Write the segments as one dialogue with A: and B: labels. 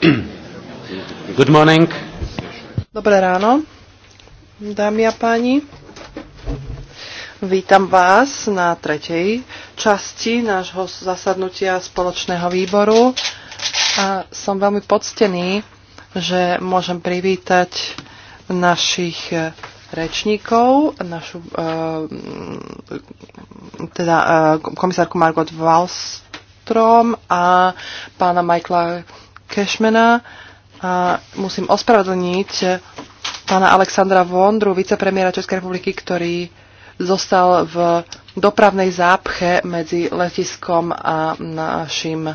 A: Good morning. Dobré ráno, dámy a páni. Vítam vás na tretej časti nášho zasadnutia spoločného výboru a som veľmi poctený, že môžem privítať našich rečníkov, našu eh, teda eh, komisárku Margot Wallström a pána Michaela Kešmena a musím ospravedlniť pána Alexandra Vondru, vicepremiera Českej republiky, ktorý zostal v dopravnej zápche medzi letiskom a našim,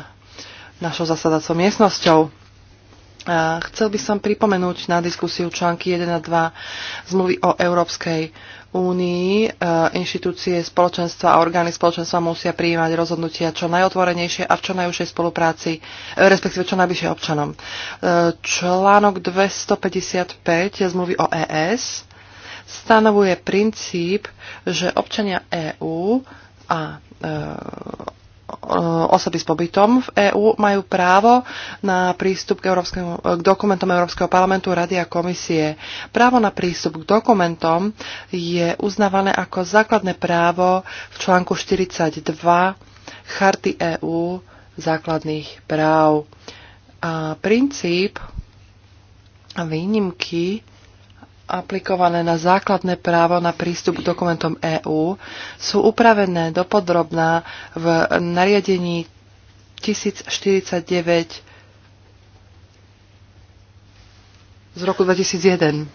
A: našou zasadacou miestnosťou chcel by som pripomenúť na diskusiu články 1 a 2 zmluvy o Európskej únii. E, inštitúcie spoločenstva a orgány spoločenstva musia prijímať rozhodnutia čo najotvorenejšie a v čo najúžšej spolupráci, e, respektíve čo najbližšie občanom. E, článok 255 zmluvy o ES stanovuje princíp, že občania EÚ a Eh, osoby s pobytom v EÚ majú právo na prístup k, eh, k dokumentom Európskeho parlamentu, Rady a komisie. Právo na prístup k dokumentom je uznávané ako základné právo v článku 42 Charty EÚ základných práv. A princíp a výnimky aplikované na základné právo na prístup k dokumentom EÚ sú upravené dopodrobná v nariadení 1049 z roku 2001.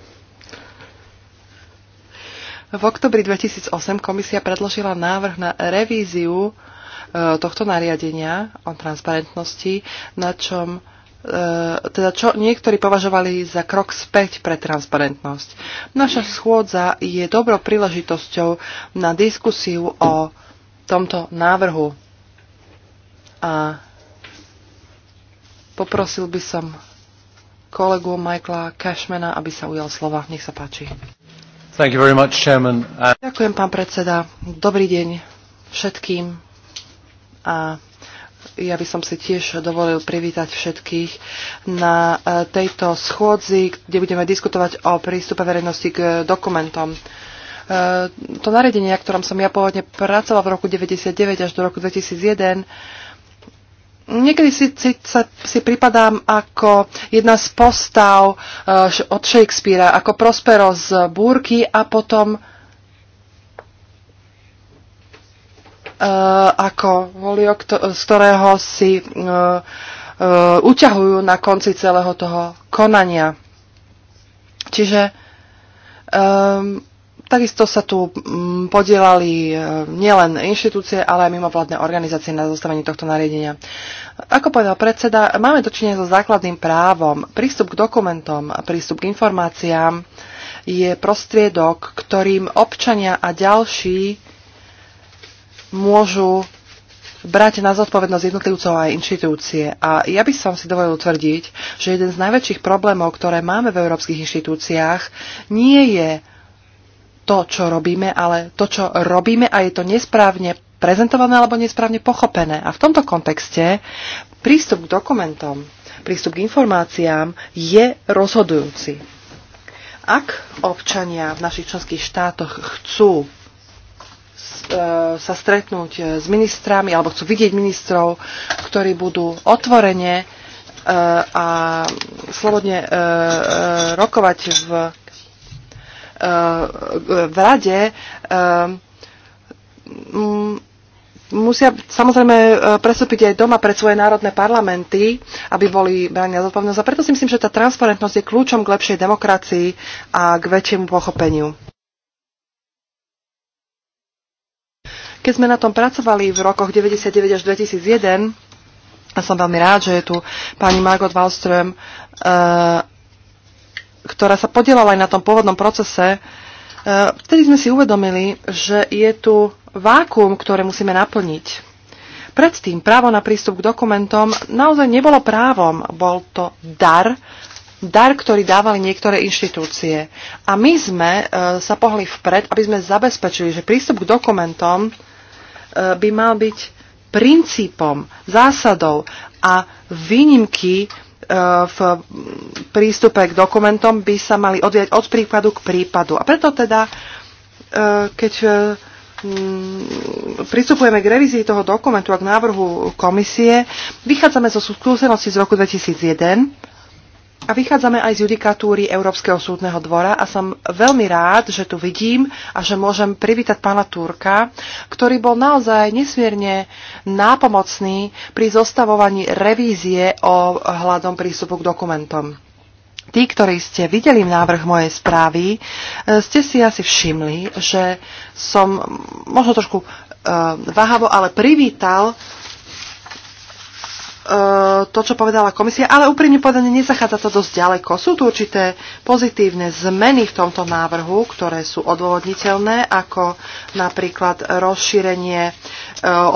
A: V oktobri 2008 komisia predložila návrh na revíziu e, tohto nariadenia o transparentnosti, na čom E, teda čo niektorí považovali za krok späť pre transparentnosť. Naša schôdza je dobrou príležitosťou na diskusiu o tomto návrhu. A poprosil by som kolegu Michaela Cashmana, aby sa ujal slova. Nech sa páči.
B: Thank you very much, Chairman.
A: Ďakujem, pán predseda. Dobrý deň všetkým. A ja by som si tiež dovolil privítať všetkých na e, tejto schôdzi, kde budeme diskutovať o prístupe verejnosti k dokumentom. E, to nariadenie, na ktorom som ja pôvodne pracovala v roku 1999 až do roku 2001, Niekedy si, si, si pripadám ako jedna z postav e, od Shakespearea, ako Prospero z Búrky a potom Eh, ako holiok, z ktorého si eh, eh, uťahujú na konci celého toho konania. Čiže um, takisto sa tu um, podielali nielen inštitúcie, ale aj mimovládne organizácie na zostavenie tohto nariadenia. Ako povedal predseda, máme dočinenie so základným právom. Prístup k dokumentom, prístup k informáciám je prostriedok, ktorým občania a ďalší môžu brať na zodpovednosť jednotlivcov aj inštitúcie. A ja by som si dovolil tvrdiť, že jeden z najväčších problémov, ktoré máme v európskych inštitúciách, nie je to, čo robíme, ale to, čo robíme a je to nesprávne prezentované alebo nesprávne pochopené. A v tomto kontexte prístup k dokumentom, prístup k informáciám je rozhodujúci. Ak občania v našich členských štátoch chcú E, sa stretnúť e, s ministrami alebo chcú vidieť ministrov, ktorí budú otvorene e, a slobodne rokovať v, v rade. Musia samozrejme prestúpiť aj doma pred svoje národné parlamenty, aby boli brania zodpovednosť. A preto si myslím, že tá transparentnosť je kľúčom k lepšej demokracii a k väčšiemu pochopeniu. Keď sme na tom pracovali v rokoch 99 až 2001, a som veľmi rád, že je tu pani Margot Wallström, e, ktorá sa podielala aj na tom pôvodnom procese, e, vtedy sme si uvedomili, že je tu vákuum, ktoré musíme naplniť. Predtým právo na prístup k dokumentom naozaj nebolo právom, bol to dar, dar, ktorý dávali niektoré inštitúcie. A my sme e, sa pohli vpred, aby sme zabezpečili, že prístup k dokumentom Eh, by mal byť princípom, zásadou a výnimky eh, v prístupe k dokumentom by sa mali odviať od prípadu k prípadu. A preto teda, eh, keď mm, pristupujeme k revízii toho dokumentu a k návrhu komisie, vychádzame zo skúsenosti z roku 2001, a vychádzame aj z judikatúry Európskeho súdneho dvora a som veľmi rád, že tu vidím a že môžem privítať pána Turka, ktorý bol naozaj nesmierne nápomocný pri zostavovaní revízie o hľadom prístupu k dokumentom. Tí, ktorí ste videli návrh mojej správy, e, ste si asi všimli, že som možno trošku e, váhavo, ale privítal E, to, čo povedala komisia, ale úprimne povedané nezachádza to dosť ďaleko. Sú tu určité pozitívne zmeny v tomto návrhu, ktoré sú odôvodniteľné, ako napríklad rozšírenie e,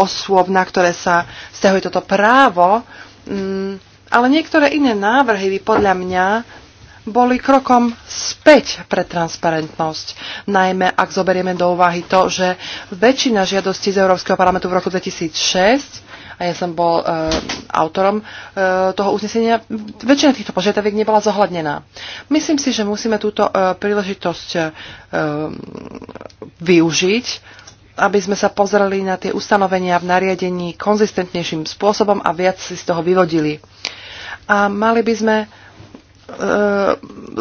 A: osôb, na ktoré sa vzťahuje toto právo, mm, ale niektoré iné návrhy by podľa mňa boli krokom späť pre transparentnosť. Najmä ak zoberieme do úvahy to, že väčšina žiadostí z Európskeho parlamentu v roku 2006 a ja som bol e, autorom e, toho uznesenia, väčšina týchto požiadaviek nebola zohľadnená. Myslím si, že musíme túto e, príležitosť e, využiť, aby sme sa pozreli na tie ustanovenia v nariadení konzistentnejším spôsobom a viac si z toho vyvodili. A mali by sme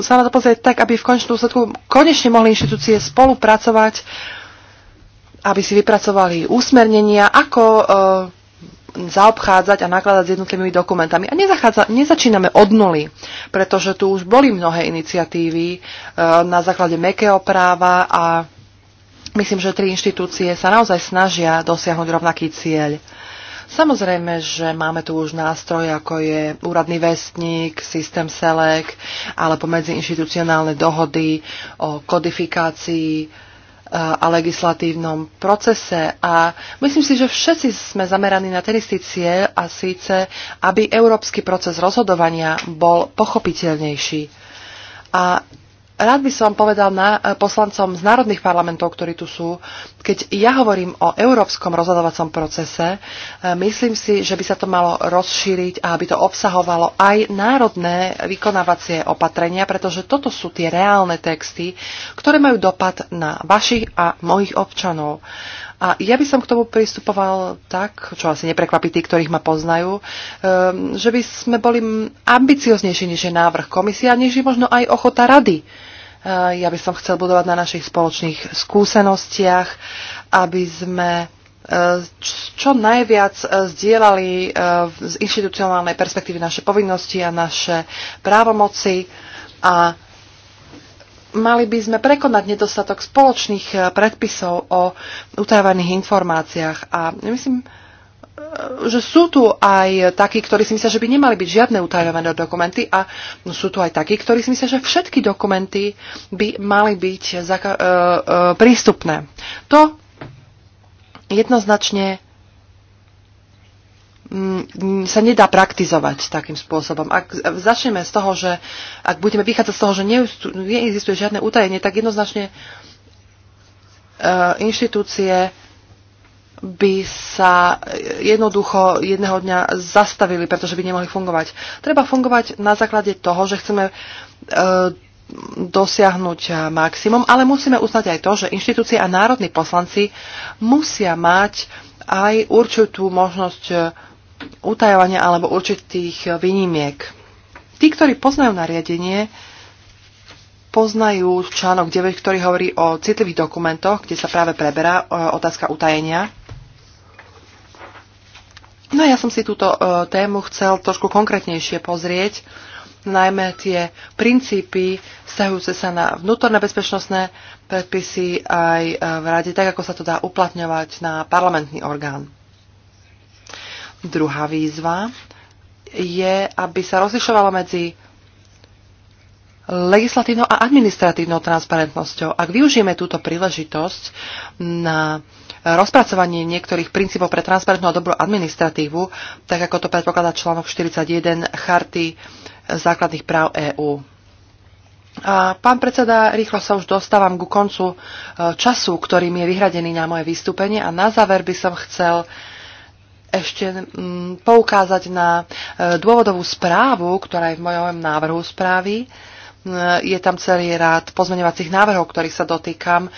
A: sa na to pozrieť tak, aby v končnom úsledku konečne mohli inštitúcie spolupracovať, aby si vypracovali úsmernenia, ako zaobchádzať a nakladať s jednotlivými dokumentami. A nezačíname od nuly, pretože tu už boli mnohé iniciatívy e, na základe mekého práva a myslím, že tri inštitúcie sa naozaj snažia dosiahnuť rovnaký cieľ. Samozrejme, že máme tu už nástroje, ako je úradný vestník, systém SELEC, alebo medziinštitucionálne dohody o kodifikácii a legislatívnom procese a myslím si, že všetci sme zameraní na ten istý cieľ a síce, aby európsky proces rozhodovania bol pochopiteľnejší. A rád by som povedal na, e, poslancom z národných parlamentov, ktorí tu sú, keď ja hovorím o európskom rozhodovacom procese, e, myslím si, že by sa to malo rozšíriť a aby to obsahovalo aj národné vykonávacie opatrenia, pretože toto sú tie reálne texty, ktoré majú dopad na vašich a mojich občanov. A ja by som k tomu pristupoval tak, čo asi neprekvapí tí, ktorých ma poznajú, e, že by sme boli ambicioznejší než je návrh komisia, než je možno aj ochota rady Eh, ja by som chcel budovať na našich spoločných skúsenostiach, aby sme eh, čo najviac eh, zdieľali z inštitucionálnej perspektívy naše povinnosti a naše právomoci a mali by sme prekonať nedostatok spoločných predpisov o utajovaných informáciách. A myslím, že sú tu aj takí, ktorí si myslia, že by nemali byť žiadne utajované dokumenty a sú tu aj takí, ktorí si myslia, že všetky dokumenty by mali byť zaka- e, e, prístupné. To jednoznačne mm, sa nedá praktizovať takým spôsobom. Ak začneme z toho, že ak budeme vychádzať z toho, že neexistuje žiadne utajenie, tak jednoznačne e, inštitúcie by sa jednoducho jedného dňa zastavili, pretože by nemohli fungovať. Treba fungovať na základe toho, že chceme e, dosiahnuť maximum, ale musíme uznať aj to, že inštitúcie a národní poslanci musia mať aj určitú možnosť e, utajovania alebo určitých e, výnimiek. Tí, ktorí poznajú nariadenie, poznajú článok 9, ktorý hovorí o citlivých dokumentoch, kde sa práve preberá otázka utajenia No a ja som si túto uh, tému chcel trošku konkrétnejšie pozrieť, najmä tie princípy vzťahujúce sa na vnútorné bezpečnostné predpisy aj uh, v rade, tak ako sa to dá uplatňovať na parlamentný orgán. Druhá výzva je, aby sa rozlišovalo medzi legislatívnou a administratívnou transparentnosťou. Ak využijeme túto príležitosť na rozpracovanie niektorých princípov pre transparentnú a dobrú administratívu, tak ako to predpokladá článok 41 Charty základných práv EÚ. A pán predseda, rýchlo sa už dostávam ku koncu e, času, ktorý mi je vyhradený na moje vystúpenie a na záver by som chcel ešte poukázať na e, dôvodovú správu, ktorá je v mojom návrhu správy. Eh, je tam celý rád pozmeňovacích návrhov, ktorých sa dotýkam ehm,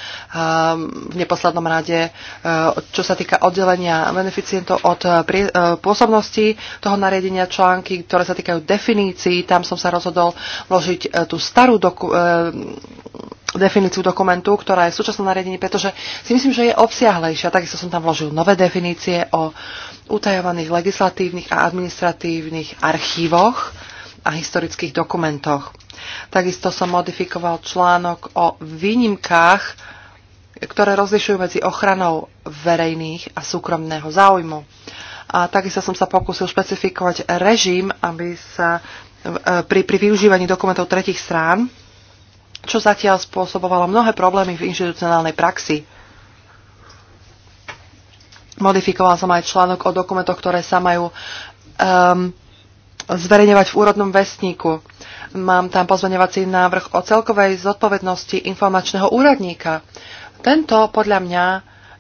A: v neposlednom rade, eh, čo sa týka oddelenia beneficientov od eh, pôsobnosti toho nariadenia články, ktoré sa týkajú definícií. Tam som sa rozhodol vložiť tú starú doku- ehm, definíciu dokumentu, ktorá je v súčasnom nariadení, pretože si myslím, že je obsiahlejšia. Takisto som tam vložil nové definície o utajovaných legislatívnych a administratívnych archívoch a historických dokumentoch. Takisto som modifikoval článok o výnimkách, ktoré rozlišujú medzi ochranou verejných a súkromného záujmu. A takisto som sa pokúsil špecifikovať režim, aby sa e, pri, pri využívaní dokumentov tretich strán, čo zatiaľ spôsobovalo mnohé problémy v inštitucionálnej praxi. Modifikoval som aj článok o dokumentoch, ktoré sa majú um, zverejňovať v úrodnom vestníku. Mám tam pozmeňovací návrh o celkovej zodpovednosti informačného úradníka. Tento podľa mňa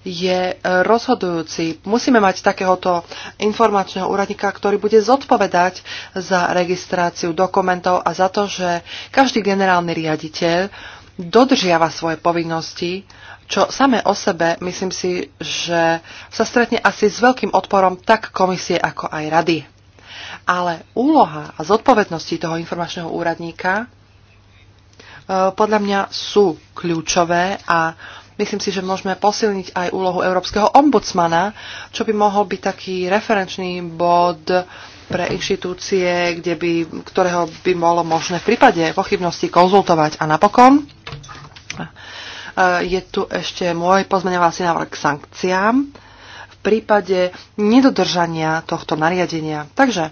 A: je rozhodujúci. Musíme mať takéhoto informačného úradníka, ktorý bude zodpovedať za registráciu dokumentov a za to, že každý generálny riaditeľ dodržiava svoje povinnosti, čo samé o sebe myslím si, že sa stretne asi s veľkým odporom tak komisie ako aj rady. Ale úloha a zodpovednosti toho informačného úradníka e, podľa mňa sú kľúčové a myslím si, že môžeme posilniť aj úlohu Európskeho ombudsmana, čo by mohol byť taký referenčný bod pre inštitúcie, kde by, ktorého by bolo možné v prípade pochybnosti konzultovať. A napokon e, je tu ešte môj pozmeňovací návrh k sankciám prípade nedodržania tohto nariadenia. Takže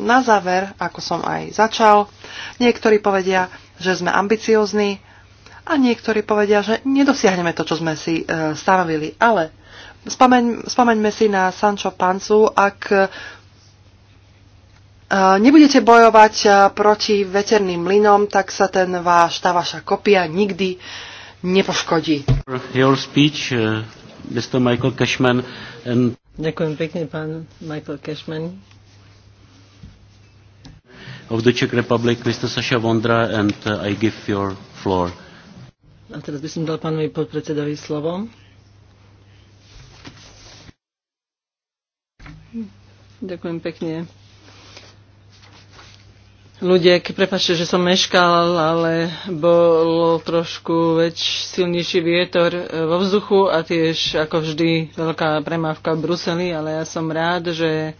A: na záver, ako som aj začal, niektorí povedia, že sme ambiciózni a niektorí povedia, že nedosiahneme to, čo sme si e, stanovili. Ale spomeň, spomeňme si na Sancho Pancu, ak e, nebudete bojovať e, proti veterným mlynom, tak sa ten váš, tá vaša kopia nikdy nepoškodí.
C: Your speech, uh... Mr. Michael Cashman. And Ďakujem pekne, pán Michael Cashman. Of the Czech Republic, Mr. Sasha Vondra, and uh, I give your floor. A teraz by som dal pánovi podpredsedovi slovo. Ďakujem pekne, ľudia, prepáčte, že som meškal, ale bol trošku väč, silnejší vietor e, vo vzduchu a tiež ako vždy veľká premávka v Bruseli, ale ja som rád, že,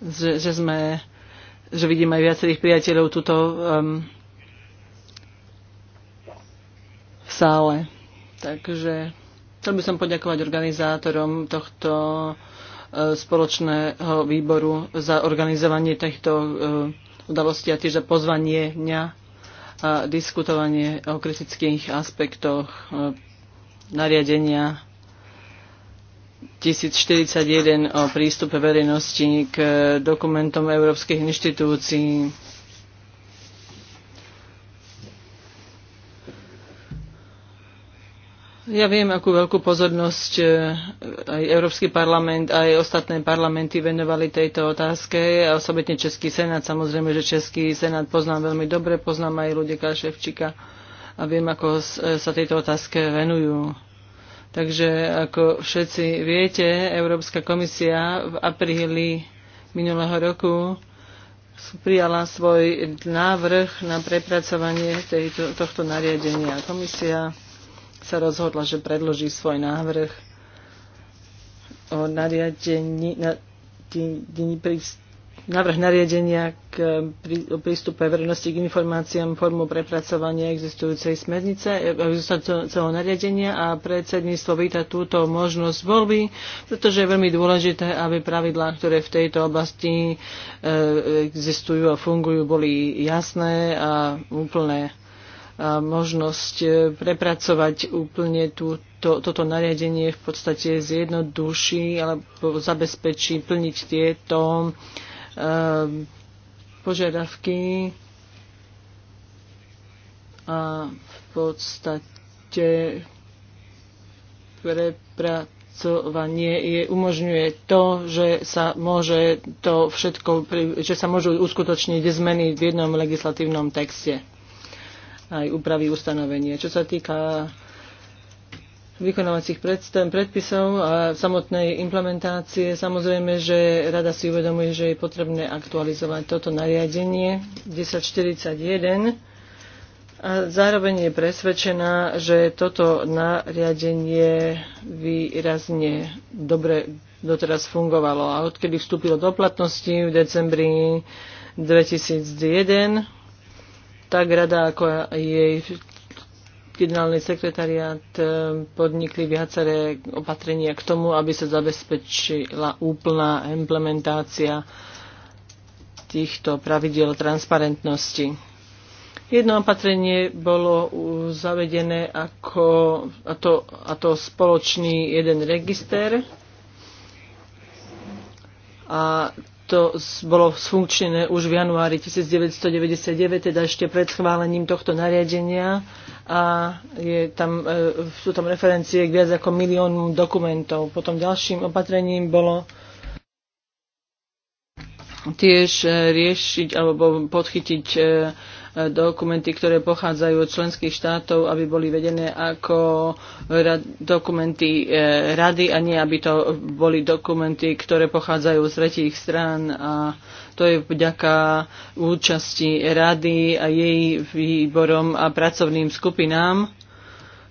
C: že, že sme že vidím aj viacerých priateľov tuto um, v sále. Takže chcel by som poďakovať organizátorom tohto E, spoločného výboru za organizovanie týchto e, udalostí a tiež za pozvanie dňa a diskutovanie o kritických aspektoch e, nariadenia 1041 o prístupe verejnosti k dokumentom európskych inštitúcií. Ja viem, akú veľkú pozornosť e, aj Európsky parlament, aj ostatné parlamenty venovali tejto otázke. A osobitne Český senát, samozrejme, že Český senát poznám veľmi dobre, poznám aj ľudia Ševčika a viem, ako e, sa tejto otázke venujú. Takže, ako všetci viete, Európska komisia v apríli minulého roku prijala svoj návrh na prepracovanie tejto, tohto nariadenia. Komisia sa rozhodla, že predloží svoj návrh o nariadení, nariadení návrh nariadenia k prístupe verejnosti k informáciám formu prepracovania existujúcej smernice, e, existujúceho nariadenia a predsedníctvo víta túto možnosť voľby, pretože je veľmi dôležité, aby pravidlá, ktoré v tejto oblasti e, existujú a fungujú, boli jasné a úplné a možnosť e, prepracovať úplne tú, to, toto nariadenie v podstate zjednoduší alebo zabezpečí plniť tieto e, požiadavky a v podstate prepracovanie je, umožňuje to, že sa môže to všetko, že sa môžu uskutočniť zmeny v jednom legislatívnom texte aj upraví ustanovenie. Čo sa týka vykonávacích predpisov a samotnej implementácie. Samozrejme, že rada si uvedomuje, že je potrebné aktualizovať toto nariadenie 1041 a zároveň je presvedčená, že toto nariadenie výrazne dobre doteraz fungovalo. A odkedy vstúpilo do platnosti v decembri 2001, tak rada ako jej generálny sekretariat eh, podnikli viaceré opatrenia k tomu, aby sa zabezpečila úplná implementácia týchto pravidel transparentnosti. Jedno opatrenie bolo zavedené ako, a to, a to spoločný jeden register a to bolo sfunkčnené už v januári 1999, teda ešte pred schválením tohto nariadenia a je tam, e, sú tam referencie k viac ako miliónu dokumentov. Potom ďalším opatrením bolo tiež e, riešiť alebo podchytiť e, dokumenty, ktoré pochádzajú od členských štátov, aby boli vedené ako dokumenty e, rady a nie, aby to boli dokumenty, ktoré pochádzajú z tretích strán a to je vďaka účasti rady a jej výborom a pracovným skupinám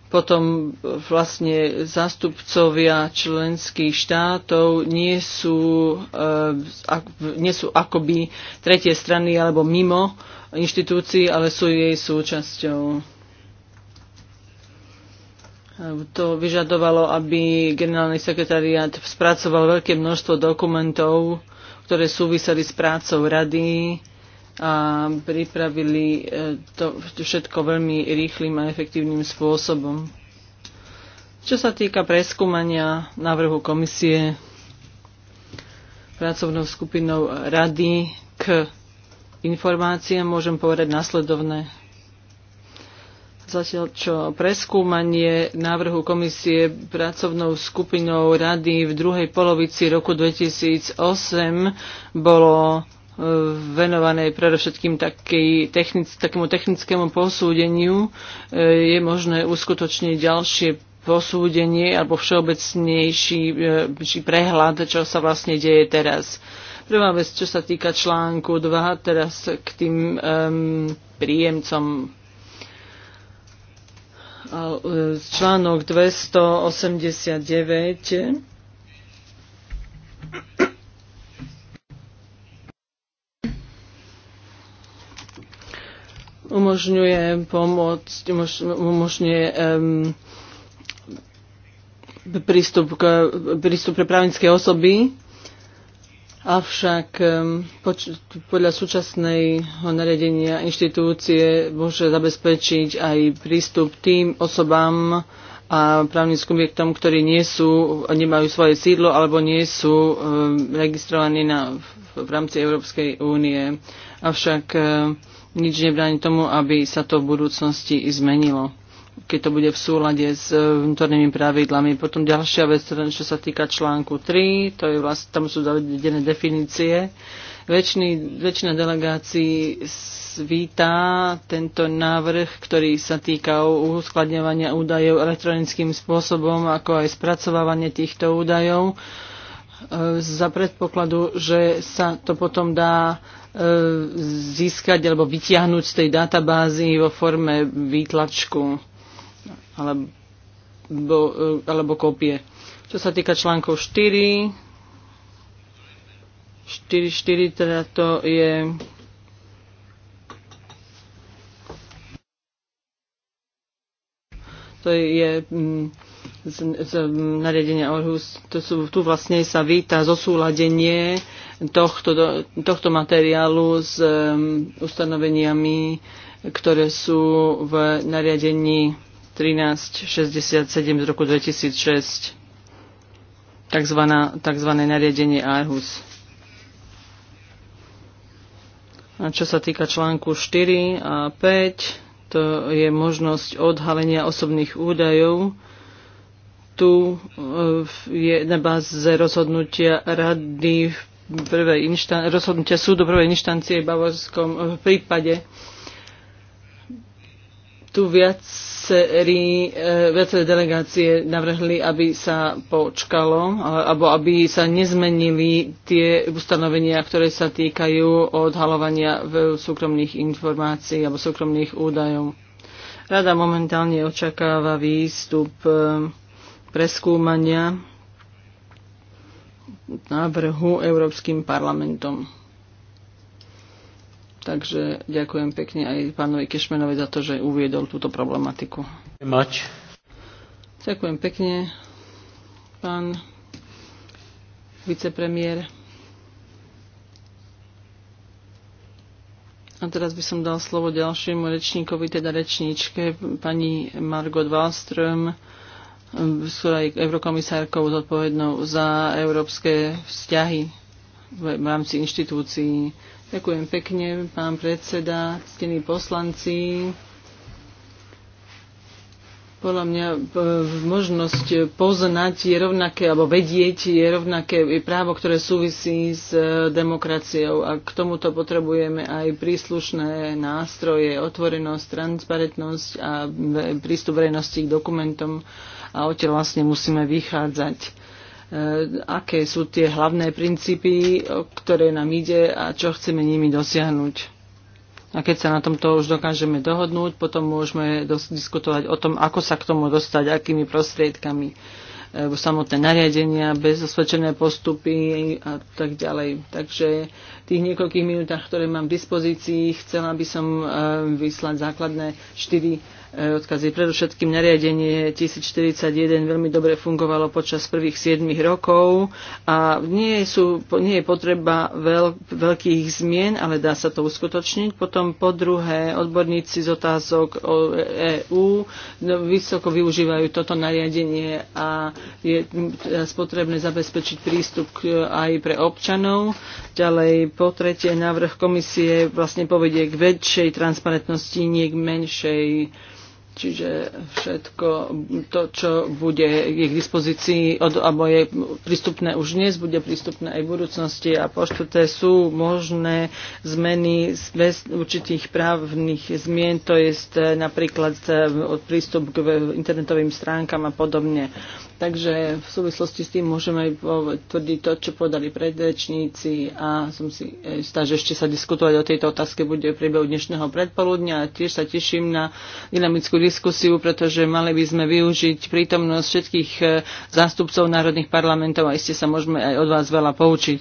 C: potom vlastne zástupcovia členských štátov nie sú, e, nie sú akoby tretie strany alebo mimo inštitúcií, ale sú jej súčasťou. Ehm, to vyžadovalo, aby generálny sekretariát spracoval veľké množstvo dokumentov, ktoré súviseli s prácou rady a pripravili e, to všetko veľmi rýchlým a efektívnym spôsobom. Čo sa týka preskúmania návrhu komisie pracovnou skupinou rady k informácie môžem povedať nasledovné. Zatiaľ čo preskúmanie návrhu komisie pracovnou skupinou rady v druhej polovici roku 2008 bolo e, venované predovšetkým technic, takému technickému posúdeniu, e, je možné uskutočniť ďalšie posúdenie alebo všeobecnejší e, prehľad, čo sa vlastne deje teraz. Prvá vec, čo sa týka článku 2, teraz k tým um, príjemcom e, článok 289 umožňuje pomoc, umožňuje um, prístup, k, prístup pre právnické osoby Avšak podľa súčasného naredenia inštitúcie môže zabezpečiť aj prístup tým osobám a právnym subjektom, ktorí nie sú, nemajú svoje sídlo alebo nie sú registrovaní na, v, v rámci Európskej únie. Avšak nič nebráni tomu, aby sa to v budúcnosti zmenilo keď to bude v súlade s e, vnútornými pravidlami. Potom ďalšia vec, teda, čo sa týka článku 3, to je vlastne, tam sú zavedené definície. Väčšiny, väčšina delegácií svítá tento návrh, ktorý sa týka uskladňovania údajov elektronickým spôsobom, ako aj spracovávanie týchto údajov e, za predpokladu, že sa to potom dá e, získať alebo vytiahnuť z tej databázy vo forme výtlačku alebo, eh, alebo kopie. Čo sa týka článkov 4, 4, 4 teda to je to je mm, z, z nariadenia Orhus, to sú, tu vlastne sa víta zosúladenie tohto, tohto materiálu s um, ustanoveniami, ktoré sú v nariadení 1367 z roku 2006, takzvaná, takzvané nariadenie Aarhus. A čo sa týka článku 4 a 5, to je možnosť odhalenia osobných údajov. Tu e, je na báze rozhodnutia rady v prvej inštan- rozhodnutia súdu prvej inštancie v bavorskom e, prípade. Tu viac viacerí, e, viaceré delegácie navrhli, aby sa počkalo, alebo aby sa nezmenili tie ustanovenia, ktoré sa týkajú odhalovania v súkromných informácií alebo súkromných údajov. Rada momentálne očakáva výstup e, preskúmania návrhu Európskym parlamentom. Takže ďakujem pekne aj pánovi Kešmenovi za to, že uviedol túto problematiku. Mač. Ďakujem pekne, pán vicepremiér. A teraz by som dal slovo ďalšiemu rečníkovi, teda rečníčke, pani Margot Wallström, ktorá je eurokomisárkou zodpovednou za európske vzťahy v rámci inštitúcií Ďakujem pekne, pán predseda, ctení poslanci. Podľa mňa e, možnosť poznať je rovnaké, alebo vedieť je rovnaké je právo, ktoré súvisí s e, demokraciou a k tomuto potrebujeme aj príslušné nástroje, otvorenosť, transparentnosť a prístup verejnosti k dokumentom a odtiaľ vlastne musíme vychádzať Eh, aké sú tie hlavné princípy, o ktoré nám ide a čo chceme nimi dosiahnuť. A keď sa na tomto už dokážeme dohodnúť, potom môžeme diskutovať o tom, ako sa k tomu dostať, akými prostriedkami, eh, samotné nariadenia, bezosvedčené postupy a tak ďalej. Takže v tých niekoľkých minútach, ktoré mám v dispozícii, chcela by som eh, vyslať základné štyri E, odkazy. Predovšetkým nariadenie 1041 veľmi dobre fungovalo počas prvých 7 rokov a nie, sú, nie je potreba veľ, veľkých zmien, ale dá sa to uskutočniť. Potom po druhé, odborníci z otázok EÚ no, vysoko využívajú toto nariadenie a je potrebné zabezpečiť prístup aj pre občanov. Ďalej, po tretie, návrh komisie vlastne povedie k väčšej transparentnosti, nie k menšej. Čiže všetko to, čo bude k dispozícii od, alebo je prístupné už dnes, bude prístupné aj v budúcnosti. A po štvrté sú možné zmeny bez určitých právnych zmien, to je e, napríklad e, prístup k internetovým stránkam a podobne. Takže v súvislosti s tým môžeme aj tvrdiť to, čo podali predrečníci a som si e, istá, že ešte sa diskutovať o tejto otázke bude v priebehu dnešného predpoludnia a tiež sa teším na dynamickú diskusiu, pretože mali by sme využiť prítomnosť všetkých e, zástupcov národných parlamentov a iste sa môžeme aj od vás veľa poučiť.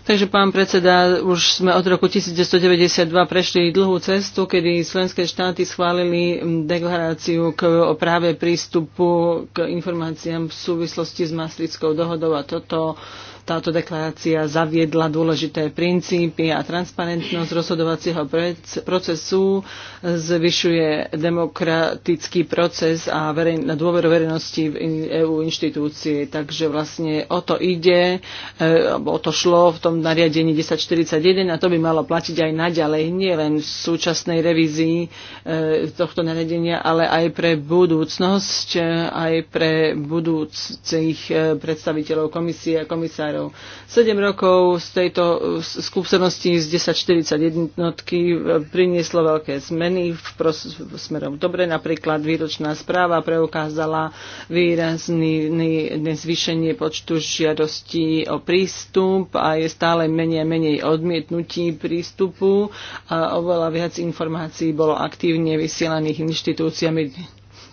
C: Takže, pán predseda, už sme od roku 1992 prešli dlhú cestu, kedy slovenské štáty schválili deklaráciu k, o práve prístupu k informáciám v súvislosti s Maslickou dohodou a toto uh, táto deklarácia zaviedla dôležité princípy a transparentnosť rozhodovacieho procesu, zvyšuje demokratický proces a verej, dôveru verejnosti v EU inštitúcie. Takže vlastne o to ide, e, o to šlo v tom nariadení 1041 a to by malo platiť aj naďalej, nie len v súčasnej revízii e, tohto nariadenia, ale aj pre budúcnosť, e, aj pre budúcich predstaviteľov komisie a komisárov nástrojov. 7 rokov z tejto skúsenosti z jednotky e, prinieslo veľké zmeny v, pros- smerom dobre. Napríklad výročná správa preukázala výrazný zvýšenie počtu žiadostí o prístup a je stále menej a menej odmietnutí prístupu a oveľa viac informácií bolo aktívne vysielaných inštitúciami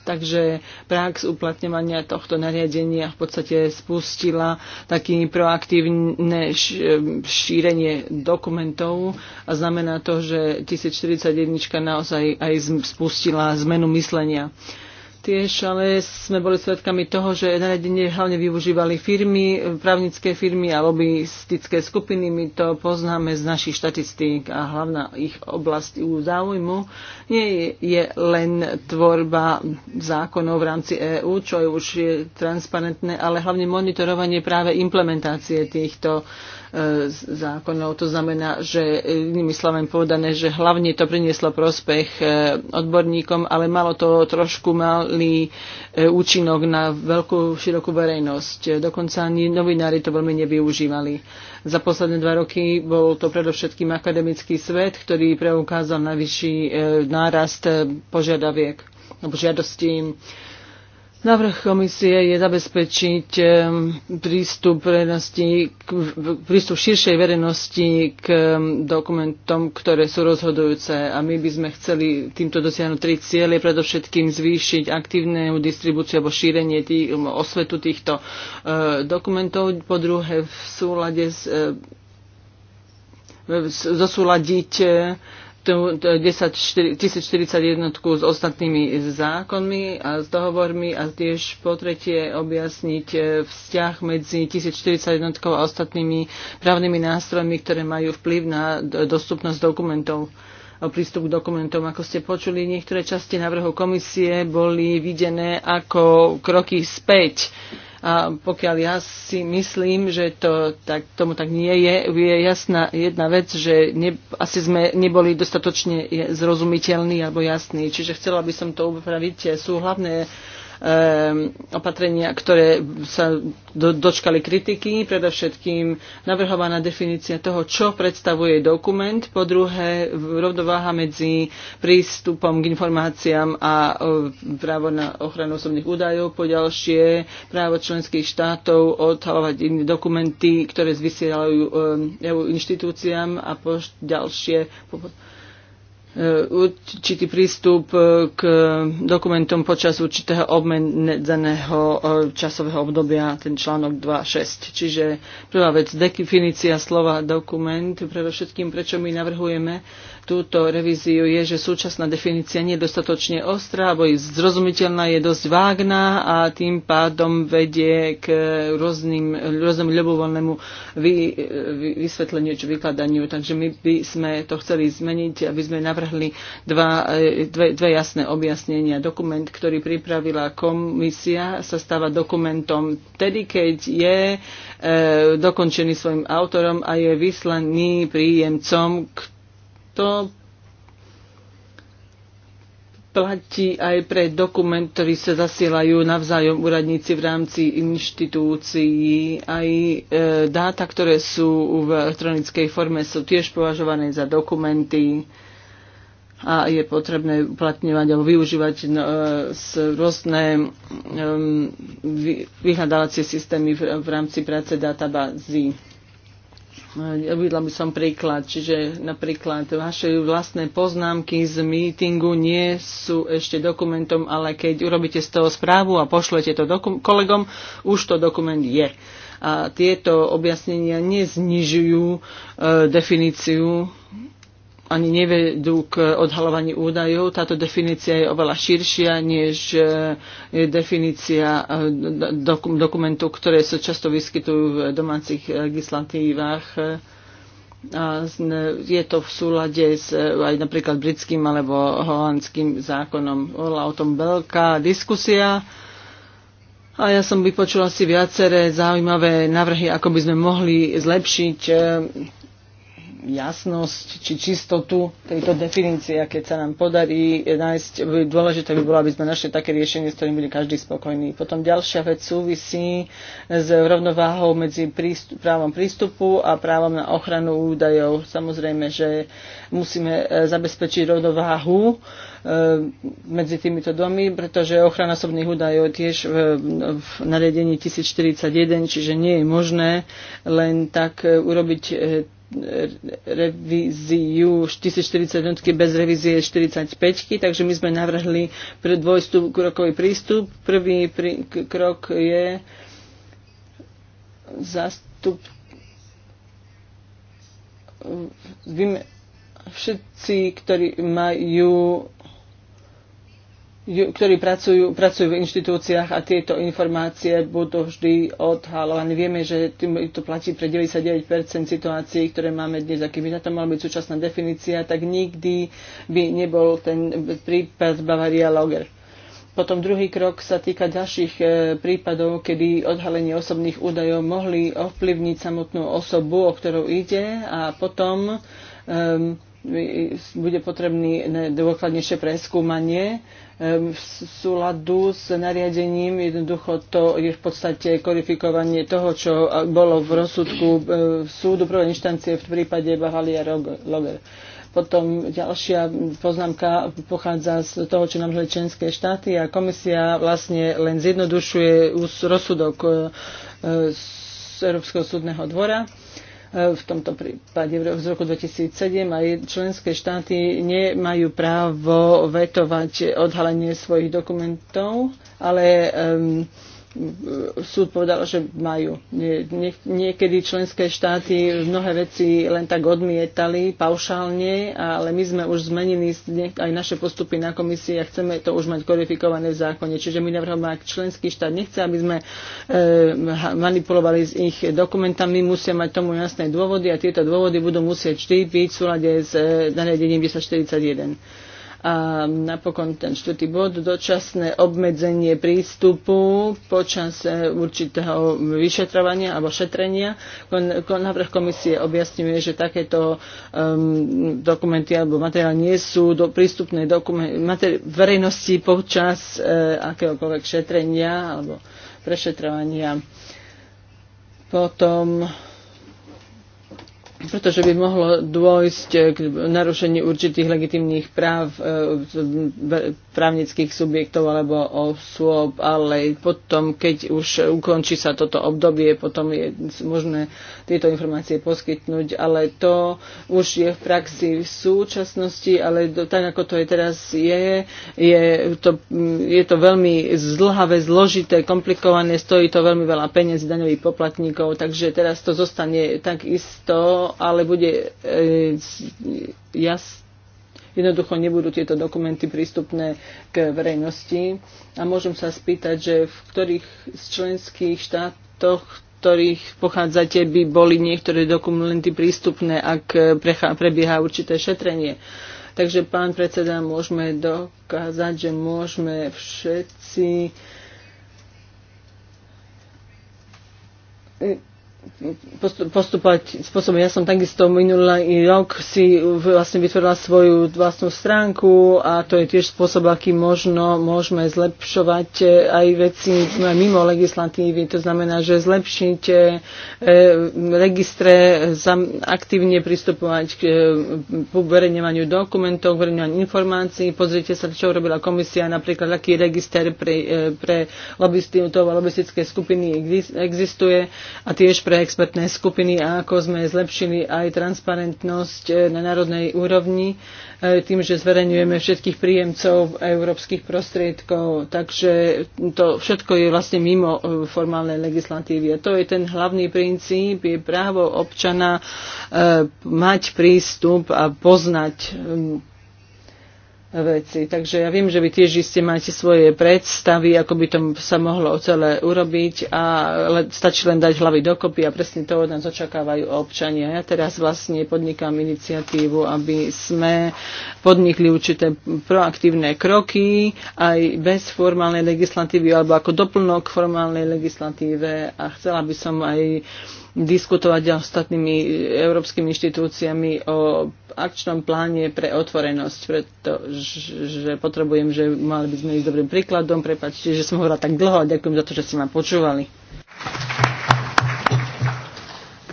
C: Takže prax uplatňovania tohto nariadenia v podstate spustila taký proaktívne šírenie dokumentov a znamená to, že 1041 naozaj aj spustila zmenu myslenia. Tiež ale sme boli svedkami toho, že nariadenie hlavne využívali firmy, právnické firmy a lobbyistické skupiny. My to poznáme z našich štatistík a hlavná ich oblasť u záujmu nie je len tvorba zákonov v rámci EÚ, čo je už transparentné, ale hlavne monitorovanie práve implementácie týchto E, zákonov. To znamená, že inými slovami povedané, že hlavne to prinieslo prospech e, odborníkom, ale malo to trošku malý e, účinok na veľkú, širokú verejnosť. Dokonca ani novinári to veľmi nevyužívali. Za posledné dva roky bol to predovšetkým akademický svet, ktorý preukázal najvyšší nárast požiadaviek alebo žiadostí Návrh komisie je zabezpečiť prístup, verejnosti, prístup širšej verejnosti k dokumentom, ktoré sú rozhodujúce. A my by sme chceli týmto dosiahnuť tri cieľe, predovšetkým zvýšiť aktívnu distribúciu alebo šírenie tých, osvetu týchto e, dokumentov. Po druhé, v súlade s, e, zosúladiť e, 1041 s ostatnými zákonmi a s dohovormi a tiež po tretie objasniť e, vzťah medzi 1041 a ostatnými právnymi nástrojmi, ktoré majú vplyv na dostupnosť dokumentov o prístup k dokumentom. Ako ste počuli, niektoré časti návrhu komisie boli videné ako kroky späť a pokiaľ ja si myslím, že to, tak, tomu tak nie je, je jasná jedna vec, že ne, asi sme neboli dostatočne zrozumiteľní alebo jasní. Čiže chcela by som to upraviť. Sú hlavné Ehm, opatrenia, ktoré sa do, dočkali kritiky, predovšetkým navrhovaná definícia toho, čo predstavuje dokument, po druhé rovnováha medzi prístupom k informáciám a e, právo na ochranu osobných údajov, po ďalšie právo členských štátov odhalovať dokumenty, ktoré zvysielajú um, inštitúciám a po ďalšie po, E, určitý prístup e, k dokumentom počas určitého obmedzeného e, časového obdobia, ten článok 2.6. Čiže prvá vec, definícia slova dokument, všetkým, prečo my navrhujeme túto revíziu je, že súčasná definícia nie je dostatočne ostrá, alebo je zrozumiteľná, je dosť vágná a tým pádom vedie k rôznym, rôznym ľubovoľnému vy, vysvetleniu či vykladaniu. Takže my by sme to chceli zmeniť, aby sme navrhli navrhli dva, e, dve, dve jasné objasnenia. Dokument, ktorý pripravila komisia, sa stáva dokumentom tedy, keď je e, dokončený svojim autorom a je vyslaný príjemcom, kto platí aj pre dokument, ktorý sa zasielajú navzájom úradníci v rámci inštitúcií. Aj e, dáta, ktoré sú v elektronickej forme, sú tiež považované za dokumenty. E, a je potrebné uplatňovať alebo využívať no, e, rôzne vyhľadávacie systémy v rámci práce databázy. E, Uvidla by som príklad, čiže napríklad vaše vlastné poznámky z mítingu nie sú ešte dokumentom, ale keď urobíte z toho správu a pošlete to kolegom, už to dokument je. A tieto objasnenia neznižujú e, definíciu ani nevedú k odhalovaní údajov. Táto definícia je oveľa širšia než e, definícia e, dokumentov, ktoré sa často vyskytujú v domácich legislatívach. E, a je to v súlade s aj napríklad britským alebo holandským zákonom. Bola o tom veľká diskusia. A ja som vypočula si viaceré zaujímavé návrhy, ako by sme mohli zlepšiť jasnosť či čistotu tejto definície. A keď sa nám podarí nájsť, dôležité by bolo, aby sme našli také riešenie, s ktorým bude každý spokojný. Potom ďalšia vec súvisí s rovnováhou medzi prístup, právom prístupu a právom na ochranu údajov. Samozrejme, že musíme e, zabezpečiť rovnováhu e, medzi týmito domy, pretože ochrana osobných údajov je tiež v, v nariadení 1041, čiže nie je možné len tak e, urobiť revíziu 1041 bez revízie 45, takže my sme navrhli pre dvojstupkrokový prístup. Prvý prí, krok je zastup všetci, ktorí majú ktorí pracujú, pracujú v inštitúciách a tieto informácie budú vždy odhalované. Vieme, že to platí pre 99% situácií, ktoré máme dnes. A keby na to mala byť súčasná definícia, tak nikdy by nebol ten prípad Bavaria Loger. Potom druhý krok sa týka ďalších e, prípadov, kedy odhalenie osobných údajov mohli ovplyvniť samotnú osobu, o ktorú ide a potom um, bude potrebné dôkladnejšie preskúmanie e, v súladu s nariadením. Jednoducho to je v podstate kodifikovanie toho, čo bolo v rozsudku e, súdu prvej inštancie v prípade Bahalia Loger. Potom ďalšia poznámka pochádza z toho, čo nám žili členské štáty a komisia vlastne len zjednodušuje rozsudok e, z Európskeho súdneho dvora v tomto prípade z roku 2007 aj členské štáty nemajú právo vetovať odhalenie svojich dokumentov, ale um, súd povedal, že majú. Nie, niekedy členské štáty mnohé veci len tak odmietali paušálne, ale my sme už zmenili aj naše postupy na komisii a chceme to už mať kodifikované v zákone. Čiže my navrhujeme, ak členský štát nechce, aby sme e, manipulovali s ich dokumentami, musia mať tomu jasné dôvody a tieto dôvody budú musieť vždy byť v súlade s e, nariadením 1041. A napokon ten štvrtý bod, dočasné obmedzenie prístupu počas eh, určitého vyšetrovania alebo šetrenia. Návrh komisie objasňuje, že takéto um, dokumenty alebo materiály nie sú do, prístupné verejnosti počas uh, akéhokoľvek šetrenia alebo prešetrovania. Potom pretože by mohlo dôjsť k narušeniu určitých legitimných práv e, právnických subjektov alebo osôb, ale potom, keď už ukončí sa toto obdobie, potom je možné tieto informácie poskytnúť, ale to už je v praxi v súčasnosti, ale tak ako to je teraz je, je to, je to veľmi zdlhavé, zložité, komplikované, stojí to veľmi veľa peniaz daňových poplatníkov, takže teraz to zostane takisto ale bude e, jas, jednoducho nebudú tieto dokumenty prístupné k verejnosti. A môžem sa spýtať, že v ktorých z členských štátoch ktorých pochádzate, by boli niektoré dokumenty prístupné, ak eh, prebieha určité šetrenie. Takže, pán predseda, môžeme dokázať, že môžeme všetci postupovať spôsobom. Ja som takisto minulý rok si vlastne vytvorila svoju vlastnú stránku a to je tiež spôsob, aký možno môžeme zlepšovať e, aj veci no, mimo legislatívy. To znamená, že zlepšiť e, e, registre, aktívne pristupovať k verejňovaniu dokumentov, verejňovaniu informácií. Pozrite sa, čo robila komisia, napríklad aký register pre, pre lobbystov a lobbystické skupiny existuje a tiež pre expertné skupiny a ako sme zlepšili aj transparentnosť eh, na národnej úrovni eh, tým, že zverejňujeme všetkých príjemcov európskych prostriedkov. Takže to všetko je vlastne mimo eh, formálnej legislatívy. A to je ten hlavný princíp, je právo občana mať prístup a poznať hm, veci. Takže ja viem, že vy tiež iste máte svoje predstavy, ako by to sa mohlo celé urobiť, a le, stačí len dať hlavy dokopy a presne to od nás očakávajú občania. Ja teraz vlastne podnikám iniciatívu, aby sme podnikli určité proaktívne kroky aj bez formálnej legislatívy alebo ako doplnok formálnej legislatíve a chcela by som aj diskutovať s ostatnými európskymi inštitúciami o akčnom pláne pre otvorenosť, pretože potrebujem, že mali by sme ísť dobrým príkladom. Prepačte, že som hovorila tak dlho a ďakujem za to, že ste ma počúvali.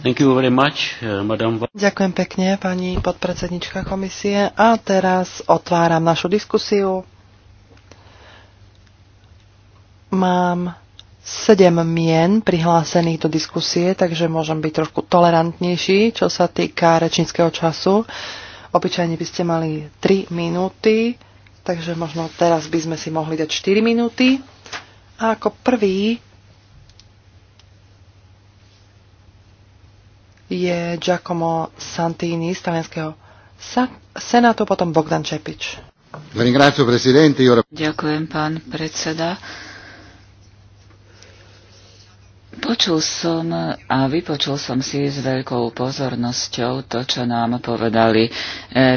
A: Thank you very much, eh, madam. Ďakujem pekne, pani podpredsednička komisie. A teraz otváram našu diskusiu. Mám sedem mien prihlásených do diskusie, takže môžem byť trošku tolerantnejší, čo sa týka rečníckého času. Obyčajne by ste mali 3 minúty, takže možno teraz by sme si mohli dať 4 minúty. A ako prvý je Giacomo Santini z talianského senátu, potom Bogdan
B: Čepič. Ďakujem, pán predseda. Počul som a vypočul som si s veľkou pozornosťou to, čo nám povedali e,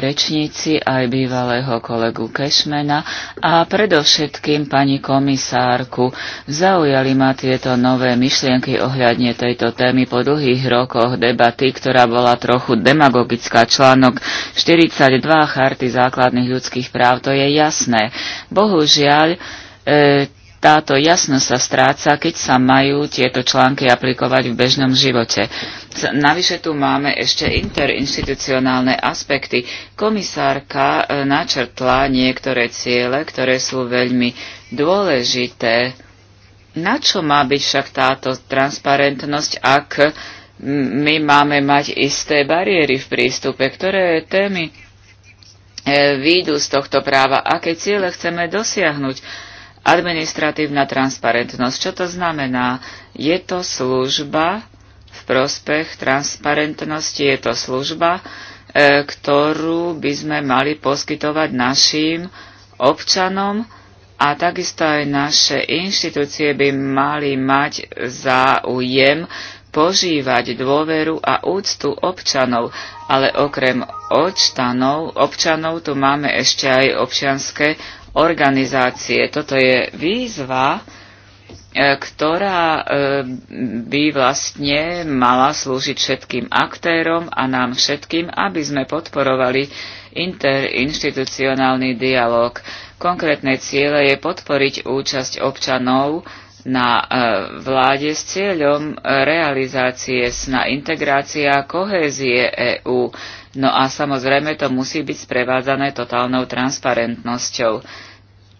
B: rečníci aj bývalého kolegu Kešmena a predovšetkým pani komisárku. Zaujali ma tieto nové myšlienky ohľadne tejto témy po dlhých rokoch debaty, ktorá bola trochu demagogická. Článok 42 Charty základných ľudských práv, to je jasné. Bohužiaľ, e, táto jasnosť sa stráca, keď sa majú tieto články aplikovať v bežnom živote. Navyše tu máme ešte interinstitucionálne aspekty. Komisárka e, načrtla niektoré ciele, ktoré sú veľmi dôležité. Na čo má byť však táto transparentnosť, ak my máme mať isté bariéry v prístupe, ktoré témy e, výjdu z tohto práva, aké ciele chceme dosiahnuť Administratívna transparentnosť. Čo to znamená? Je to služba v prospech transparentnosti, je to služba, e, ktorú by sme mali poskytovať našim občanom a takisto aj naše inštitúcie by mali mať záujem požívať dôveru a úctu občanov, ale okrem očtanov, občanov tu máme ešte aj občianské organizácie. Toto je výzva, e, ktorá e, by vlastne mala slúžiť všetkým aktérom a nám všetkým, aby sme podporovali interinstitucionálny dialog. Konkrétne ciele je podporiť účasť občanov na e, vláde s cieľom realizácie sna integrácia a kohézie EÚ. No a samozrejme to musí byť sprevádzané totálnou transparentnosťou.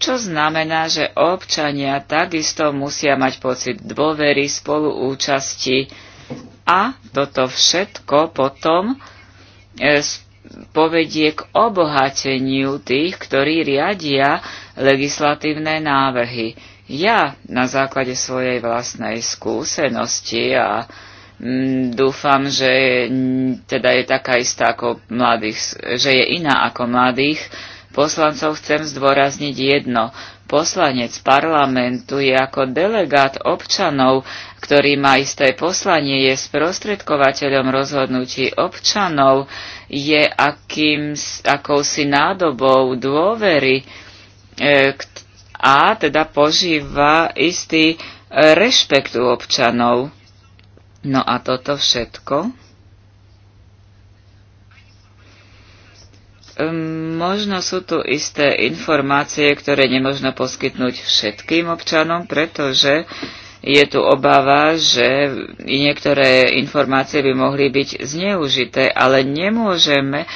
B: Čo znamená, že občania takisto musia mať pocit dôvery, spoluúčasti a toto všetko potom e, povedie k obohateniu tých, ktorí riadia legislatívne návrhy. Ja na základe svojej vlastnej skúsenosti a m, mm, dúfam, že teda je taká istá ako mladých, že je iná ako mladých poslancov, chcem zdôrazniť jedno. Poslanec parlamentu je ako delegát občanov, ktorý má isté poslanie, je sprostredkovateľom rozhodnutí občanov, je akým, akousi nádobou dôvery, e, a teda požíva istý rešpekt u občanov. No a toto všetko ehm, možno sú tu isté informácie, ktoré nemožno poskytnúť všetkým občanom, pretože je tu obava, že niektoré informácie by mohli byť zneužité, ale nemôžeme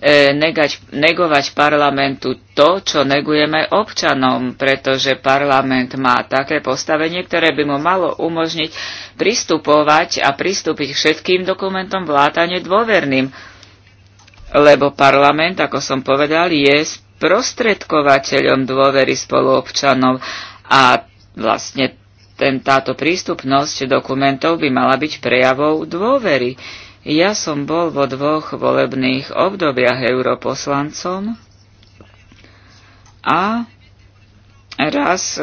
B: E, negať, negovať parlamentu to, čo negujeme občanom, pretože parlament má také postavenie, ktoré by mu malo umožniť pristupovať a pristúpiť všetkým dokumentom vlátane dôverným. Lebo parlament, ako som povedal, je sprostredkovateľom dôvery spoluobčanov a vlastne ten, táto prístupnosť dokumentov by mala byť prejavou dôvery. Ja som bol vo dvoch volebných obdobiach europoslancom a raz,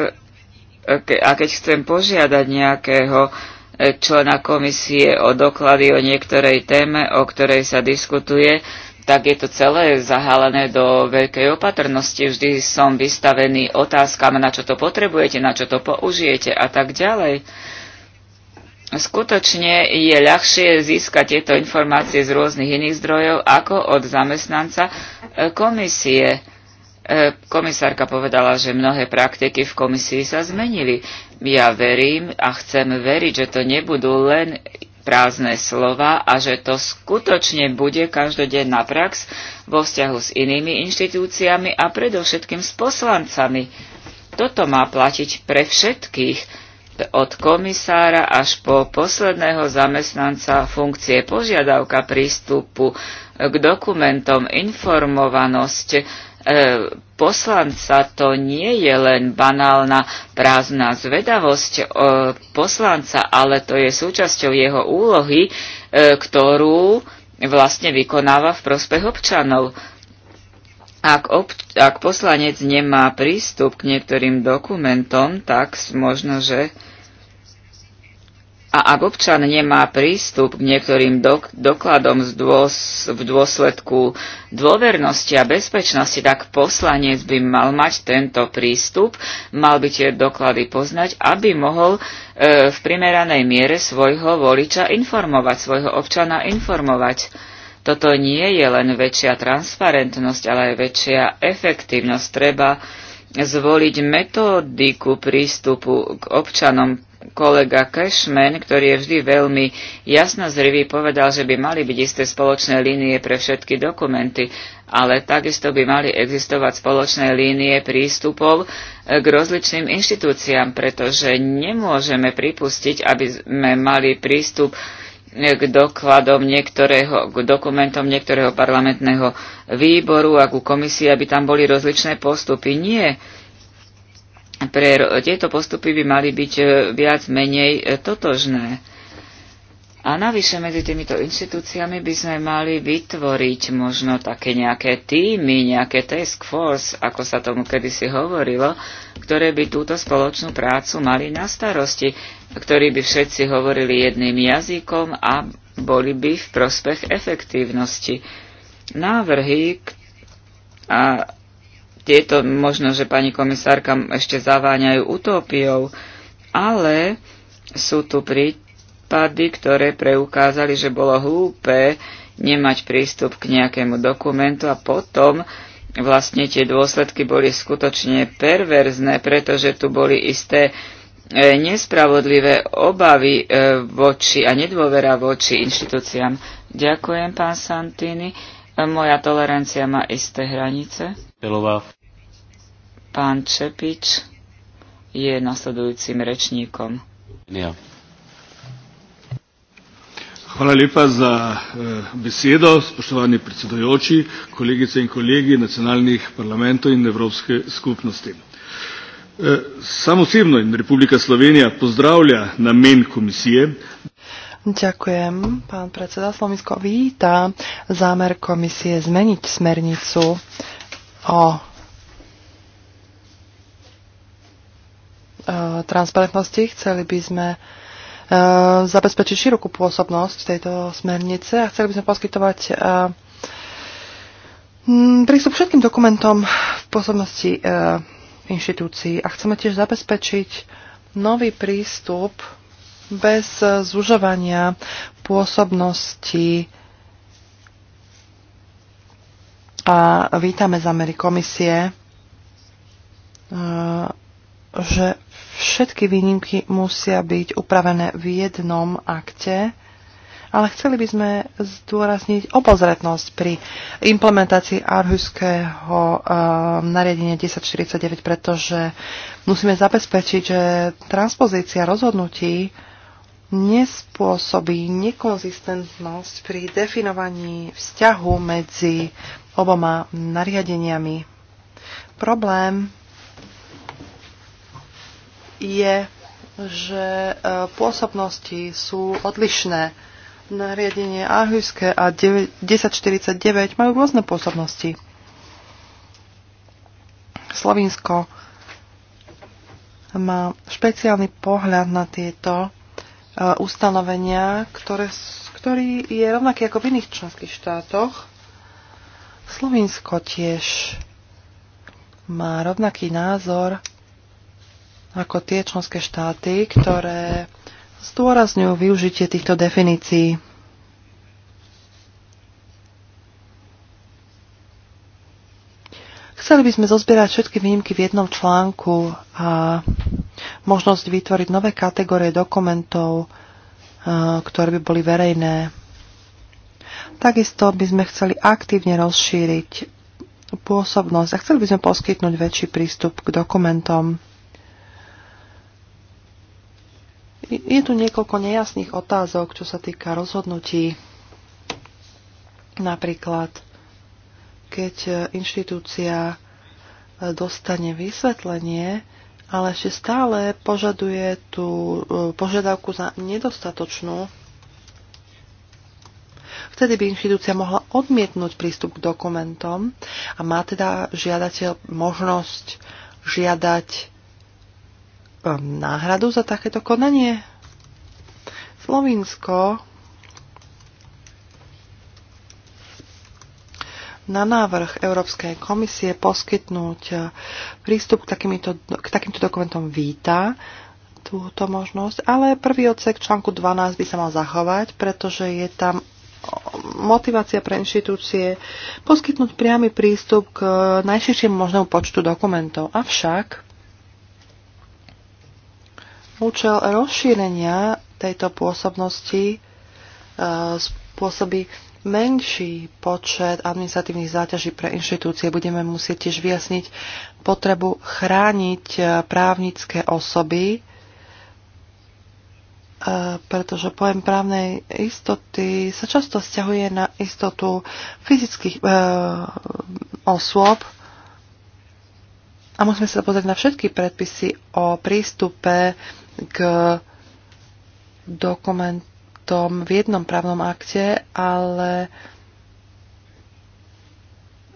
B: a keď chcem požiadať nejakého e, člena komisie o doklady o niektorej téme, o ktorej sa diskutuje, tak je to celé zahalené do veľkej opatrnosti. Vždy som vystavený otázkam, na čo to potrebujete, na čo to použijete a tak ďalej. Skutočne je ľahšie získať tieto informácie z rôznych iných zdrojov ako od zamestnanca e, komisie. E, komisárka povedala, že mnohé praktiky v komisii sa zmenili. Ja verím a chcem veriť, že to nebudú len prázdne slova a že to skutočne bude každodenná prax vo vzťahu s inými inštitúciami a predovšetkým s poslancami. Toto má platiť pre všetkých od komisára až po posledného zamestnanca funkcie požiadavka prístupu k dokumentom informovanosť e, poslanca to nie je len banálna prázdna zvedavosť e, poslanca, ale to je súčasťou jeho úlohy, e, ktorú vlastne vykonáva v prospech občanov. Ak, ob, ak poslanec nemá prístup k niektorým dokumentom, tak možno, že a ak občan nemá prístup k niektorým dok- dokladom dôs- v dôsledku dôvernosti a bezpečnosti, tak poslanec by mal mať tento prístup, mal by tie doklady poznať, aby mohol e, v primeranej miere svojho voliča informovať, svojho občana informovať. Toto nie je len väčšia transparentnosť, ale aj väčšia efektívnosť. Treba zvoliť metódiku prístupu k občanom kolega Cashman, ktorý je vždy veľmi jasno zrivý, povedal, že by mali byť isté spoločné línie pre všetky dokumenty, ale takisto by mali existovať spoločné línie prístupov eh, k rozličným inštitúciám, pretože nemôžeme pripustiť, aby sme mali prístup eh, k dokladom niektorého, k dokumentom niektorého parlamentného výboru a ku komisii, aby tam boli rozličné postupy. Nie pre tieto postupy by mali byť e, viac menej e, totožné. A navyše medzi týmito inštitúciami by sme mali vytvoriť možno také nejaké týmy, nejaké task force, ako sa tomu kedysi hovorilo, ktoré by túto spoločnú prácu mali na starosti, ktorí by všetci hovorili jedným jazykom a boli by v prospech efektívnosti. Návrhy a tieto možno, že pani komisárka ešte zaváňajú utópiou, ale sú tu prípady, ktoré preukázali, že bolo hlúpe nemať prístup k nejakému dokumentu a potom vlastne tie dôsledky boli skutočne perverzné, pretože tu boli isté e, nespravodlivé obavy e, voči a nedôvera voči inštitúciám. Ďakujem, pán Santini. E, moja tolerancia má isté hranice. Pelová. Pán Čepič je nasledujúcim rečníkom. Ja. Hvala lepa za eh, besedo, spoštovani predsedujoči, kolegice in kolegi nacionalnih
C: parlamentov in Evropske skupnosti. Eh, sam osebno in Republika
A: Slovenija pozdravlja namen komisije, Ďakujem, pán predseda Slovensko víta zámer komisie zmeniť smernicu o Eh, transparentnosti. Chceli by sme eh, zabezpečiť širokú pôsobnosť tejto smernice a chceli by sme poskytovať eh, prístup všetkým dokumentom v pôsobnosti inštitúcií a chceme tiež zabezpečiť nový prístup bez zužovania pôsobnosti a vítame Amery komisie, že všetky výnimky musia byť upravené v jednom akte, ale chceli by sme zdôrazniť obozretnosť pri implementácii arhuského e, ehm, nariadenia 1049, pretože musíme zabezpečiť, že transpozícia rozhodnutí nespôsobí nekonzistentnosť pri definovaní vzťahu medzi oboma nariadeniami. Problém je, že e, pôsobnosti sú odlišné. Nariadenie Aarhuske a 1049 majú rôzne pôsobnosti. Slovinsko má špeciálny pohľad na tieto e, ustanovenia, ktoré, ktorý je rovnaký ako v iných členských štátoch. Slovinsko tiež má rovnaký názor ako tie členské štáty, ktoré zdôrazňujú využitie týchto definícií. Chceli by sme zozbierať všetky výnimky v jednom článku a možnosť vytvoriť nové kategórie dokumentov, eh, ktoré by boli verejné. Takisto by sme chceli aktívne rozšíriť pôsobnosť a chceli by sme poskytnúť väčší prístup k dokumentom. Je tu niekoľko nejasných otázok, čo sa týka rozhodnutí. Napríklad, keď inštitúcia e, dostane vysvetlenie, ale ešte stále požaduje tú e, požiadavku za nedostatočnú, Vtedy by inštitúcia mohla odmietnúť prístup k dokumentom a má teda žiadateľ možnosť žiadať náhradu za takéto konanie? Slovinsko na návrh Európskej komisie poskytnúť prístup k, takýmito, k takýmto dokumentom víta túto možnosť, ale prvý odsek článku 12 by sa mal zachovať, pretože je tam motivácia pre inštitúcie poskytnúť priamy prístup k najširšiemu možnému počtu dokumentov. Avšak Účel rozšírenia tejto pôsobnosti e, spôsobí menší počet administratívnych záťaží pre inštitúcie. Budeme musieť tiež vyjasniť potrebu chrániť e, právnické osoby, e, pretože pojem právnej istoty sa často vzťahuje na istotu fyzických e, osôb a musíme sa pozrieť na všetky predpisy o prístupe k dokumentom v jednom právnom akte, ale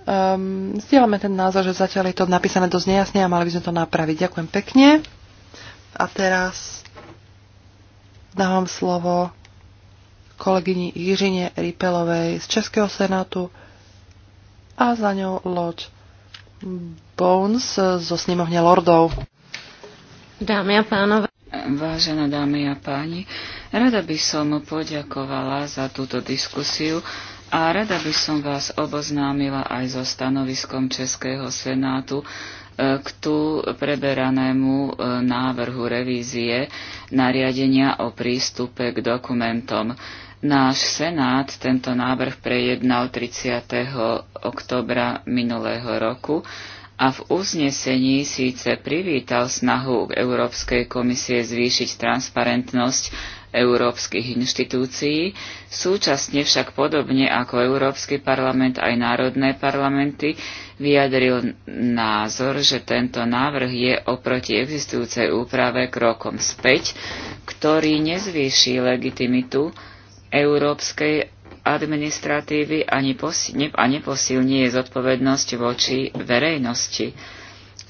A: um, zdieľame ten názor, že zatiaľ je to napísané dosť nejasne a mali by sme to napraviť. Ďakujem pekne. A teraz dávam slovo kolegyni Jiřine Ripelovej z Českého senátu a za ňou loď Bones zo snemovne Lordov.
B: Dámy a pánové. Vážené dámy a páni, rada by som poďakovala za túto diskusiu a rada by som vás oboznámila aj so stanoviskom Českého senátu e, k tu preberanému e, návrhu revízie nariadenia o prístupe k dokumentom. Náš senát tento návrh prejednal 30. oktobra minulého roku a v uznesení síce privítal snahu Európskej komisie zvýšiť transparentnosť európskych inštitúcií, súčasne však podobne ako Európsky parlament aj národné parlamenty vyjadril názor, že tento návrh je oproti existujúcej úprave krokom späť, ktorý nezvýši legitimitu európskej administratívy ani posilní, a neposilní jej zodpovednosť voči verejnosti.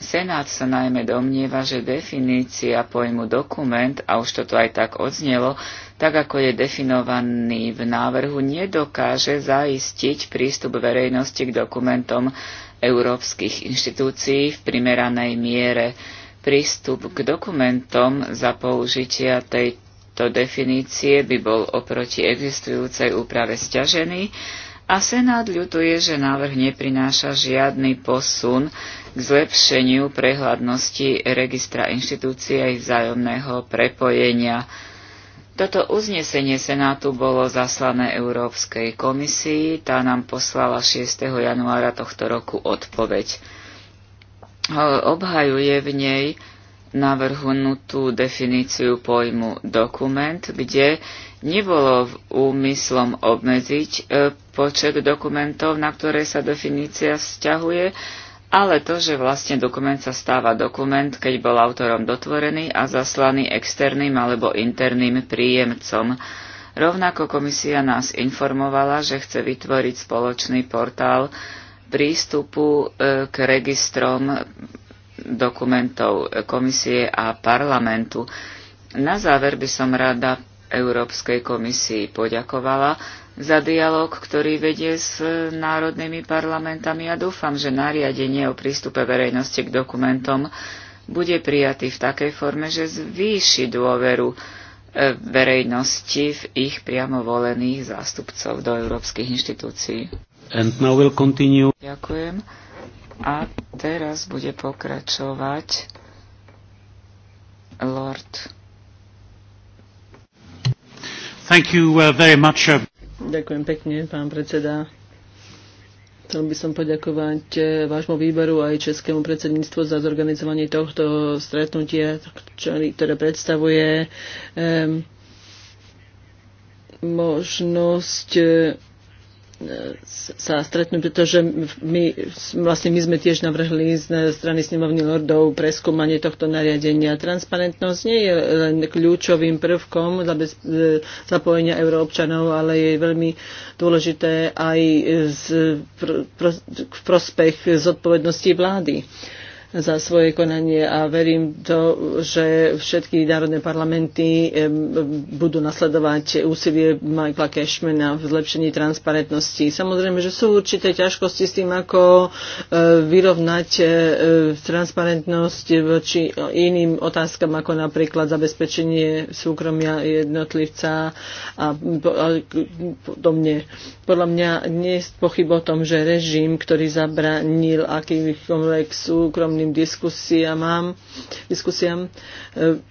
B: Senát sa najmä domnieva, že definícia pojmu dokument, a už toto aj tak odznelo, tak ako je definovaný v návrhu, nedokáže zaistiť prístup verejnosti k dokumentom európskych inštitúcií v primeranej miere. Prístup k dokumentom za použitia tej, tejto definície by bol oproti existujúcej úprave sťažený a Senát ľutuje, že návrh neprináša žiadny posun k zlepšeniu prehľadnosti registra inštitúcií a ich vzájomného prepojenia. Toto uznesenie Senátu bolo zaslané Európskej komisii, tá nám poslala 6. januára tohto roku odpoveď. Obhajuje v nej navrhnutú definíciu pojmu dokument, kde nebolo úmyslom obmedziť e, počet dokumentov, na ktoré sa definícia vzťahuje, ale to, že vlastne dokument sa stáva dokument, keď bol autorom dotvorený a zaslaný externým alebo interným príjemcom. Rovnako komisia nás informovala, že chce vytvoriť spoločný portál prístupu e, k registrom dokumentov komisie a parlamentu. Na záver by som rada Európskej komisii poďakovala za dialog, ktorý vedie s národnými parlamentami a dúfam, že nariadenie o prístupe verejnosti k dokumentom bude prijatý v takej forme, že zvýši dôveru e, verejnosti v ich priamo volených zástupcov do európskych inštitúcií. Ďakujem. A teraz bude pokračovať Lord. Thank you uh, very much. Uh, Ďakujem
C: pekne, pán predseda. Chcel by som poďakovať eh, vášmu výboru aj Českému predsedníctvu za zorganizovanie tohto stretnutia, ktoré predstavuje um, možnosť eh, sa stretnú, pretože my, vlastne my sme tiež navrhli z strany snemovny lordov preskúmanie tohto nariadenia. Transparentnosť nie je len kľúčovým prvkom za bez, e, zapojenia euroobčanov, ale je veľmi dôležité aj z, pr, pr, pr- prospech zodpovednosti vlády za svoje konanie a verím to, že všetky národné parlamenty budú nasledovať úsilie Michaela Cashmana v zlepšení transparentnosti. Samozrejme, že sú určité ťažkosti s tým, ako e, vyrovnať e, transparentnosť voči iným otázkam, ako napríklad zabezpečenie súkromia jednotlivca a podobne. Podľa mňa nie je pochyb o tom, že režim, ktorý zabranil akýkoľvek súkromný konštruktívnym diskusiám, diskusiám e,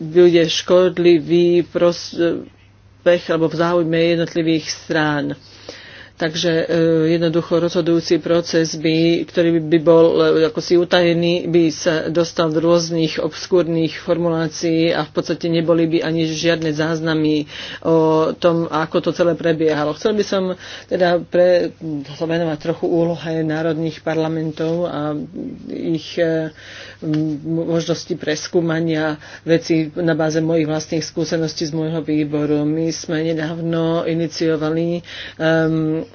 C: bude škodlivý prospech e, alebo v záujme jednotlivých strán. Takže e, jednoducho rozhodujúci proces, by, ktorý by bol e, ako si utajený, by sa dostal do rôznych obskúrnych formulácií a v podstate neboli by ani žiadne záznamy o tom, ako to celé prebiehalo. Chcel by som teda pre, sa venovať trochu úlohe národných parlamentov a ich e, možnosti preskúmania veci na báze mojich vlastných skúseností z môjho výboru. My sme nedávno iniciovali um,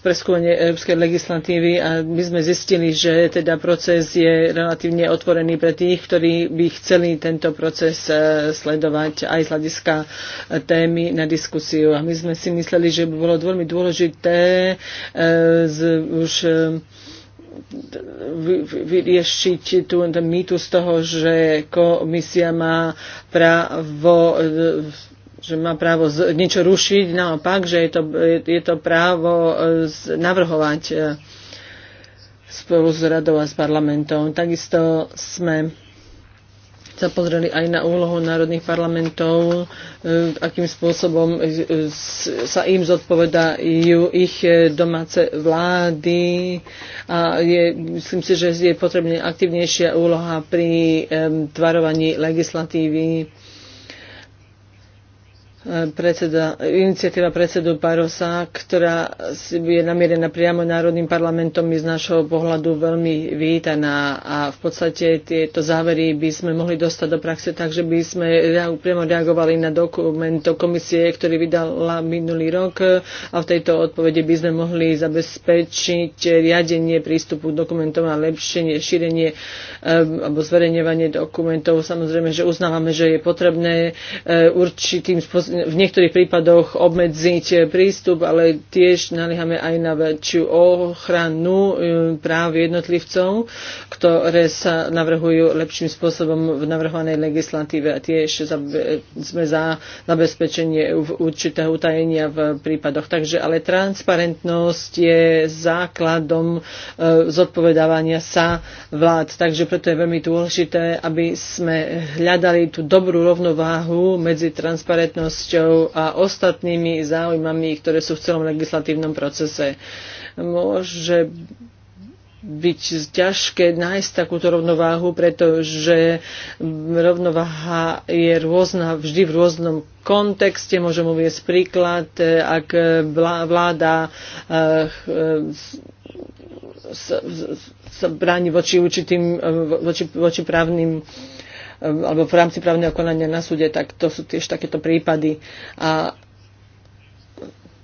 C: preskúmanie európskej legislatívy a my sme zistili, že teda proces je relatívne otvorený pre tých, ktorí by chceli tento proces e, sledovať aj z hľadiska e, témy na diskusiu. A my sme si mysleli, že by bolo veľmi dôležité e, z, už vyriešiť tú, mýtu z toho, že komisia má právo že má právo z, niečo rušiť, naopak, že je to, je, je to právo e, z, navrhovať e, spolu s radou a s parlamentom. Takisto sme sa pozreli aj na úlohu národných parlamentov, e, akým spôsobom sa im zodpovedajú ich domáce vlády a je, myslím si, že je potrebne aktivnejšia úloha pri tvarovaní legislatívy predseda, iniciatíva predsedu Parosa, ktorá je namierená priamo národným parlamentom, je z našho pohľadu veľmi vítaná a v podstate tieto závery by sme mohli dostať do praxe tak, že by sme priamo reagovali na dokument do komisie, ktorý vydala minulý rok a v tejto odpovede by sme mohli zabezpečiť riadenie prístupu k dokumentom a lepšenie, šírenie alebo zverejňovanie dokumentov. Samozrejme, že uznávame, že je potrebné eh, určitým spôsobom v niektorých prípadoch obmedziť eh, prístup, ale tiež naliehame aj na väčšiu ochranu eh, práv jednotlivcov, ktoré sa navrhujú lepším spôsobom v navrhovanej legislatíve. A tiež sme za zabezpečenie určitého utajenia v prípadoch. Takže ale transparentnosť je základom eh, zodpovedávania sa vlád. Takže preto je veľmi dôležité, aby sme hľadali tú dobrú rovnováhu medzi transparentnosť účasťou a ostatnými záujmami, ktoré sú v celom legislatívnom procese. Môže byť ťažké nájsť takúto rovnováhu, pretože rovnováha je rôzna vždy v rôznom kontexte. Môžem uvieť príklad, ak vláda eh, sa bráni voči určitým, eh, voči, voči právnym alebo v rámci právneho konania na súde, tak to sú tiež takéto prípady. A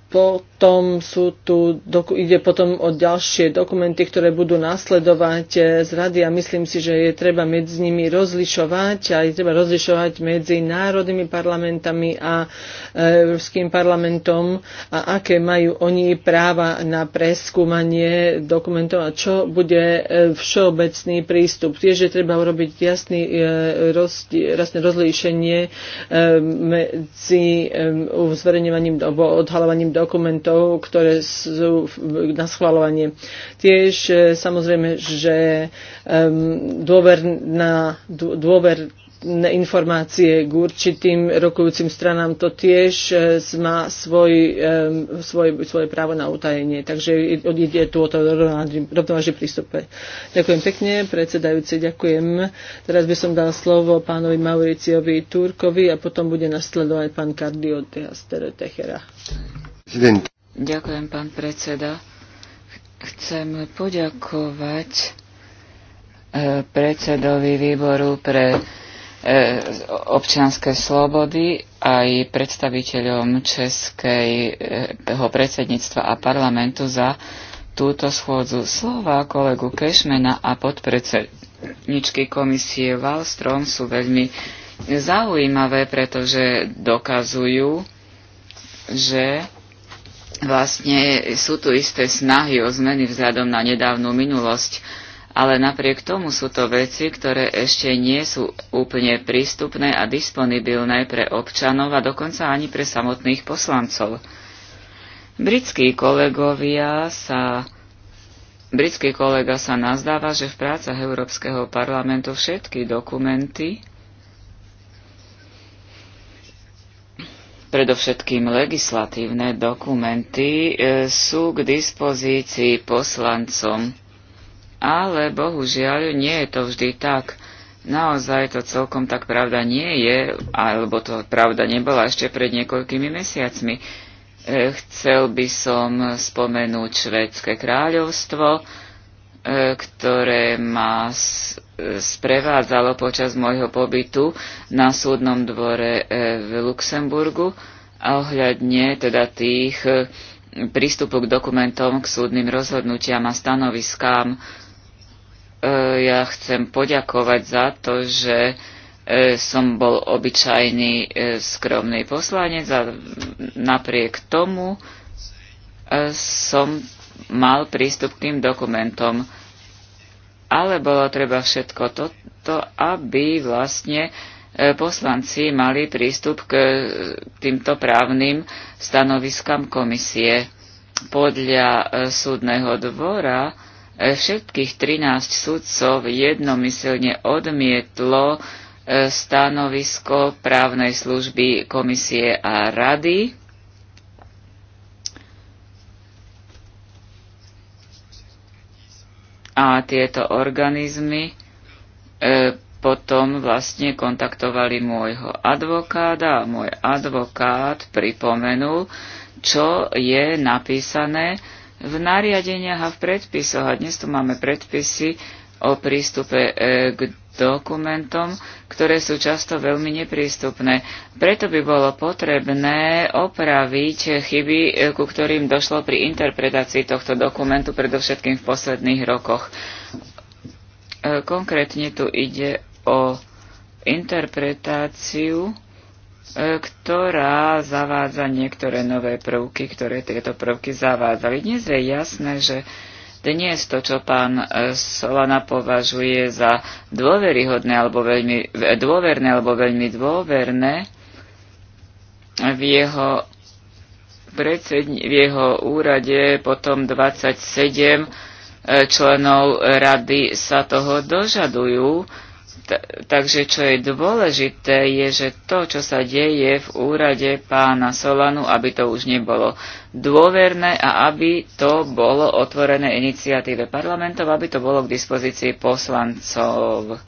C: potom sú tu, ide potom o ďalšie dokumenty, ktoré budú nasledovať eh, z rady a myslím si, že je treba medzi nimi rozlišovať a je treba rozlišovať medzi národnými parlamentami a eh, Európskym parlamentom a aké majú oni práva na preskúmanie dokumentov a čo bude eh, všeobecný prístup. Tiež je treba urobiť jasný, jasné rozlíšenie medzi zverejňovaním alebo odhalovaním dokumentov, ktoré sú na schvalovanie. Tiež e, samozrejme, že um, dôverná, dôver informácie k určitým rokujúcim stranám, to tiež e, má svoj, svoj, svoje právo na utajenie. Takže ide tu o to rovnovážny prístupe. Ďakujem pekne, predsedajúci, ďakujem. Teraz by som dal slovo pánovi Mauriciovi Turkovi a potom bude nasledovať pán Kardio Techera.
B: Ďakujem, pán predseda. Chcem poďakovať e, predsedovi výboru pre e, občianske slobody aj predstaviteľom Českého predsedníctva a parlamentu za túto schôdzu. Slova kolegu Kešmena a podpredsedničky komisie Wallstrom sú veľmi zaujímavé, pretože dokazujú, že vlastne sú tu isté snahy o zmeny vzhľadom na nedávnu minulosť, ale napriek tomu sú to veci, ktoré ešte nie sú úplne prístupné a disponibilné pre občanov a dokonca ani pre samotných poslancov. Britskí kolegovia sa Britský kolega sa nazdáva, že v prácach Európskeho parlamentu všetky dokumenty, predovšetkým legislatívne dokumenty, e, sú k dispozícii poslancom. Ale bohužiaľ nie je to vždy tak. Naozaj to celkom tak pravda nie je, alebo to pravda nebola ešte pred niekoľkými mesiacmi. E, chcel by som spomenúť Švédske kráľovstvo, e, ktoré má sprevádzalo počas môjho pobytu na súdnom dvore e, v Luxemburgu a ohľadne teda tých e, prístupu k dokumentom, k súdnym rozhodnutiam a stanoviskám. E, ja chcem poďakovať za to, že som bol obyčajný skromný poslanec a napriek tomu som mal prístup k tým dokumentom ale bolo treba všetko toto, aby vlastne e, poslanci mali prístup k e, týmto právnym stanoviskám komisie. Podľa e, súdneho dvora všetkých 13 sudcov jednomyselne odmietlo stanovisko právnej služby komisie a rady a tieto organizmy e, potom vlastne kontaktovali môjho advokáda a môj advokát pripomenul, čo je napísané v nariadeniach a v predpisoch. A dnes tu máme predpisy o prístupe e, k dokumentom, ktoré sú často veľmi neprístupné. Preto by bolo potrebné opraviť chyby, ku ktorým došlo pri interpretácii tohto dokumentu, predovšetkým v posledných rokoch. E, konkrétne tu ide o interpretáciu, e, ktorá zavádza niektoré nové prvky, ktoré tieto prvky zavádzali. Dnes je jasné, že dnes to, čo pán e, Solana považuje za dôveryhodné alebo veľmi e, dôverné alebo veľmi dôverné v jeho, v jeho úrade potom 27 e, členov rady sa toho dožadujú takže čo je dôležité, je, že to, čo sa deje v úrade pána Solanu, aby to už nebolo dôverné a aby to bolo otvorené iniciatíve parlamentov, aby to bolo k dispozícii poslancov.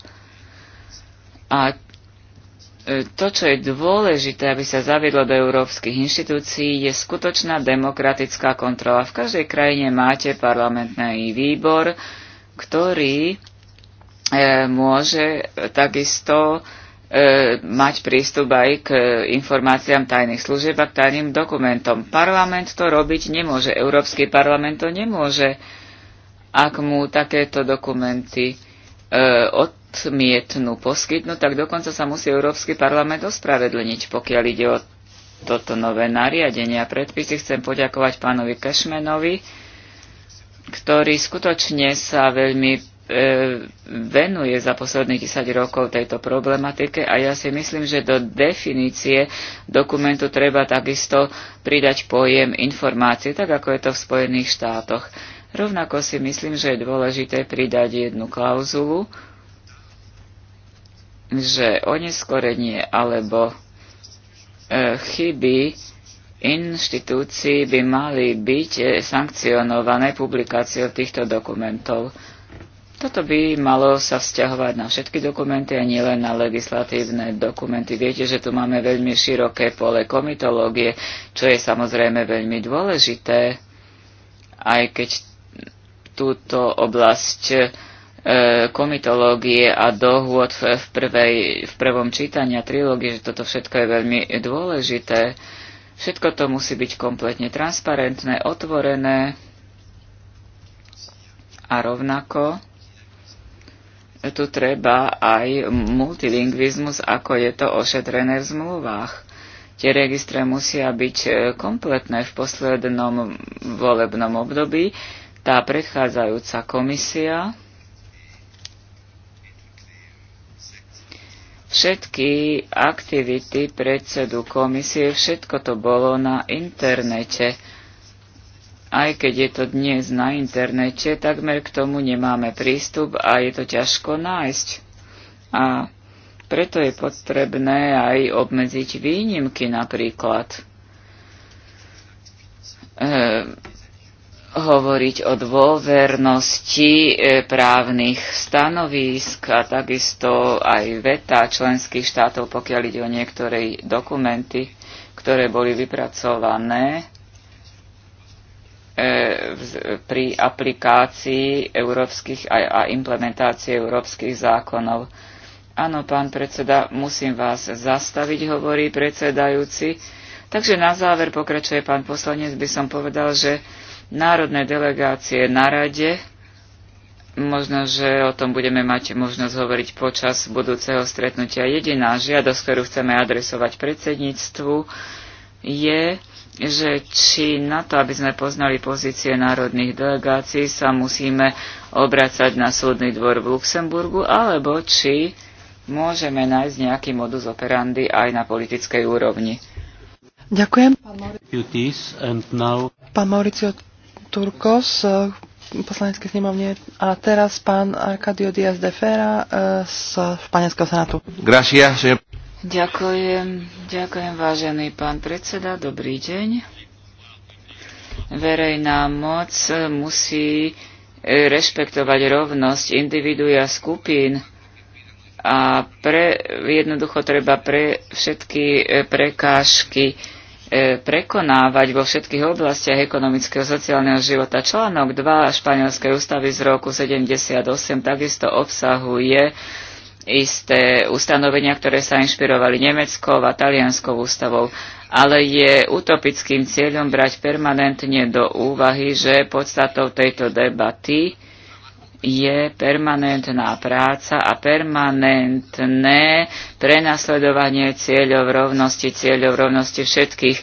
B: A e, to, čo je dôležité, aby sa zaviedlo do európskych inštitúcií, je skutočná demokratická kontrola. V každej krajine máte parlamentný výbor, ktorý E, môže takisto e, mať prístup aj k informáciám tajných služieb a k tajným dokumentom. Parlament to robiť nemôže, Európsky parlament to nemôže, ak mu takéto dokumenty e, odmietnú poskytnúť, tak dokonca sa musí Európsky parlament ospravedlniť, pokiaľ ide o toto nové nariadenie a predpisy. Chcem poďakovať pánovi Kešmenovi, ktorý skutočne sa veľmi E, venuje za posledných 10 rokov tejto problematike a ja si myslím, že do definície dokumentu treba takisto pridať pojem informácie, tak ako je to v Spojených štátoch. Rovnako si myslím, že je dôležité pridať jednu klauzulu, že oneskorenie alebo e, chyby inštitúcií by mali byť e, sankcionované publikáciou týchto dokumentov. Toto by malo sa vzťahovať na všetky dokumenty a nielen na legislatívne dokumenty. Viete, že tu máme veľmi široké pole komitológie, čo je samozrejme veľmi dôležité, aj keď túto oblasť e, komitológie a dohôd v, v, prvej, v prvom čítaní a trilógie, že toto všetko je veľmi dôležité. Všetko to musí byť kompletne transparentné, otvorené a rovnako tu treba aj multilingvizmus, ako je to ošetrené v zmluvách. Tie registre musia byť e, kompletné v poslednom volebnom období. Tá predchádzajúca komisia všetky aktivity predsedu komisie, všetko to bolo na internete aj keď je to dnes na internete, takmer k tomu nemáme prístup a je to ťažko nájsť. A preto je potrebné aj obmedziť výnimky napríklad. E, hovoriť o dôvernosti e, právnych stanovísk a takisto aj veta členských štátov, pokiaľ ide o niektoré dokumenty, ktoré boli vypracované E, pri aplikácii európskych a, a implementácii európskych zákonov. Áno, pán predseda, musím vás zastaviť, hovorí predsedajúci. Takže na záver, pokračuje pán poslanec, by som povedal, že národné delegácie na rade, možno, že o tom budeme mať možnosť hovoriť počas budúceho stretnutia. Jediná žiadosť, ktorú chceme adresovať predsedníctvu, je že či na to, aby sme poznali pozície národných delegácií, sa musíme obracať na súdny dvor v Luxemburgu, alebo či môžeme nájsť nejaký modus operandi aj na politickej úrovni.
A: Ďakujem. Pán Mauricio Turkos, eh, poslanecké snemovne. A teraz pán Arkadio Díaz de Fera eh, z Španielského senátu. Gracias, señor
B: Ďakujem, ďakujem vážený pán predseda, dobrý deň. Verejná moc musí e, rešpektovať rovnosť individu a skupín a pre, jednoducho treba pre všetky e, prekážky e, prekonávať vo všetkých oblastiach ekonomického a sociálneho života. Článok 2 Španielskej ústavy z roku 78 takisto obsahuje isté ustanovenia, ktoré sa inšpirovali Nemeckou a Talianskou ústavou, ale je utopickým cieľom brať permanentne do úvahy, že podstatou tejto debaty je permanentná práca a permanentné prenasledovanie cieľov rovnosti, cieľov rovnosti všetkých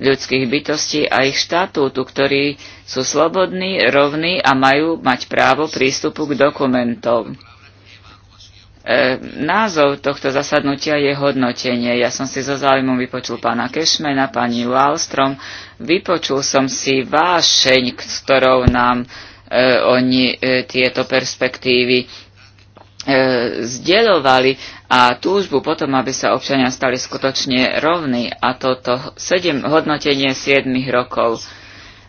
B: ľudských bytostí a ich štatútu, ktorí sú slobodní, rovní a majú mať právo prístupu k dokumentom. E, názov tohto zasadnutia je hodnotenie. Ja som si so záujmom vypočul pána Kešmena, pani Wallstrom, vypočul som si vášeň, s ktorou nám e, oni e, tieto perspektívy e, zdieľovali a túžbu potom, aby sa občania stali skutočne rovní a toto sedem, hodnotenie 7 rokov.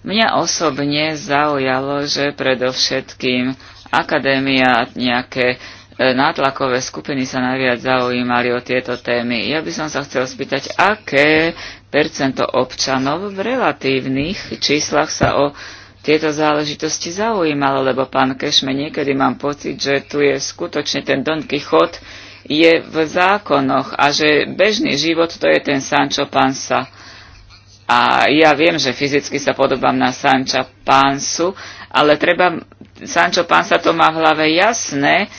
B: Mňa osobne zaujalo, že predovšetkým akadémia nejaké E, nátlakové skupiny sa najviac zaujímali o tieto témy. Ja by som sa chcel spýtať, aké percento občanov v relatívnych číslach sa o tieto záležitosti zaujímalo, lebo pán Kešme, niekedy mám pocit, že tu je skutočne ten Don Quixote je v zákonoch a že bežný život to je ten Sancho Pansa. A ja viem, že fyzicky sa podobám na Sancha Pansu, ale treba, Sancho Pansa to má v hlave jasné,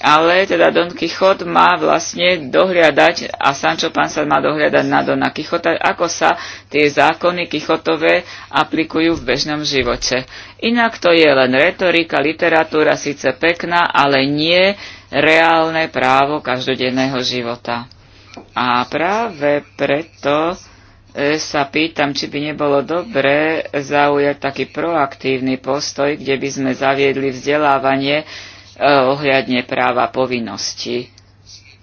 B: ale teda Don Quixote má vlastne dohliadať a Sancho Panza má dohliadať na Dona Quixota, ako sa tie zákony Quixotové aplikujú v bežnom živote. Inak to je len retorika, literatúra síce pekná, ale nie reálne právo každodenného života. A práve preto e, sa pýtam, či by nebolo dobré zaujať taký proaktívny postoj, kde by sme zaviedli vzdelávanie ohľadne práva povinnosti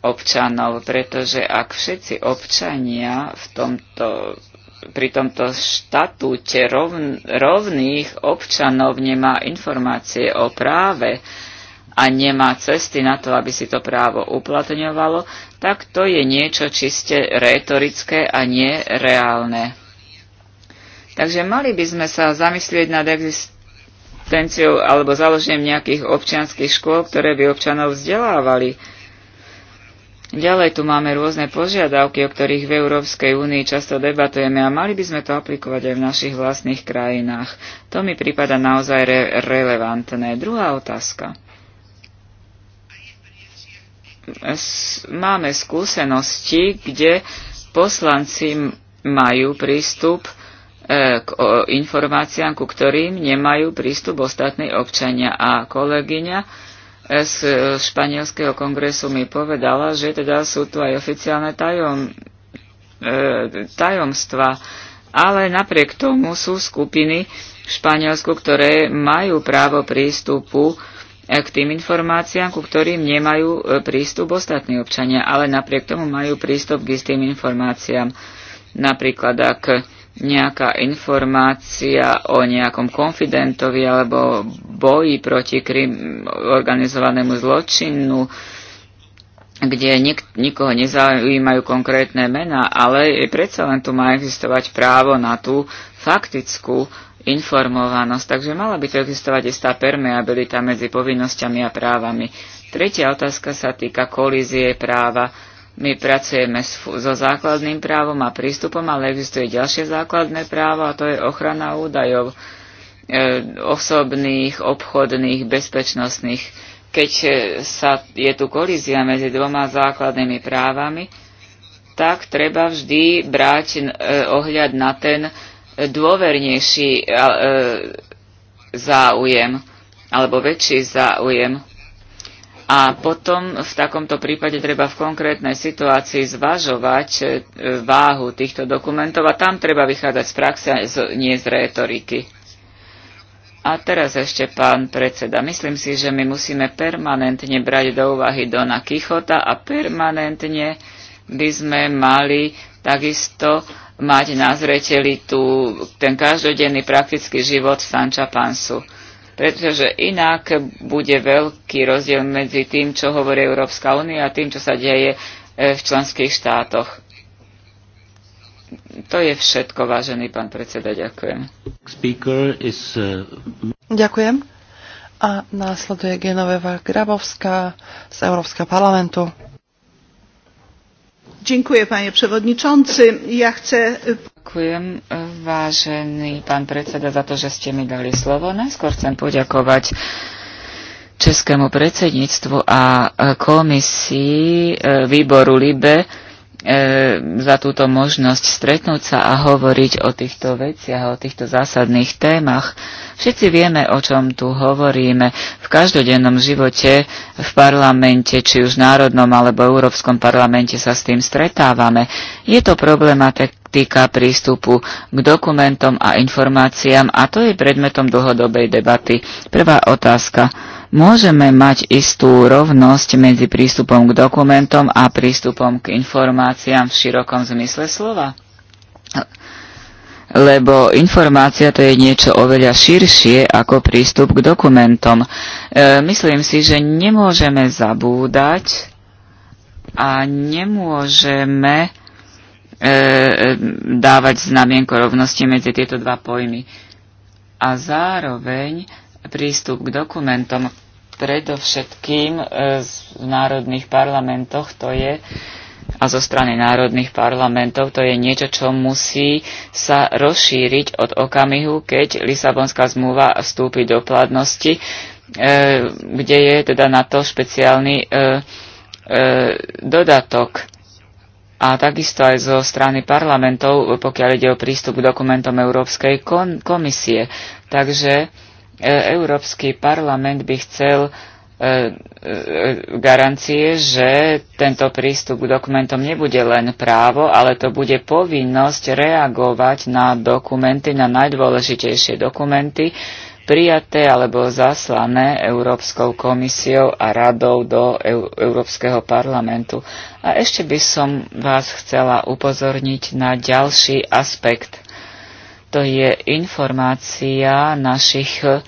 B: občanov, pretože ak všetci občania v tomto, pri tomto štatúte rovn, rovných občanov nemá informácie o práve a nemá cesty na to, aby si to právo uplatňovalo, tak to je niečo čiste retorické a nereálne. Takže mali by sme sa zamyslieť nad existenciou existenciou alebo založením nejakých občianských škôl, ktoré by občanov vzdelávali. Ďalej tu máme rôzne požiadavky, o ktorých v Európskej únii často debatujeme a mali by sme to aplikovať aj v našich vlastných krajinách. To mi prípada naozaj re- relevantné. Druhá otázka. Máme skúsenosti, kde poslanci majú prístup k informáciám, ku ktorým nemajú prístup ostatní občania. A kolegyňa e, z e, španielského kongresu mi povedala, že teda sú tu aj oficiálne tajom, e, tajomstva. Ale napriek tomu sú skupiny v Španielsku, ktoré majú právo prístupu k tým informáciám, ku ktorým nemajú prístup ostatní občania, ale napriek tomu majú prístup k istým informáciám. Napríklad, ak nejaká informácia o nejakom konfidentovi alebo boji proti krim, organizovanému zločinu, kde nik, nikoho nezaujímajú konkrétne mená, ale predsa len tu má existovať právo na tú faktickú informovanosť. Takže mala by tu existovať istá permeabilita medzi povinnosťami a právami. Tretia otázka sa týka kolízie práva my pracujeme so základným právom a prístupom, ale existuje ďalšie základné právo a to je ochrana údajov e, osobných, obchodných, bezpečnostných. Keď e, sa, je tu kolízia medzi dvoma základnými právami, tak treba vždy brať e, ohľad na ten dôvernejší záujem alebo väčší záujem. A potom v takomto prípade treba v konkrétnej situácii zvažovať e, váhu týchto dokumentov a tam treba vychádzať z praxe, nie z rétoriky. A teraz ešte pán predseda. Myslím si, že my musíme permanentne brať do úvahy Dona Kichota a permanentne by sme mali takisto mať na zreteli tú, ten každodenný praktický život Sanča Pansu pretože inak bude veľký rozdiel medzi tým, čo hovorí Európska únia a tým, čo sa deje e, v členských štátoch. To je všetko, vážený pán predseda, ďakujem.
C: E,
A: ďakujem. A následuje Genoveva Grabovská z Európska parlamentu.
B: Dziękuję, panie przewodniczący. Ja chcę... Ďakujem, vážený pán predseda, za to, že ste mi dali slovo. Najskôr chcem poďakovať Českému predsedníctvu a e, komisii e, výboru LIBE, E, za túto možnosť stretnúť sa a hovoriť o týchto veciach, o týchto zásadných témach. Všetci vieme, o čom tu hovoríme v každodennom živote v parlamente, či už v národnom alebo európskom parlamente sa s tým stretávame. Je to problematika prístupu k dokumentom a informáciám a to je predmetom dlhodobej debaty. Prvá otázka. Môžeme mať istú rovnosť medzi prístupom k dokumentom a prístupom k informáciám v širokom zmysle slova? Lebo informácia to je niečo oveľa širšie ako prístup k dokumentom. E, myslím si, že nemôžeme zabúdať a nemôžeme e, e dávať znamienko rovnosti medzi tieto dva pojmy. A zároveň prístup k dokumentom, predovšetkým e, v národných parlamentoch, to je a zo strany národných parlamentov, to je niečo, čo musí sa rozšíriť od okamihu, keď Lisabonská zmluva vstúpi do platnosti, e, kde je teda na to špeciálny e, e, dodatok. A takisto aj zo strany parlamentov, pokiaľ ide o prístup k dokumentom Európskej komisie. Takže E, Európsky parlament by chcel e, e, garancie, že tento prístup k dokumentom nebude len právo, ale to bude povinnosť reagovať na dokumenty, na najdôležitejšie dokumenty, prijaté alebo zaslané Európskou komisiou a radou do Európskeho parlamentu. A ešte by som vás chcela upozorniť na ďalší aspekt to je informácia našich e,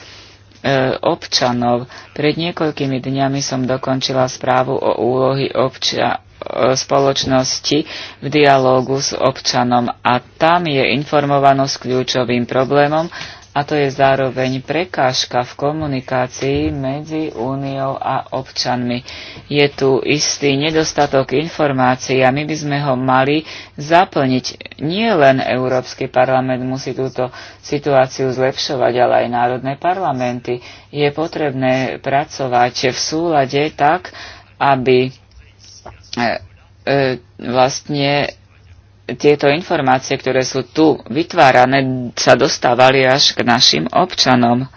B: občanov. Pred niekoľkými dňami som dokončila správu o úlohy obča, e, spoločnosti v dialógu s občanom a tam je informovanosť kľúčovým problémom a to je zároveň prekážka v komunikácii medzi úniou a občanmi. Je tu istý nedostatok informácií a my by sme ho mali zaplniť. Nie len Európsky parlament musí túto situáciu zlepšovať, ale aj národné parlamenty. Je potrebné pracovať v súlade tak, aby e, e, vlastne tieto informácie, ktoré sú tu vytvárané, sa dostávali až k našim občanom.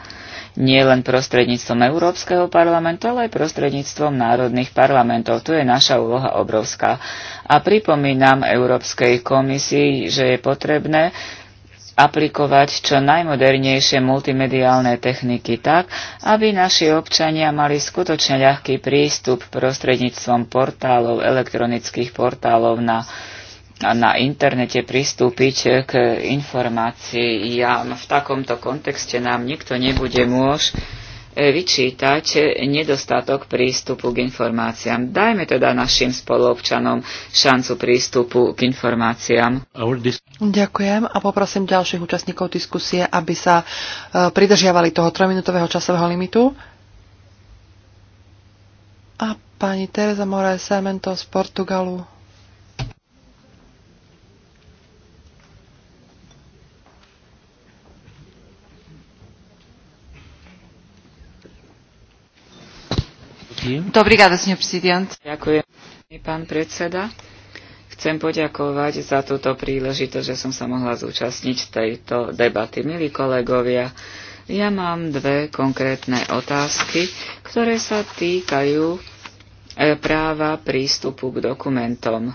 B: Nie len prostredníctvom Európskeho parlamentu, ale aj prostredníctvom národných parlamentov. Tu je naša úloha obrovská. A pripomínam Európskej komisii, že je potrebné aplikovať čo najmodernejšie multimediálne techniky tak, aby naši občania mali skutočne ľahký prístup prostredníctvom portálov, elektronických portálov na na internete pristúpiť k informáciám. V takomto kontexte nám nikto nebude môž e, vyčítať nedostatok prístupu k informáciám. Dajme teda našim spoluobčanom šancu prístupu k informáciám.
A: Ďakujem a poprosím ďalších účastníkov diskusie, aby sa e, pridržiavali toho trojminútového časového limitu. A pani Teresa Moraes Semento z Portugalu
B: Obrigada, senhor
C: presidente. Ďakujem,
B: pán predseda. Chcem poďakovať za túto príležitosť, že som sa mohla zúčastniť tejto debaty. Milí kolegovia, ja mám dve konkrétne otázky, ktoré sa týkajú e, práva prístupu k dokumentom. E,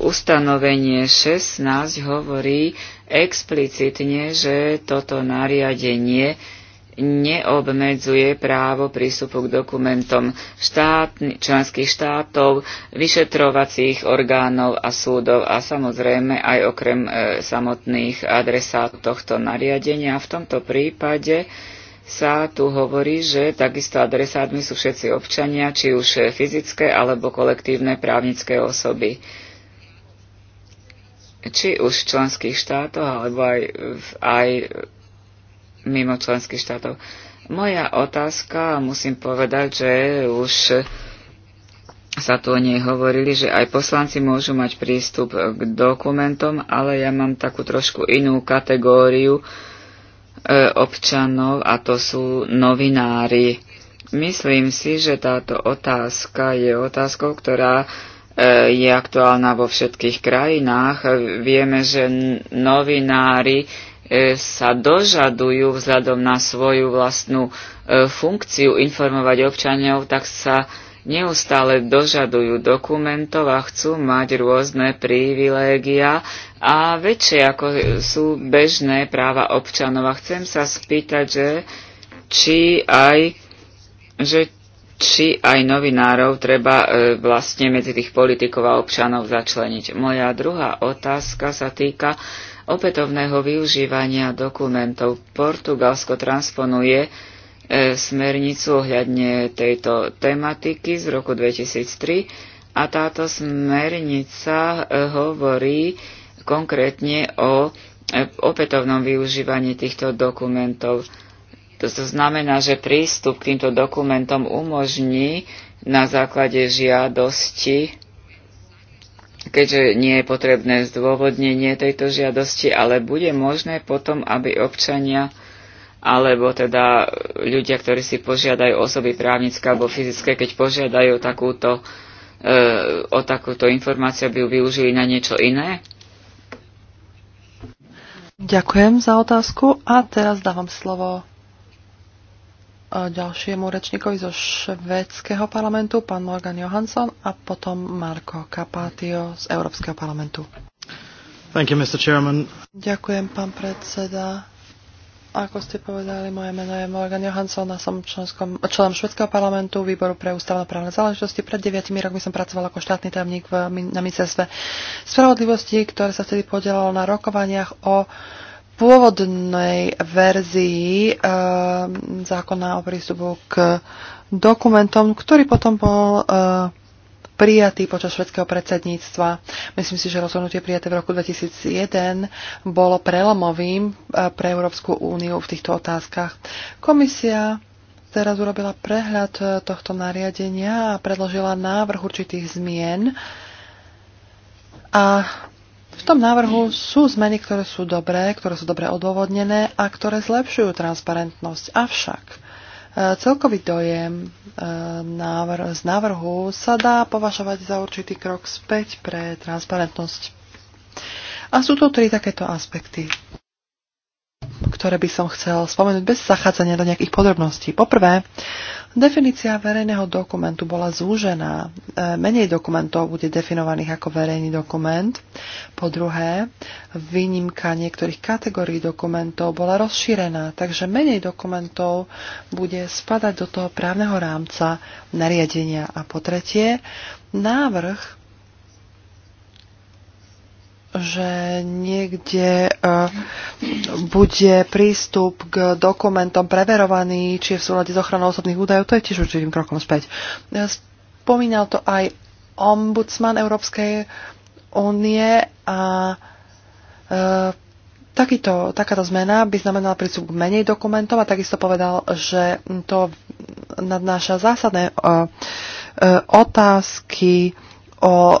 B: ustanovenie 16 hovorí explicitne, že toto nariadenie neobmedzuje právo prístupu k dokumentom štát, členských štátov, vyšetrovacích orgánov a súdov a samozrejme aj okrem e, samotných adresát tohto nariadenia. V tomto prípade sa tu hovorí, že takisto adresátmi sú všetci občania, či už fyzické alebo kolektívne právnické osoby či už v členských štátoch, alebo aj, aj mimo členských štátov. Moja otázka, musím povedať, že už sa tu o nej hovorili, že aj poslanci môžu mať prístup k dokumentom, ale ja mám takú trošku inú kategóriu e, občanov a to sú novinári. Myslím si, že táto otázka je otázkou, ktorá e, je aktuálna vo všetkých krajinách. Vieme, že novinári E, sa dožadujú vzhľadom na svoju vlastnú e, funkciu informovať občanov, tak sa neustále dožadujú dokumentov a chcú mať rôzne privilégia a väčšie ako sú bežné práva občanov. A chcem sa spýtať, že či aj, že či aj novinárov treba e, vlastne medzi tých politikov a občanov začleniť. Moja druhá otázka sa týka opätovného využívania dokumentov. Portugalsko transponuje e, smernicu ohľadne tejto tematiky z roku 2003 a táto smernica e, hovorí konkrétne o e, opätovnom využívaní týchto dokumentov. To znamená, že prístup k týmto dokumentom umožní na základe žiadosti keďže nie je potrebné zdôvodnenie tejto žiadosti, ale bude možné potom, aby občania alebo teda ľudia, ktorí si požiadajú osoby právnické alebo fyzické, keď požiadajú takúto, e, o takúto informáciu, aby ju využili na niečo iné?
A: Ďakujem za otázku a teraz dávam slovo ďalšiemu rečníkovi zo švedského parlamentu, pán Morgan Johansson a potom Marko Kapatio z Európskeho parlamentu. Thank you, Mr. Chairman. Ďakujem, pán predseda. Ako ste povedali, moje meno je Morgan Johansson a som členskom, členom Švedského parlamentu, výboru pre ústavnoprávne záležitosti. Pred deviatimi rokmi som pracoval ako štátny tajomník na ministerstve spravodlivosti, ktoré sa vtedy podielalo na rokovaniach o uh, pôvodnej verzii e, zákona o prístupu k dokumentom, ktorý potom bol e, prijatý počas švedského predsedníctva. Myslím si, že rozhodnutie prijaté v roku 2001 bolo prelomovým e, pre Európsku úniu v týchto otázkach. Komisia teraz urobila prehľad e, tohto nariadenia a predložila návrh určitých zmien a v tom návrhu sú zmeny, ktoré sú dobré, ktoré sú dobre odôvodnené a ktoré zlepšujú transparentnosť. Avšak e, celkový dojem e, z návrhu sa dá považovať za určitý krok späť pre transparentnosť. A sú to tri takéto aspekty ktoré by som chcel spomenúť bez zachádzania do nejakých podrobností. Poprvé, definícia verejného dokumentu bola zúžená. E, menej dokumentov bude definovaných ako verejný dokument. Po druhé, výnimka niektorých kategórií dokumentov bola rozšírená, takže menej dokumentov bude spadať do toho právneho rámca nariadenia. A po tretie, návrh že niekde e, bude prístup k dokumentom preverovaný, či je v súlade s ochranou osobných údajov, to je tiež určitým krokom späť. E, spomínal to aj ombudsman Európskej únie a e, takýto, takáto zmena by znamenala prístup k menej dokumentov a takisto povedal, že to nadnáša zásadné otázky o e,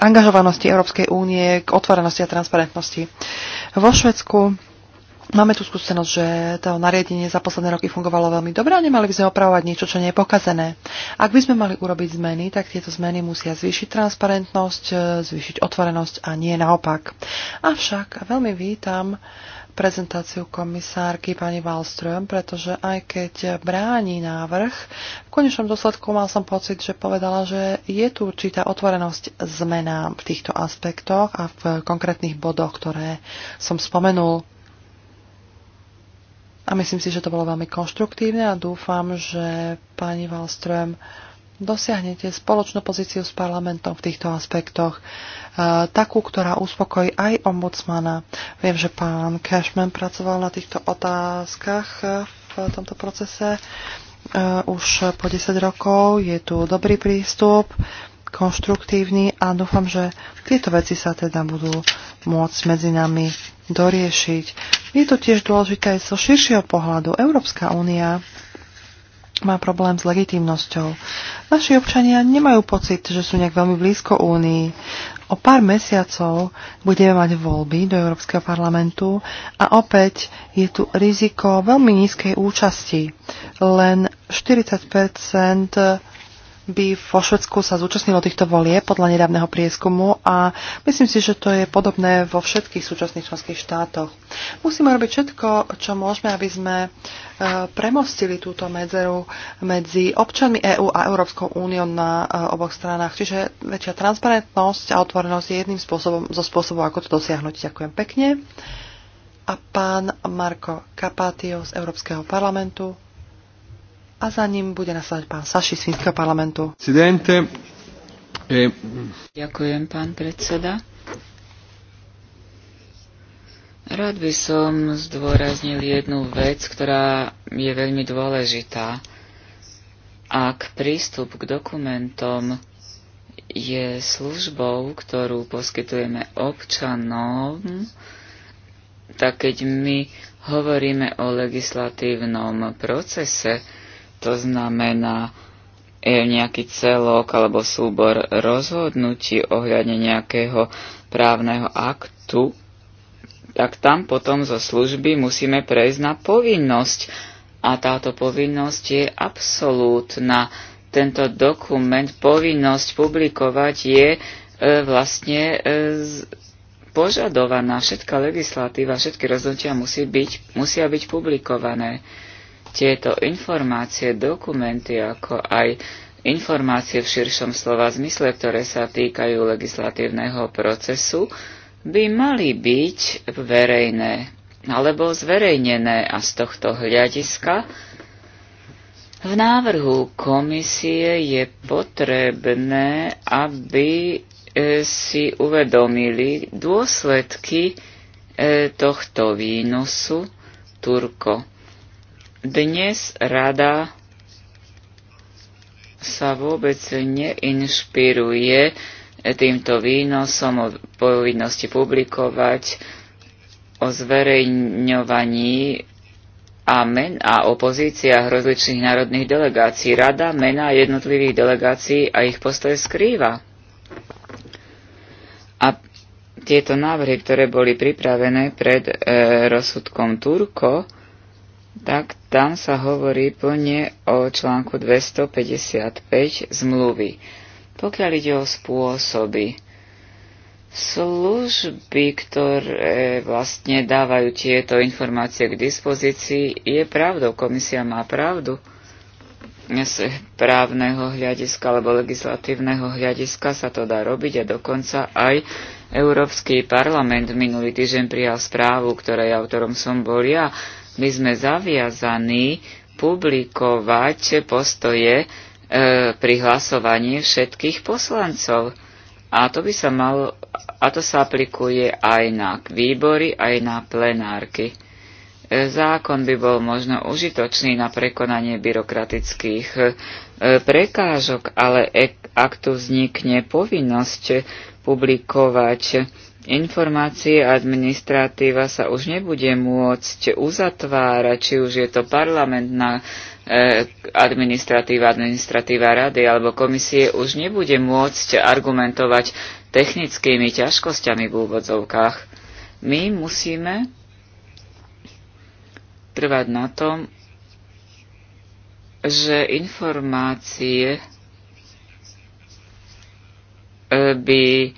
A: angažovanosti Európskej únie k otvorenosti a transparentnosti. Vo Švedsku Máme tu skúsenosť, že to nariadenie za posledné roky fungovalo veľmi dobre a nemali by sme opravovať niečo, čo nie je pokazené. Ak by sme mali urobiť zmeny, tak tieto zmeny musia zvýšiť transparentnosť, e, zvýšiť otvorenosť a nie naopak. Avšak veľmi vítam prezentáciu komisárky pani Wallström, pretože aj keď bráni návrh, v konečnom dôsledku mal som pocit, že povedala, že je tu určitá otvorenosť zmena v týchto aspektoch a v konkrétnych bodoch, ktoré som spomenul. A myslím si, že to bolo veľmi konštruktívne a dúfam, že pani Wallström uh, dosiahnete spoločnú pozíciu s parlamentom v týchto aspektoch, e, takú, ktorá uspokojí aj ombudsmana. Viem, že pán Cashman pracoval na týchto otázkach v tomto procese e, už po 10 rokov. Je tu dobrý prístup, konštruktívny a dúfam, že tieto veci sa teda budú môcť medzi nami doriešiť. Je to tiež dôležité aj zo širšieho pohľadu. Európska únia má problém s legitimnosťou. Naši občania nemajú pocit, že sú nejak veľmi blízko Únii. O pár mesiacov budeme mať voľby do Európskeho parlamentu a opäť je tu riziko veľmi nízkej účasti. Len 40 by vo Švedsku sa zúčastnilo týchto volie podľa nedávneho prieskumu a myslím si, že to je podobné vo všetkých súčasných členských štátoch. Musíme robiť všetko, čo môžeme, aby sme e, premostili túto medzeru medzi občanmi EÚ a Európskou úniou na e, oboch stranách. Čiže väčšia transparentnosť a otvorenosť je jedným spôsobom, zo spôsobov, ako to dosiahnuť. Ďakujem pekne. A pán Marko Kapatio z Európskeho parlamentu a za ním bude nasledovať pán Saši z Fínskeho parlamentu. Cidente.
B: E... Ďakujem, pán predseda. Rád by som zdôraznil jednu vec, ktorá je veľmi dôležitá. Ak prístup k dokumentom je službou, ktorú poskytujeme občanom, tak keď my hovoríme o legislatívnom procese, to znamená e, nejaký celok alebo súbor rozhodnutí ohľadne nejakého právneho aktu, tak tam potom zo služby musíme prejsť na povinnosť. A táto povinnosť je absolútna. Tento dokument, povinnosť publikovať je e, vlastne e, z, požadovaná. Všetká legislatíva, všetky rozhodnutia musí byť, musia byť publikované. E, tieto informácie, dokumenty, ako aj informácie v širšom slova zmysle, ktoré sa týkajú legislatívneho procesu, by mali byť verejné alebo zverejnené a z tohto hľadiska v návrhu komisie je potrebné, aby e, si uvedomili dôsledky e, tohto výnosu Turko. Dnes rada sa vôbec neinšpiruje týmto výnosom o povinnosti publikovať, o zverejňovaní a, men, a o pozíciách rozličných národných delegácií. Rada mena jednotlivých delegácií a ich postoje skrýva. A tieto návrhy, ktoré boli pripravené pred e, rozsudkom Turko, e, tak tam sa hovorí plne o článku 255 zmluvy. Pokiaľ ide o spôsoby, služby, ktoré vlastne dávajú tieto informácie k dispozícii, je pravdou. Komisia má pravdu z právneho hľadiska alebo legislatívneho hľadiska sa to dá robiť a dokonca aj Európsky parlament minulý týždeň prijal správu, ktorej autorom som bol ja my sme zaviazaní publikovať postoje e, pri hlasovaní všetkých poslancov. A to by sa malo, a to sa aplikuje aj na výbory, aj na plenárky. E, zákon by bol možno užitočný na prekonanie byrokratických e, prekážok, ale e, ak tu vznikne povinnosť publikovať informácie administratíva sa už nebude môcť uzatvárať, či už je to parlamentná eh, administratíva, administratíva rady alebo komisie, už nebude môcť argumentovať technickými ťažkosťami v úvodzovkách. My musíme trvať na tom, že informácie e, by eh,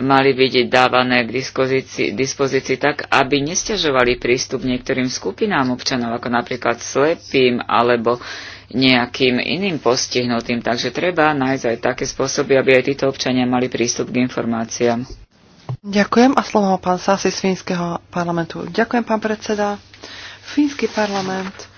B: mali byť dávané k dispozícii, dispozícii tak, aby nestiažovali prístup niektorým skupinám občanov, ako napríklad slepým alebo nejakým iným postihnutým. Takže treba nájsť aj také spôsoby, aby aj títo občania mali prístup k informáciám.
A: Ďakujem a slovo pán Sasi z Fínskeho parlamentu. Ďakujem, pán predseda. Fínsky parlament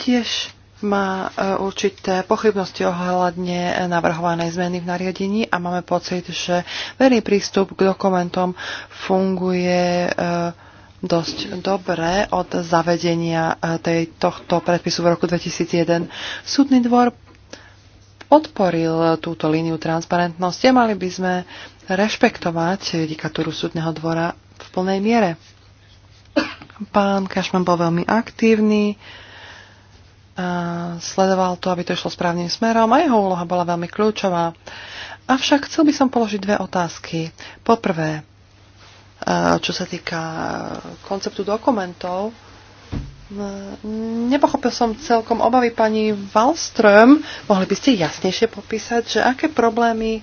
A: tiež má e, určité pochybnosti ohľadne navrhovanej zmeny v nariadení a máme pocit, že verný prístup k dokumentom funguje e, dosť dobre od zavedenia e, tej, tohto predpisu v roku 2001. Súdny dvor podporil túto líniu transparentnosti a mali by sme rešpektovať judikatúru súdneho dvora v plnej miere. Pán Kašman bol veľmi aktívny, sledoval to, aby to išlo správnym smerom a jeho úloha bola veľmi kľúčová. Avšak chcel by som položiť dve otázky. Poprvé, e, čo sa týka e, konceptu dokumentov, e, nepochopil som celkom obavy pani Wallström. Mohli by ste jasnejšie popísať, že aké problémy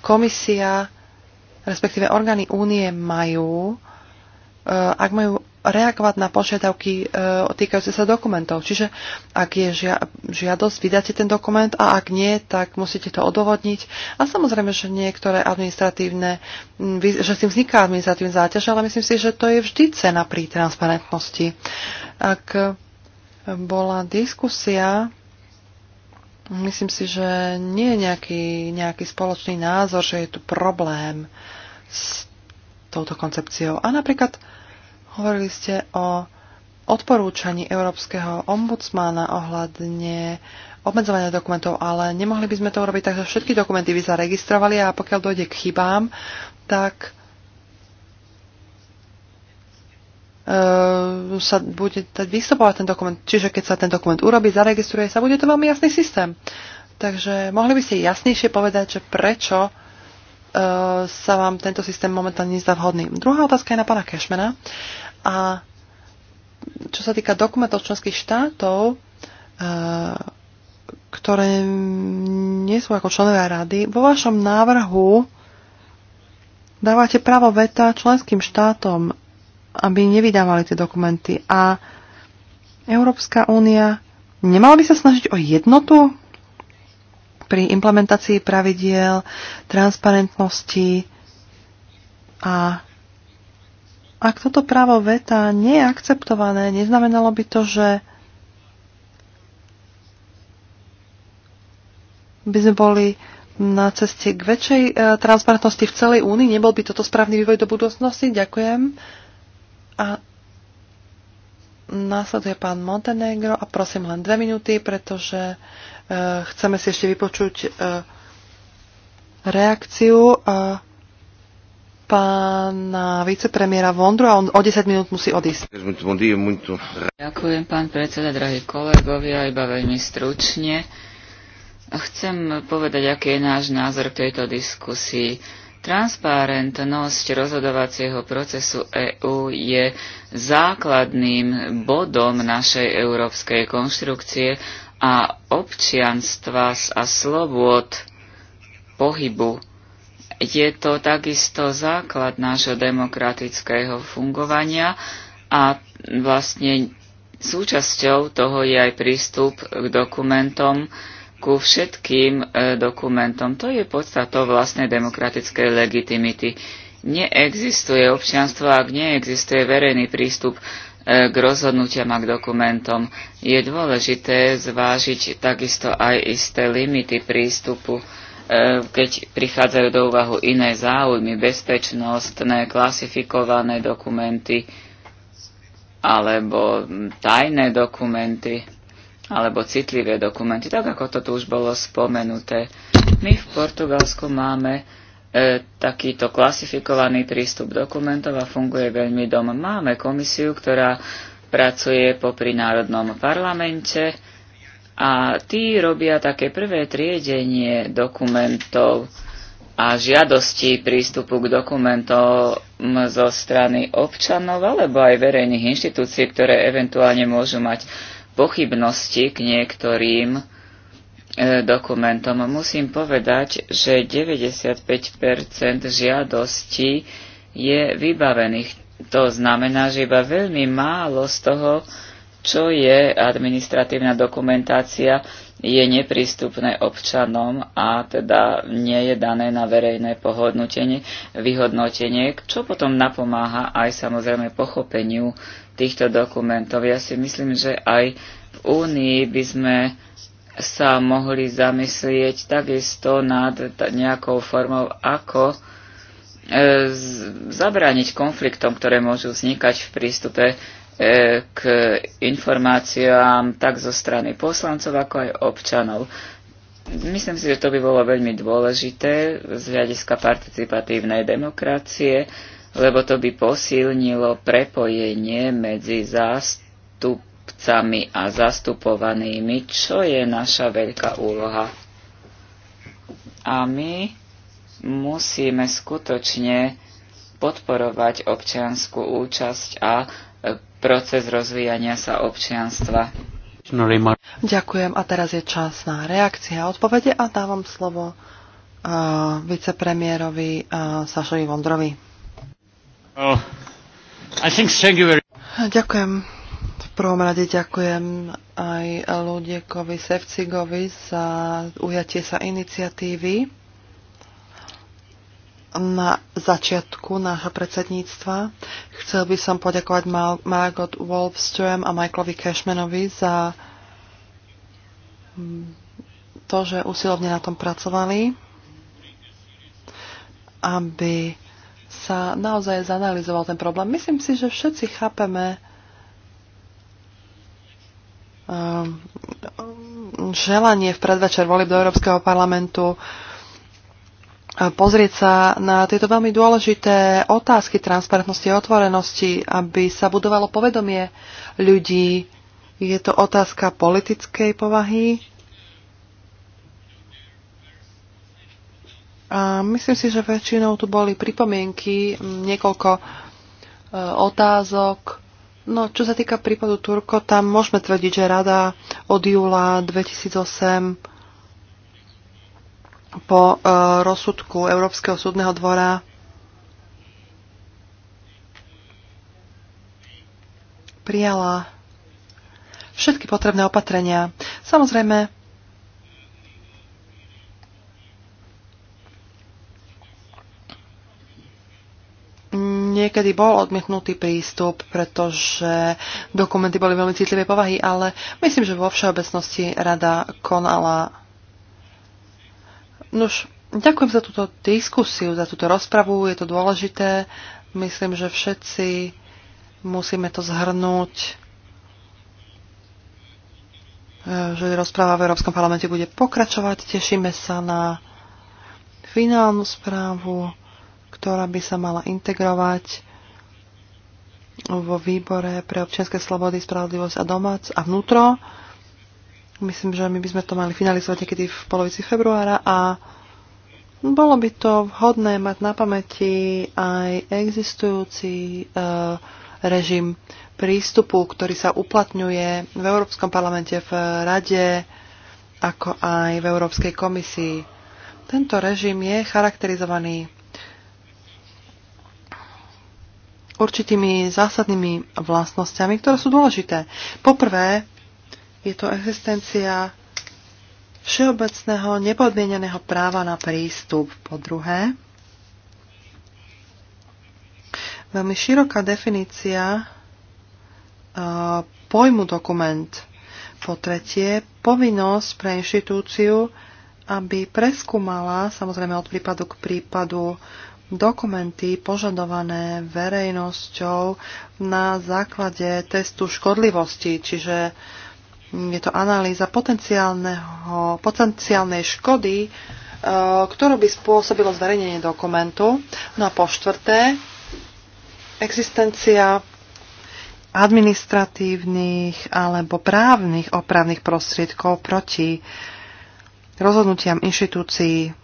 A: komisia, respektíve orgány únie majú, ak majú reagovať na požiadavky e, týkajúce sa dokumentov. Čiže ak je žiadosť, vydáte ten dokument a ak nie, tak musíte to odovodniť. A samozrejme, že niektoré administratívne, že s tým vzniká administratívna záťaž, ale myslím si, že to je vždy cena pri transparentnosti. Ak e, bola diskusia, myslím si, že nie je nejaký, nejaký spoločný názor, že je tu problém s touto koncepciou. A napríklad Hovorili ste o odporúčaní Európskeho ombudsmana ohľadne obmedzovania dokumentov, ale nemohli by sme to urobiť tak, že všetky dokumenty by zaregistrovali a pokiaľ dojde k chybám, tak uh, sa bude dať vystupovať ten dokument. Čiže keď sa ten dokument urobí, zaregistruje sa, bude to veľmi jasný systém. Takže mohli by ste jasnejšie povedať, že prečo uh, sa vám tento systém momentálne nezdá vhodný. Druhá otázka je na pána Kešmena. A čo sa týka dokumentov členských štátov, e, ktoré nie sú ako členovia rady, vo vašom návrhu dávate právo veta členským štátom, aby nevydávali tie dokumenty. A Európska únia nemala by sa snažiť o jednotu pri implementácii pravidiel, transparentnosti a ak toto právo veta nie je akceptované, neznamenalo by to, že by sme boli na ceste k väčšej e, transparentnosti v celej únii. Nebol by toto správny vývoj do budúcnosti? Ďakujem. A následuje pán Montenegro a prosím len dve minúty, pretože e, chceme si ešte vypočuť e, reakciu. E, pána vicepremiera Vondru a on o 10 minút musí odísť.
B: Ďakujem, pán predseda, drahí kolegovia, iba veľmi stručne. Chcem povedať, aký je náš názor k tejto diskusii. Transparentnosť rozhodovacieho procesu EÚ je základným bodom našej európskej konštrukcie a občianstva a slobôd pohybu je to takisto základ nášho demokratického fungovania a vlastne súčasťou toho je aj prístup k dokumentom, ku všetkým e, dokumentom. To je podstatou vlastnej demokratickej legitimity. Neexistuje občianstvo, ak neexistuje verejný prístup e, k rozhodnutiam a k dokumentom. Je dôležité zvážiť takisto aj isté limity prístupu E, keď prichádzajú do úvahu iné záujmy, bezpečnostné, klasifikované dokumenty alebo tajné dokumenty alebo citlivé dokumenty, tak ako to tu už bolo spomenuté. My v Portugalsku máme e, takýto klasifikovaný prístup dokumentov a funguje veľmi dom. Máme komisiu, ktorá pracuje popri Národnom parlamente, a tí robia také prvé triedenie dokumentov a žiadosti prístupu k dokumentom zo strany občanov alebo aj verejných inštitúcií, ktoré eventuálne môžu mať pochybnosti k niektorým e, dokumentom. Musím povedať, že 95 žiadostí je vybavených. To znamená, že iba veľmi málo z toho čo je administratívna dokumentácia, je neprístupné občanom a teda nie je dané na verejné pohodnotenie, vyhodnotenie, čo potom napomáha aj samozrejme pochopeniu týchto dokumentov. Ja si myslím, že aj v Únii by sme sa mohli zamyslieť takisto nad nejakou formou, ako e, zabrániť konfliktom, ktoré môžu vznikať v prístupe E, k informáciám tak zo strany poslancov, ako aj občanov. Myslím si, že to by bolo veľmi dôležité z hľadiska participatívnej demokracie, lebo to by posilnilo prepojenie medzi zástupcami a zastupovanými, čo je naša veľká úloha. A my musíme skutočne podporovať občianskú účasť a proces rozvíjania sa občianstva.
A: Ďakujem a teraz je čas na reakcie a odpovede a dávam slovo uh, vicepremiérovi uh, Sašovi Vondrovi. Oh, I think very... Ďakujem. V prvom rade ďakujem aj Ludiekovi Sevcigovi za ujatie sa iniciatívy na začiatku nášho predsedníctva. Chcel by som poďakovať Margot Wolfström a Michaelovi Cashmanovi za to, že usilovne na tom pracovali, aby sa naozaj zanalizoval ten problém. Myslím si, že všetci chápeme ehm, želanie v predvečer volieb do Európskeho parlamentu uh, pozrieť sa na tieto veľmi dôležité otázky transparentnosti a otvorenosti, aby sa budovalo povedomie ľudí. Je to otázka politickej povahy. A myslím si, že väčšinou tu boli pripomienky, niekoľko e, otázok. No, čo sa týka prípadu Turko, tam môžeme tvrdiť, že rada od júla 2008 po eh, rozsudku Európskeho súdneho dvora prijala všetky potrebné opatrenia. Samozrejme, niekedy bol odmietnutý prístup, pretože dokumenty boli veľmi citlivé povahy, ale myslím, že vo všeobecnosti rada konala Nož, ďakujem za túto diskusiu, za túto rozpravu, je to dôležité. Myslím, že všetci musíme to zhrnúť eh, že rozpráva v Európskom parlamente bude pokračovať. Tešíme sa na finálnu správu, ktorá by sa mala integrovať vo výbore pre občianske slobody, spravodlivosť a domác a vnútro. Myslím, že my by sme to mali finalizovať niekedy v polovici februára a bolo by to vhodné mať na pamäti aj existujúci e, režim prístupu, ktorý sa uplatňuje v Európskom parlamente, v Rade, ako aj v Európskej komisii. Tento režim je charakterizovaný určitými zásadnými vlastnosťami, ktoré sú dôležité. Poprvé, je to existencia všeobecného nepodmieneného práva na prístup. Po druhé, veľmi široká definícia e, pojmu dokument. Po tretie, povinnosť pre inštitúciu, aby preskúmala, samozrejme od prípadu k prípadu, dokumenty požadované verejnosťou na základe testu škodlivosti, čiže uh, je to analýza potenciálnej škody, e, ktorú by spôsobilo zverejnenie dokumentu. No a po štvrté, existencia administratívnych alebo právnych opravných prostriedkov proti rozhodnutiam inštitúcií,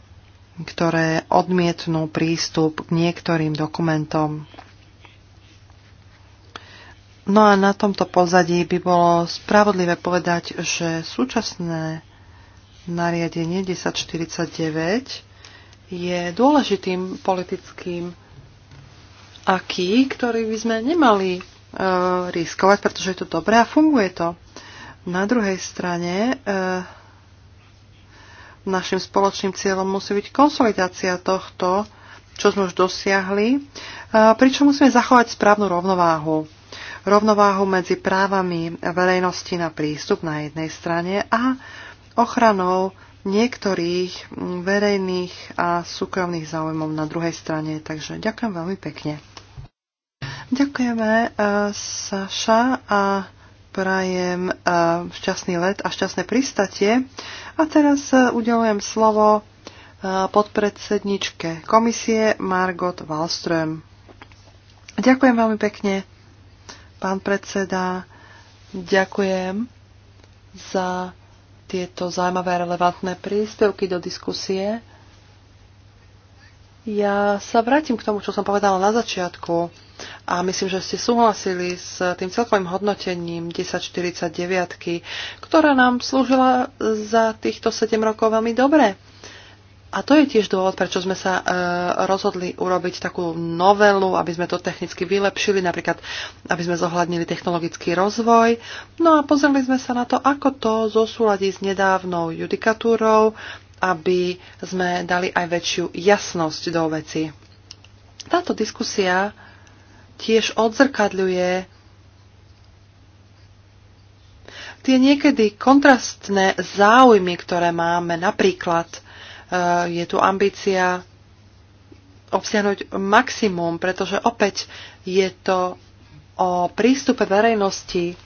A: ktoré odmietnú prístup k niektorým dokumentom No a na tomto pozadí by bolo spravodlivé povedať, že súčasné nariadenie 1049 je dôležitým politickým aký, ktorý by sme nemali e, riskovať, pretože je to dobré a funguje to. Na druhej strane e, našim spoločným cieľom musí byť konsolidácia tohto, čo sme už dosiahli, e, pričom musíme zachovať správnu rovnováhu rovnováhu medzi právami verejnosti na prístup na jednej strane a ochranou niektorých verejných a súkromných záujmov na druhej strane. Takže ďakujem veľmi pekne. Ďakujeme, eh, Saša, a prajem eh, šťastný let a šťastné pristatie. A teraz eh, udelujem slovo podpredsedničke komisie Margot Wallström. Ďakujem veľmi pekne. Pán predseda, ďakujem za tieto zaujímavé a relevantné príspevky do diskusie. Ja sa vrátim k tomu, čo som povedala na začiatku a myslím, že ste súhlasili s tým celkovým hodnotením 1049, ktorá nám slúžila za týchto 7 rokov veľmi dobre. A to je tiež dôvod, prečo sme sa e, rozhodli urobiť takú novelu, aby sme to technicky vylepšili, napríklad aby sme zohľadnili technologický rozvoj. No a pozreli sme sa na to, ako to zosúladí s nedávnou judikatúrou, aby sme dali aj väčšiu jasnosť do veci. Táto diskusia tiež odzrkadľuje tie niekedy kontrastné záujmy, ktoré máme napríklad Eh, je tu ambícia obsiahnuť maximum, pretože opäť je to o prístupe verejnosti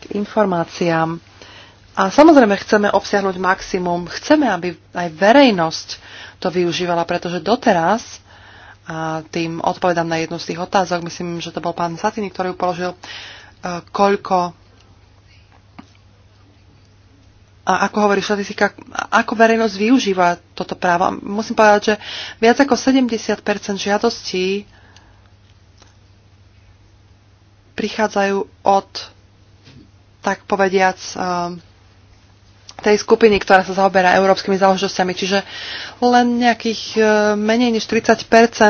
A: k informáciám. A samozrejme chceme obsiahnuť maximum, chceme, aby aj verejnosť to využívala, pretože doteraz, a tým odpovedám na jednu z tých otázok, myslím, že to bol pán Satiny, ktorý ju položil, eh, koľko a ako hovorí štatistika, ako verejnosť využíva toto právo. Musím povedať, že viac ako 70 žiadostí prichádzajú od, tak povediac, um, tej skupiny, ktorá sa zaoberá európskymi záležitostiami. Čiže len nejakých e, menej než 30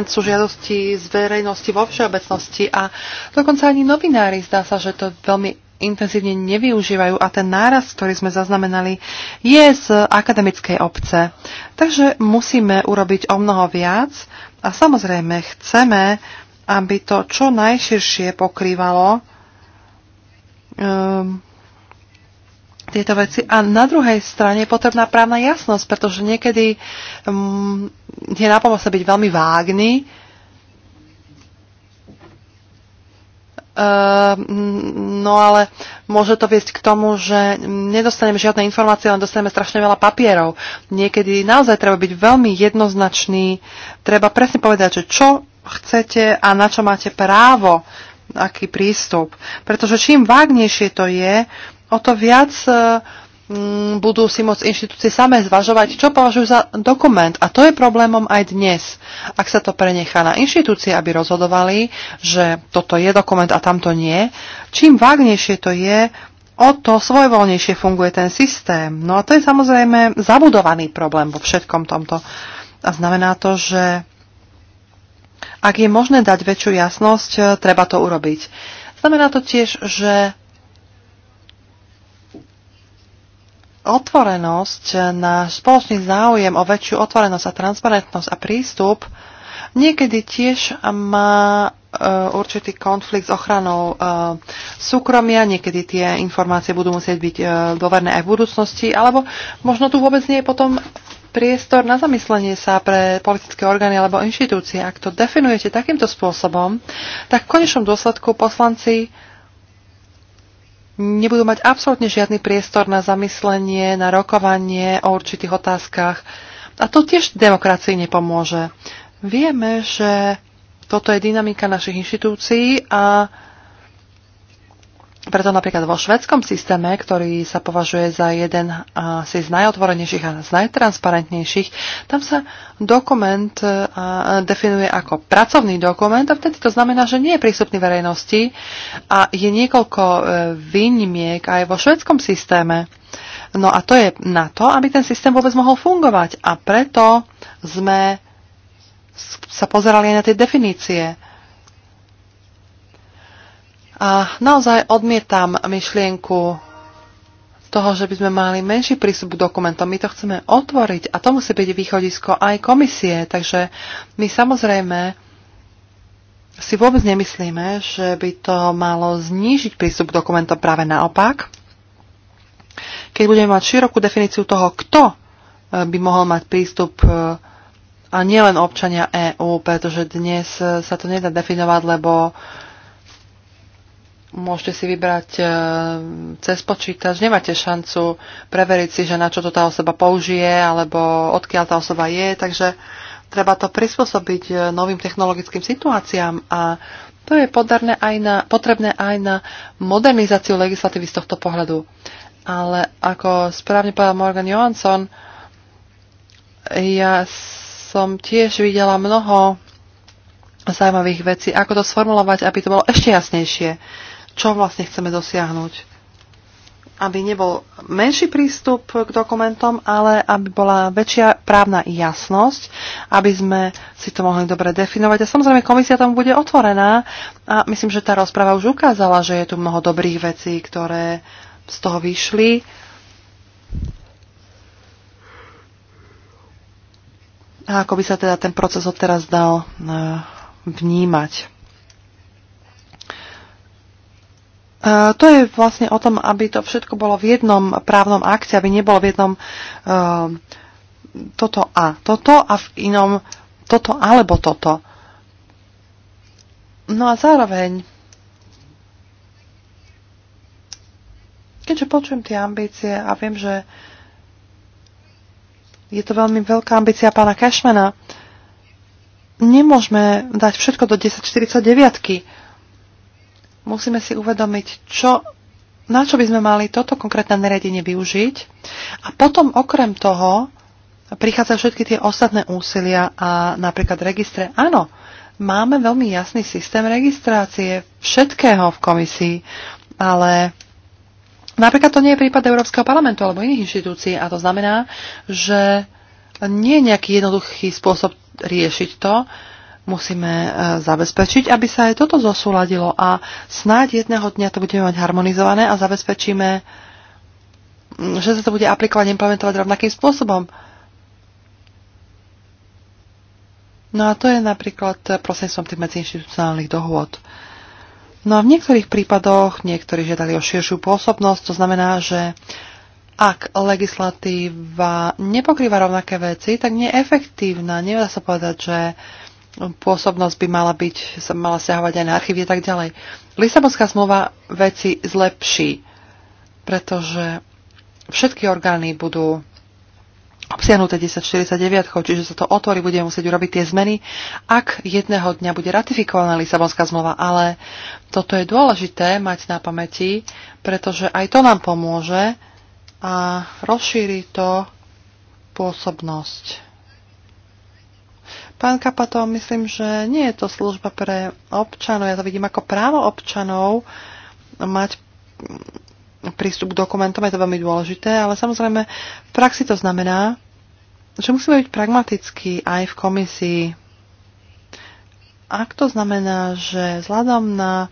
A: sú žiadosti z verejnosti vo všeobecnosti a dokonca ani novinári zdá sa, že to veľmi intenzívne nevyužívajú a ten náraz, ktorý sme zaznamenali, je z akademickej obce. Takže musíme urobiť o mnoho viac a samozrejme chceme, aby to čo najširšie pokrývalo um, tieto veci. A na druhej strane je potrebná právna jasnosť, pretože niekedy um, je na pomoc byť veľmi vágny, Ehm, no ale môže to viesť k tomu, že nedostaneme žiadne informácie, len dostaneme strašne veľa papierov. Niekedy naozaj treba byť veľmi jednoznačný, treba presne povedať, že čo chcete a na čo máte právo, aký prístup. Pretože čím vágnejšie to je, o to viac eh, Mm, budú si môcť inštitúcie samé zvažovať, čo považujú za dokument. A to je problémom aj dnes. Ak sa to prenechá na inštitúcie, aby rozhodovali, že toto je dokument a tamto nie, čím vágnejšie to je, o to svojvoľnejšie funguje ten systém. No a to je samozrejme zabudovaný problém vo všetkom tomto. A znamená to, že ak je možné dať väčšiu jasnosť, treba to urobiť. Znamená to tiež, že otvorenosť, na spoločný záujem o väčšiu otvorenosť a transparentnosť a prístup niekedy tiež má eh, určitý konflikt s ochranou eh, súkromia, niekedy tie informácie budú musieť byť eh, doverné aj v budúcnosti, alebo možno tu vôbec nie je potom priestor na zamyslenie sa pre politické orgány alebo inštitúcie. Ak to definujete takýmto spôsobom, tak v konečnom dôsledku poslanci nebudú mať absolútne žiadny priestor na zamyslenie, na rokovanie o určitých otázkach. A to tiež demokracii nepomôže. Vieme, že toto je dynamika našich inštitúcií a preto napríklad vo švedskom systéme, ktorý sa považuje za jeden asi z najotvorenejších a z najtransparentnejších, tam sa dokument definuje ako pracovný dokument a vtedy to znamená, že nie je prístupný verejnosti a je niekoľko e, výnimiek aj vo švedskom systéme. No a to je na to, aby ten systém vôbec mohol fungovať a preto sme sa pozerali aj na tie definície. A naozaj odmietam myšlienku toho, že by sme mali menší prístup k dokumentom. My to chceme otvoriť a to musí byť východisko aj komisie. Takže my samozrejme si vôbec nemyslíme, že by to malo znížiť prístup k dokumentom práve naopak. Keď budeme mať širokú definíciu toho, kto e, by mohol mať prístup e, a nielen občania EÚ, pretože dnes e, sa to nedá definovať, lebo môžete si vybrať e, cez počítač, nemáte šancu preveriť si, že na čo to tá osoba použije alebo odkiaľ tá osoba je, takže treba to prispôsobiť e, novým technologickým situáciám a to je aj na, potrebné aj na modernizáciu legislatívy z tohto pohľadu. Ale ako správne povedal Morgan Johansson, ja som tiež videla mnoho zaujímavých vecí, ako to sformulovať, aby to bolo ešte jasnejšie čo vlastne chceme dosiahnuť. Aby nebol menší prístup k dokumentom, ale aby bola väčšia právna jasnosť, aby sme si to mohli dobre definovať. A samozrejme, komisia tam bude otvorená a myslím, že tá rozpráva už ukázala, že je tu mnoho dobrých vecí, ktoré z toho vyšli. A ako by sa teda ten proces odteraz dal eh, vnímať. E, to je vlastne o tom, aby to všetko bolo v jednom právnom akte, aby nebolo v jednom uh, toto a toto a v inom toto alebo toto. No a zároveň, keďže počujem tie ambície a viem, že je to veľmi veľká ambícia pána Cashmana, nemôžeme dať všetko do 1049 musíme si uvedomiť, čo, na čo by sme mali toto konkrétne nariadenie využiť. A potom okrem toho prichádzajú všetky tie ostatné úsilia a napríklad registre. Áno, máme veľmi jasný systém registrácie všetkého v komisii, ale napríklad to nie je prípad Európskeho parlamentu alebo iných inštitúcií a to znamená, že nie je nejaký jednoduchý spôsob riešiť to musíme e, zabezpečiť, aby sa aj toto zosúladilo a snáď jedného dňa to budeme mať harmonizované a zabezpečíme, že sa to bude aplikovať implementovať rovnakým spôsobom. No a to je napríklad prostredstvom tých medziinstitucionálnych dohôd. No a v niektorých prípadoch niektorí žiadali o širšiu pôsobnosť, to znamená, že ak legislatíva nepokrýva rovnaké veci, tak nie je efektívna. Nedá sa povedať, že uh, pôsobnosť by mala byť, sa mala siahovať aj na archívy a tak ďalej. Lisabonská zmluva veci zlepší, pretože všetky orgány budú obsiahnuté 1049, čiže sa to otvorí, budeme musieť urobiť tie zmeny, ak jedného dňa bude ratifikovaná Lisabonská zmluva, ale toto je dôležité mať na pamäti, pretože aj to nám pomôže a rozšíri to pôsobnosť Pán Kapato, myslím, že nie je to služba pre občanov. Ja to vidím ako právo občanov mať prístup k dokumentom, je to veľmi dôležité, ale samozrejme v praxi to znamená, že musíme byť pragmatickí aj v komisii. Ak to znamená, že vzhľadom na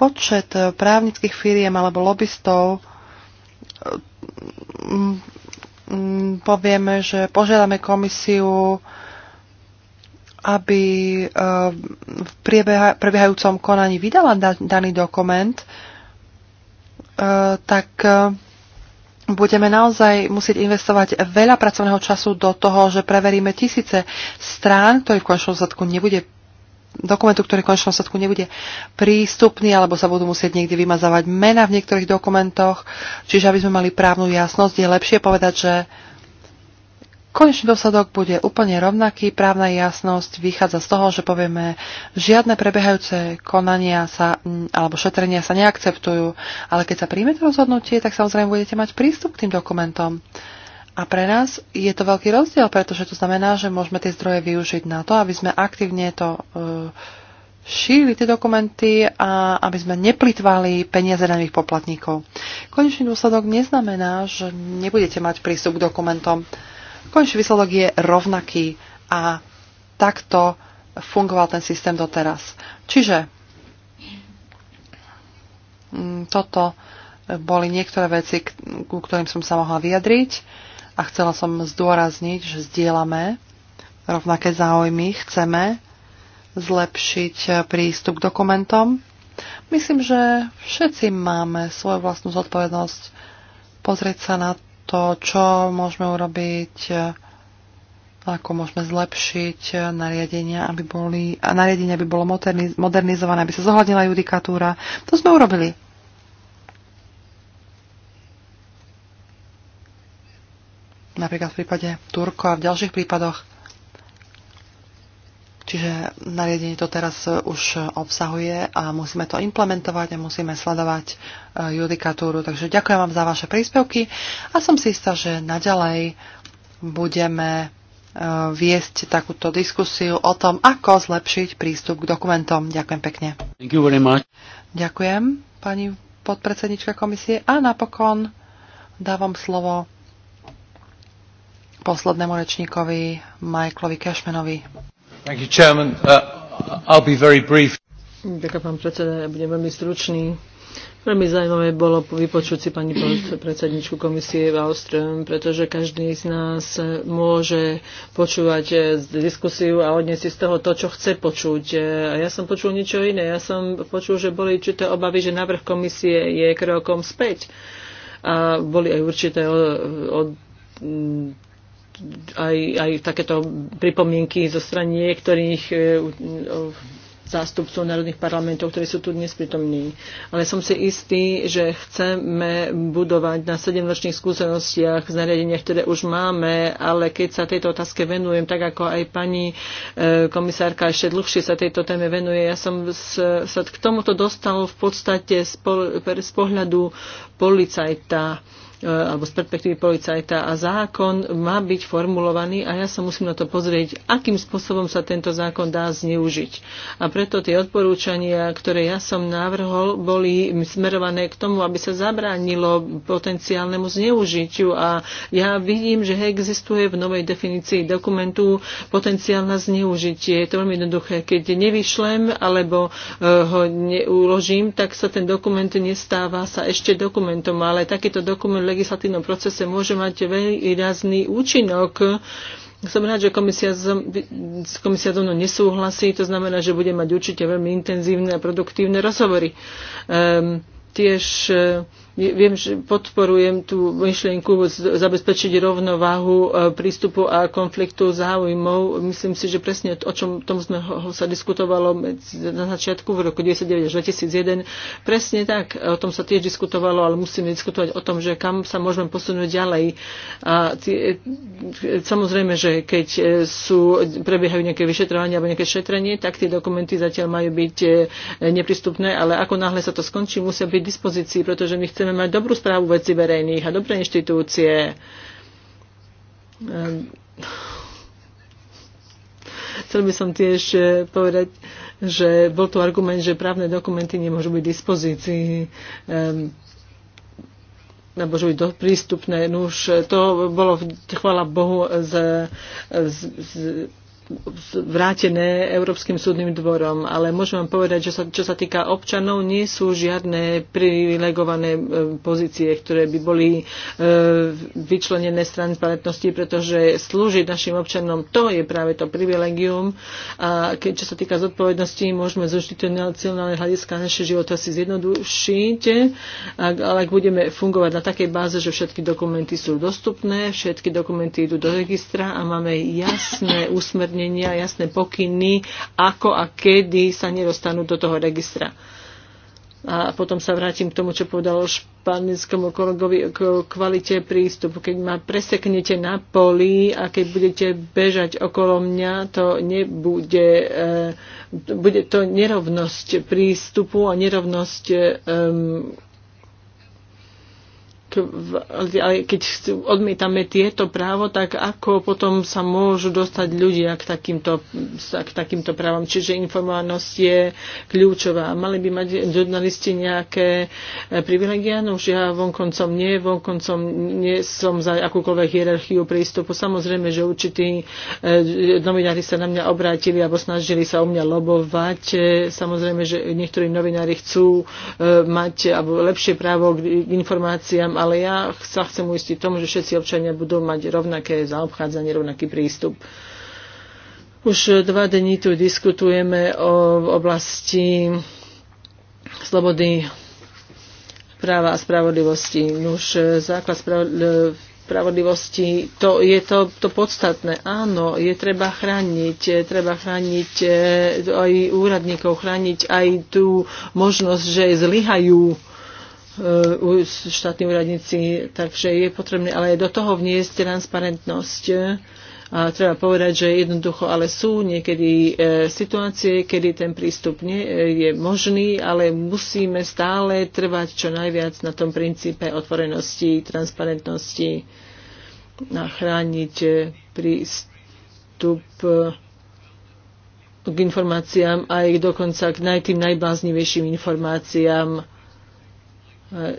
A: počet právnických firiem alebo lobbystov mm, mm, povieme, že požiadame komisiu aby eh, v prebiehajúcom konaní vydala daný dokument, eh, tak eh, budeme naozaj musieť investovať veľa pracovného času do toho, že preveríme tisíce strán, ktorý v končnom zadku nebude dokumentu, ktorý v končnom sadku nebude prístupný, alebo sa budú musieť niekde vymazávať mena v niektorých dokumentoch. Čiže aby sme mali právnu jasnosť, je lepšie povedať, že uh, Konečný dôsledok bude úplne rovnaký. Právna jasnosť vychádza z toho, že povieme, žiadne prebiehajúce konania sa, alebo šetrenia sa neakceptujú, ale keď sa príjme to rozhodnutie, tak samozrejme budete mať prístup k tým dokumentom. A pre nás je to veľký rozdiel, pretože to znamená, že môžeme tie zdroje využiť na to, aby sme aktívne to e, šírili tie dokumenty a aby sme neplitvali peniaze daných poplatníkov. Konečný dôsledok neznamená, že nebudete mať prístup k dokumentom. Končný výsledok je rovnaký a takto fungoval ten systém doteraz. Čiže mm, toto boli niektoré veci, ku ktorým som sa mohla vyjadriť a chcela som zdôrazniť, že zdieľame rovnaké záujmy, chceme zlepšiť prístup k dokumentom. Myslím, že všetci máme svoju vlastnú zodpovednosť pozrieť sa na to, čo môžeme urobiť, e, ako môžeme zlepšiť e, nariadenia, aby boli, a nariadenia by bolo modernizované, aby sa zohľadnila judikatúra. To sme urobili. Napríklad v prípade Turko a v ďalších prípadoch Čiže nariadenie to teraz už obsahuje a musíme to implementovať a musíme sledovať e, judikatúru. Takže ďakujem vám za vaše príspevky a som si istá, že naďalej budeme e, viesť takúto diskusiu o tom, ako zlepšiť prístup k dokumentom. Ďakujem pekne. Ďakujem, pani podpredsednička komisie. A napokon dávam slovo poslednému rečníkovi Michaelovi Cashmanovi.
B: Thank you, Chairman. Uh, I'll be very brief.
A: Ďakujem, pán predseda, ja budem veľmi stručný.
C: Veľmi zaujímavé bolo vypočuť si pani predsedničku komisie v Wallström, pretože každý z nás môže počúvať eh, diskusiu a odniesť si z toho to, čo chce počuť. Eh, a ja som počul niečo iné. Ja som počul, že boli určité obavy, že návrh komisie je krokom späť. A boli aj určité eh, od, od, aj, aj takéto pripomienky zo strany niektorých e, zástupcov národných parlamentov, ktorí sú tu dnes pritomní. Ale som si istý, že chceme budovať na sedemročných skúsenostiach, zariadenia, ktoré už máme, ale keď sa tejto otázke venujem, tak ako aj pani e, komisárka ešte dlhšie sa tejto téme venuje, ja som sa k tomuto dostal v podstate z pohľadu policajta E, alebo z perspektívy policajta a zákon má byť formulovaný a ja sa musím na to pozrieť, akým spôsobom sa tento zákon dá zneužiť. A preto tie odporúčania, ktoré ja som navrhol, boli smerované k tomu, aby sa zabránilo potenciálnemu zneužitiu a ja vidím, že existuje v novej definícii dokumentu potenciálne zneužitie. Je to veľmi jednoduché. Keď nevyšlem alebo e, ho neuložím, tak sa ten dokument nestáva sa ešte dokumentom, ale takýto dokument legislatívnom procese môže mať výrazný účinok. Som rád, že komisia, komisia so mnou nesúhlasí, to znamená, že bude mať určite veľmi intenzívne a produktívne rozhovory. Um, tiež Viem, že podporujem tú myšlienku zabezpečiť rovnováhu e, prístupu a konfliktu záujmov. Myslím si, že presne o čom tom sme ho, sa diskutovalo na začiatku v roku 1999 2001. Presne tak, o tom sa tiež diskutovalo, ale musíme diskutovať o tom, že kam sa môžeme posunúť ďalej. A tie, samozrejme, že keď e, sú, prebiehajú nejaké vyšetrovanie alebo nejaké šetrenie, tak tie dokumenty zatiaľ majú byť e, neprístupné, ale ako náhle sa to skončí, musia byť dispozícii, pretože my chceme budeme mať dobrú správu veci verejných a dobré inštitúcie. Ehm. Chcel by som tiež eh, povedať, že bol tu argument, že právne dokumenty nemôžu byť v dispozícii ehm, že do prístupné. No už to bolo, chvala Bohu, z, z, z vrátené Európskym súdnym dvorom, ale môžem vám povedať, že sa, čo sa týka občanov, nie sú žiadne privilegované e, pozície, ktoré by boli e, vyčlenené z transparentnosti, pretože slúžiť našim občanom, to je práve to privilegium. A keď, čo sa týka zodpovednosti, môžeme z institucionálne hľadiska naše života si zjednodušiť, ak, ale ak budeme fungovať na takej báze, že všetky dokumenty sú dostupné, všetky dokumenty idú do registra a máme jasné úsmerne usmernenia, jasné pokyny, ako a kedy sa nedostanú do toho registra. A potom sa vrátim k tomu, čo povedal španielskému kolegovi o kvalite prístupu. Keď ma preseknete na poli a keď budete bežať okolo mňa, to nebude, eh, bude to nerovnosť prístupu a nerovnosť um, keď odmietame tieto právo, tak ako potom sa môžu dostať ľudia k takýmto, k takýmto právam. Čiže informovanosť je kľúčová. Mali by mať žurnalisti nejaké e, privilegia? No už ja vonkoncom nie, vonkoncom nie som za akúkoľvek hierarchiu prístupu. Samozrejme, že určití e, novinári sa na mňa obrátili alebo snažili sa o mňa lobovať. E, samozrejme, že niektorí novinári chcú mať alebo lepšie právo k informáciám, ale ja sa chcem uistiť tomu, že všetci občania budú mať rovnaké zaobchádzanie, rovnaký prístup. Už dva dní tu diskutujeme o oblasti slobody práva a spravodlivosti. Už e, základ e, spravodlivosti, to je to, to podstatné. Áno, je treba chrániť, e, treba chrániť aj úradníkov, chrániť aj tú možnosť, že zlyhajú Eh, štátni úradníci, takže je potrebné ale aj do toho vniesť transparentnosť. A treba povedať, že jednoducho, ale sú niekedy e, situácie, kedy ten prístup nie e, je možný, ale musíme stále trvať čo najviac na tom princípe otvorenosti, transparentnosti a chrániť e, prístup e, k informáciám aj dokonca k naj, tým najbláznivejším informáciám Uh,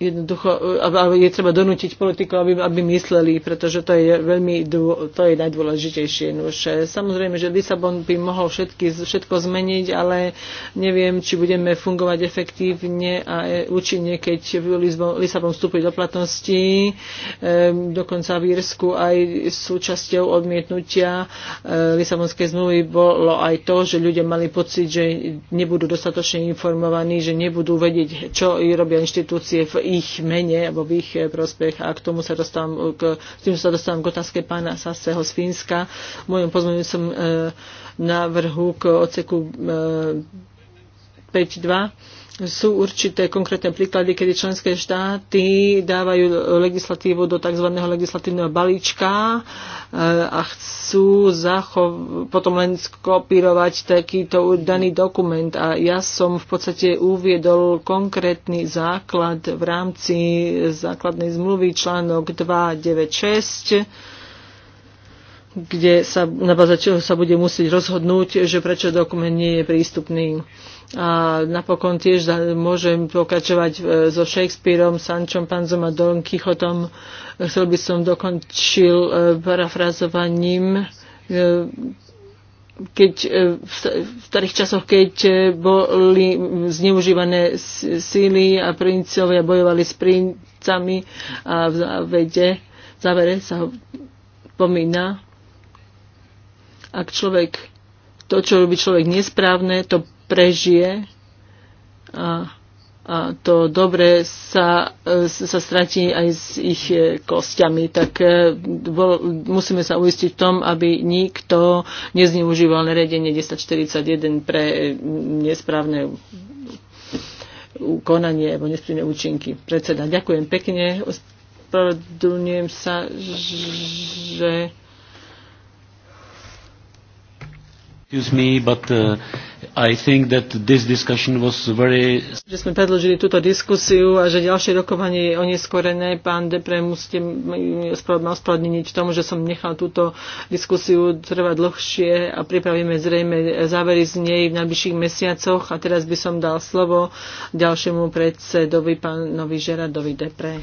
C: jednoducho, e, je treba donútiť politikov, aby, aby mysleli, pretože to je veľmi to je najdôležitejšie. Nože, samozrejme, že Lisabon by mohol všetky, všetko zmeniť, ale neviem, či budeme fungovať efektívne a e, účinne, keď Lisabon vstúpi do platnosti, ehm, dokonca v Írsku aj súčasťou odmietnutia e, Lisabonskej zmluvy bolo aj to, že ľudia mali pocit, že nebudú dostatočne informovaní, že nebudú vedieť, čo robia inštitúcie v ich mene alebo v ich eh, prospech. A k tomu sa dostávam, k, k tým sa dostávam k otázke pána Saseho z Fínska. V mojom pozmeňujúcom e, návrhu k oceku e, 5.2 sú určité konkrétne príklady, kedy členské štáty dávajú legislatívu do tzv. legislatívneho balíčka eh, a chcú zachov, potom len skopírovať takýto daný dokument. A ja som v podstate uviedol konkrétny základ v rámci základnej zmluvy článok 296 kde sa, na baze čoho sa bude musieť rozhodnúť, že prečo dokument nie je prístupný. A napokon tiež môžem pokračovať e, so Shakespeareom, Sančom Panzom a Don Quixotom. Chcel by som dokončil e, parafrazovaním e, keď v starých časoch, keď boli zneužívané síly a princovia bojovali s princami a v závede, v závere sa ho pomína, ak človek, to, čo robí človek nesprávne, to prežije a, a to dobre sa, e, sa stratí aj s ich e, kostiami. Tak bol, e, musíme sa uistiť v tom, aby nikto nezneužíval nariadenie 1041 pre nesprávne konanie alebo nesprávne účinky. Predseda, ďakujem pekne. Ospravedlňujem sa, že
B: Excuse me, but uh, I think that this discussion was very...
C: Že sme predložili túto diskusiu a že ďalšie rokovanie je oneskorené. Pán Depre, musíte ma ospravedlniť tomu, že som nechal túto diskusiu trvať dlhšie a pripravíme zrejme závery z nej v najbližších mesiacoch. A teraz by som dal slovo ďalšiemu predsedovi, pánovi Žeradovi Depre.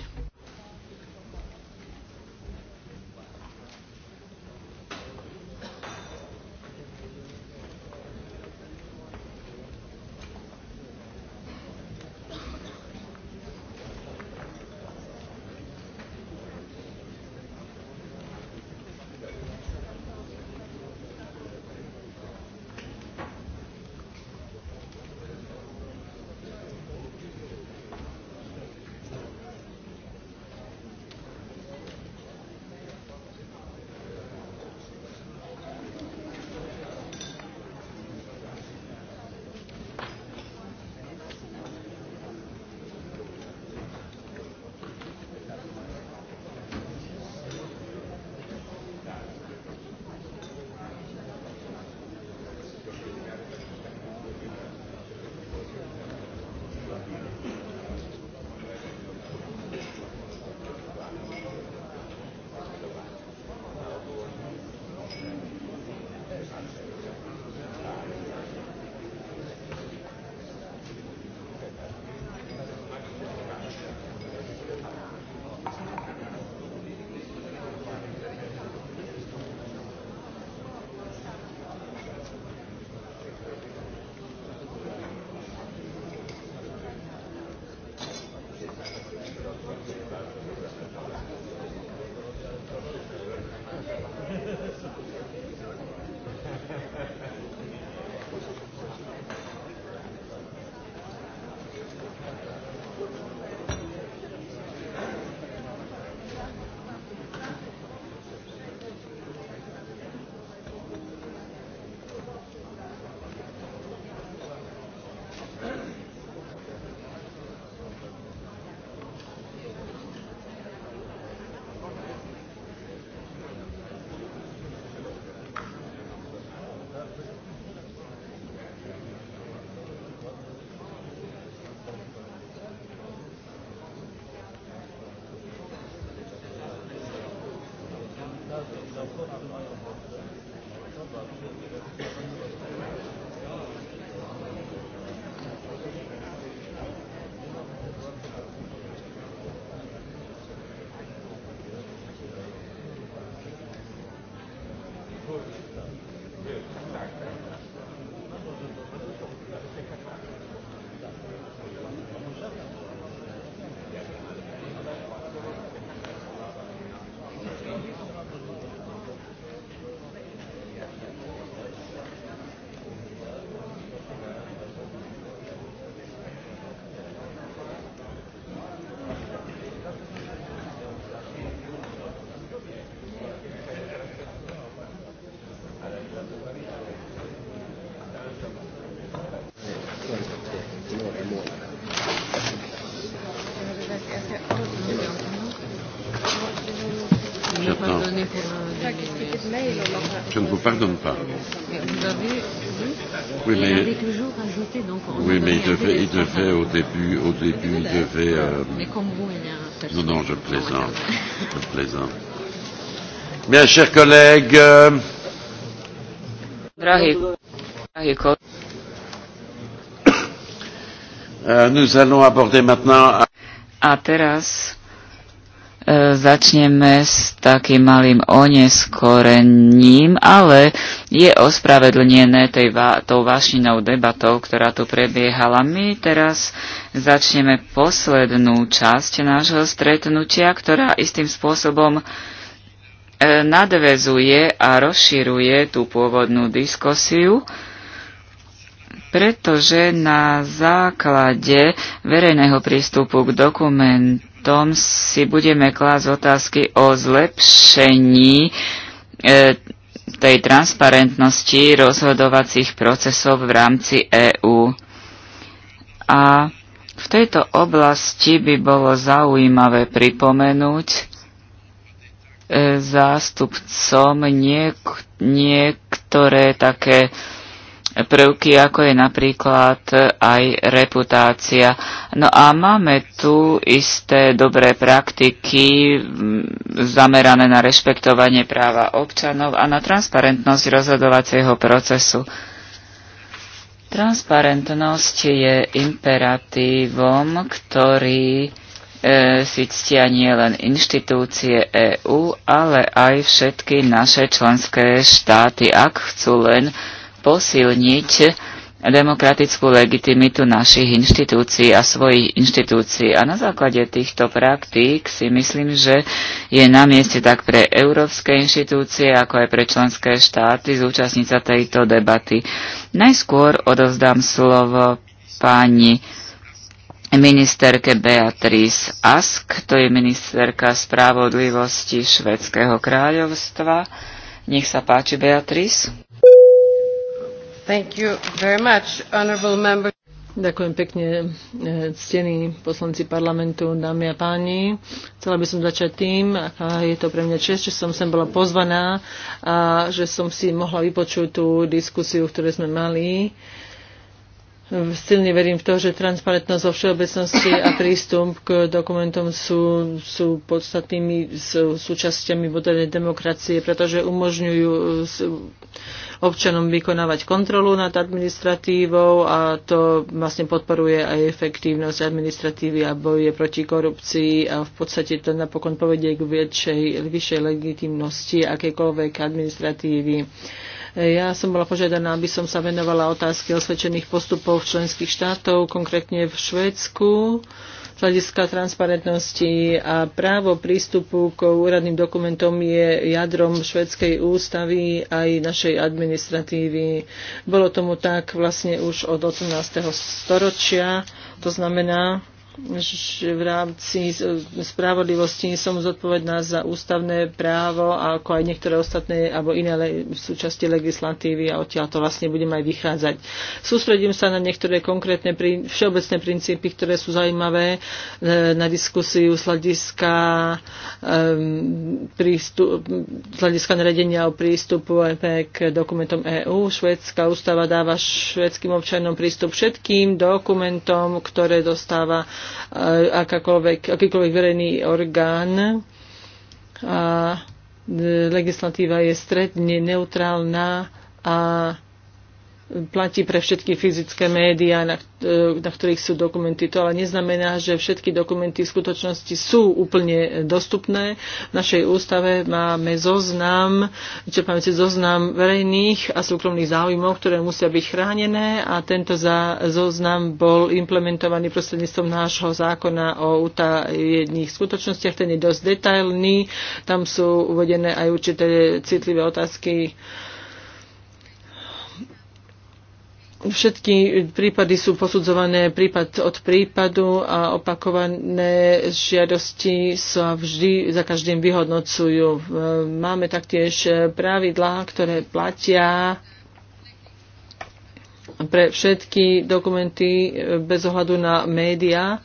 B: devait, il devait au début, au début, il devait. Euh... Mais comme vous, il y a un non, non, je plaisante. Je plaisante. Bien, chers collègues. euh, euh nous allons aborder maintenant. Euh, a teraz e, začneme s takým malým oneskorením, ale je ospravedlnené tej, tou vášinou debatou, ktorá tu prebiehala. My teraz začneme poslednú časť nášho stretnutia, ktorá istým spôsobom e, nadvezuje a rozširuje tú pôvodnú diskusiu, pretože na základe verejného prístupu k dokumentom si budeme klásť otázky o zlepšení e, tej transparentnosti rozhodovacích procesov v rámci EÚ. A v tejto oblasti by bolo zaujímavé pripomenúť e, zástupcom niek- niektoré také prvky, ako je napríklad aj reputácia. No a máme tu isté dobré praktiky zamerané na rešpektovanie práva občanov a na transparentnosť rozhodovacieho procesu. Transparentnosť je imperatívom, ktorý e, si ctia nielen inštitúcie EÚ, ale aj všetky naše členské štáty, ak chcú len posilniť demokratickú legitimitu našich inštitúcií a svojich inštitúcií. A na základe týchto praktík si myslím, že je na mieste tak pre európske inštitúcie, ako aj pre členské štáty zúčastniť sa tejto debaty. Najskôr odovzdám slovo pani ministerke Beatrice Ask, to je ministerka spravodlivosti Švedského kráľovstva. Nech sa páči, Beatrice.
A: Ďakujem
C: pekne, eh, ctení poslanci parlamentu, dámy a páni. Chcela by som začať tým, a je to pre mňa čest, že som sem bola pozvaná a že som si mohla vypočuť tú diskusiu, ktorú sme mali. Silne verím v to, že transparentnosť vo všeobecnosti a prístup k dokumentom sú, sú podstatnými sú, súčasťami modernej demokracie, pretože umožňujú sú, občanom vykonávať kontrolu nad administratívou a to vlastne podporuje aj efektívnosť administratívy a boje proti korupcii a v podstate to napokon povedie k väčšej, vyššej legitimnosti akékoľvek administratívy. Ja som bola požiadaná, aby som sa venovala otázky osvedčených postupov členských štátov, konkrétne v Švédsku z hľadiska transparentnosti a právo prístupu k úradným dokumentom je jadrom švedskej ústavy aj našej administratívy. Bolo tomu tak vlastne už od 18. storočia, to znamená, v rámci spravodlivosti som zodpovedná za ústavné právo, ako aj niektoré ostatné alebo iné le- súčasti legislatívy a odtiaľ to vlastne budem aj vychádzať. Sústredím sa na niektoré konkrétne prin- všeobecné princípy, ktoré sú zaujímavé e, na diskusiu z hľadiska, e, prístup, z hľadiska naredenia o prístupu e k dokumentom EÚ. Švedská ústava dáva švedským občanom prístup všetkým dokumentom, ktoré dostáva akákoľvek, akýkoľvek verejný orgán. A e, legislatíva je stredne neutrálna a platí pre všetky fyzické médiá, na, e, na ktorých sú dokumenty. To ale neznamená, že všetky dokumenty v skutočnosti sú úplne dostupné. V našej ústave máme zoznam, čo si zoznam verejných a súkromných záujmov, ktoré musia byť chránené a tento za, zoznam bol implementovaný prostredníctvom nášho zákona o utajených skutočnostiach. Ten je dosť detailný, tam sú uvedené aj určité citlivé otázky Všetky prípady sú posudzované prípad od prípadu a opakované žiadosti sa vždy za každým vyhodnocujú. Máme taktiež pravidlá, ktoré platia pre všetky dokumenty bez ohľadu na médiá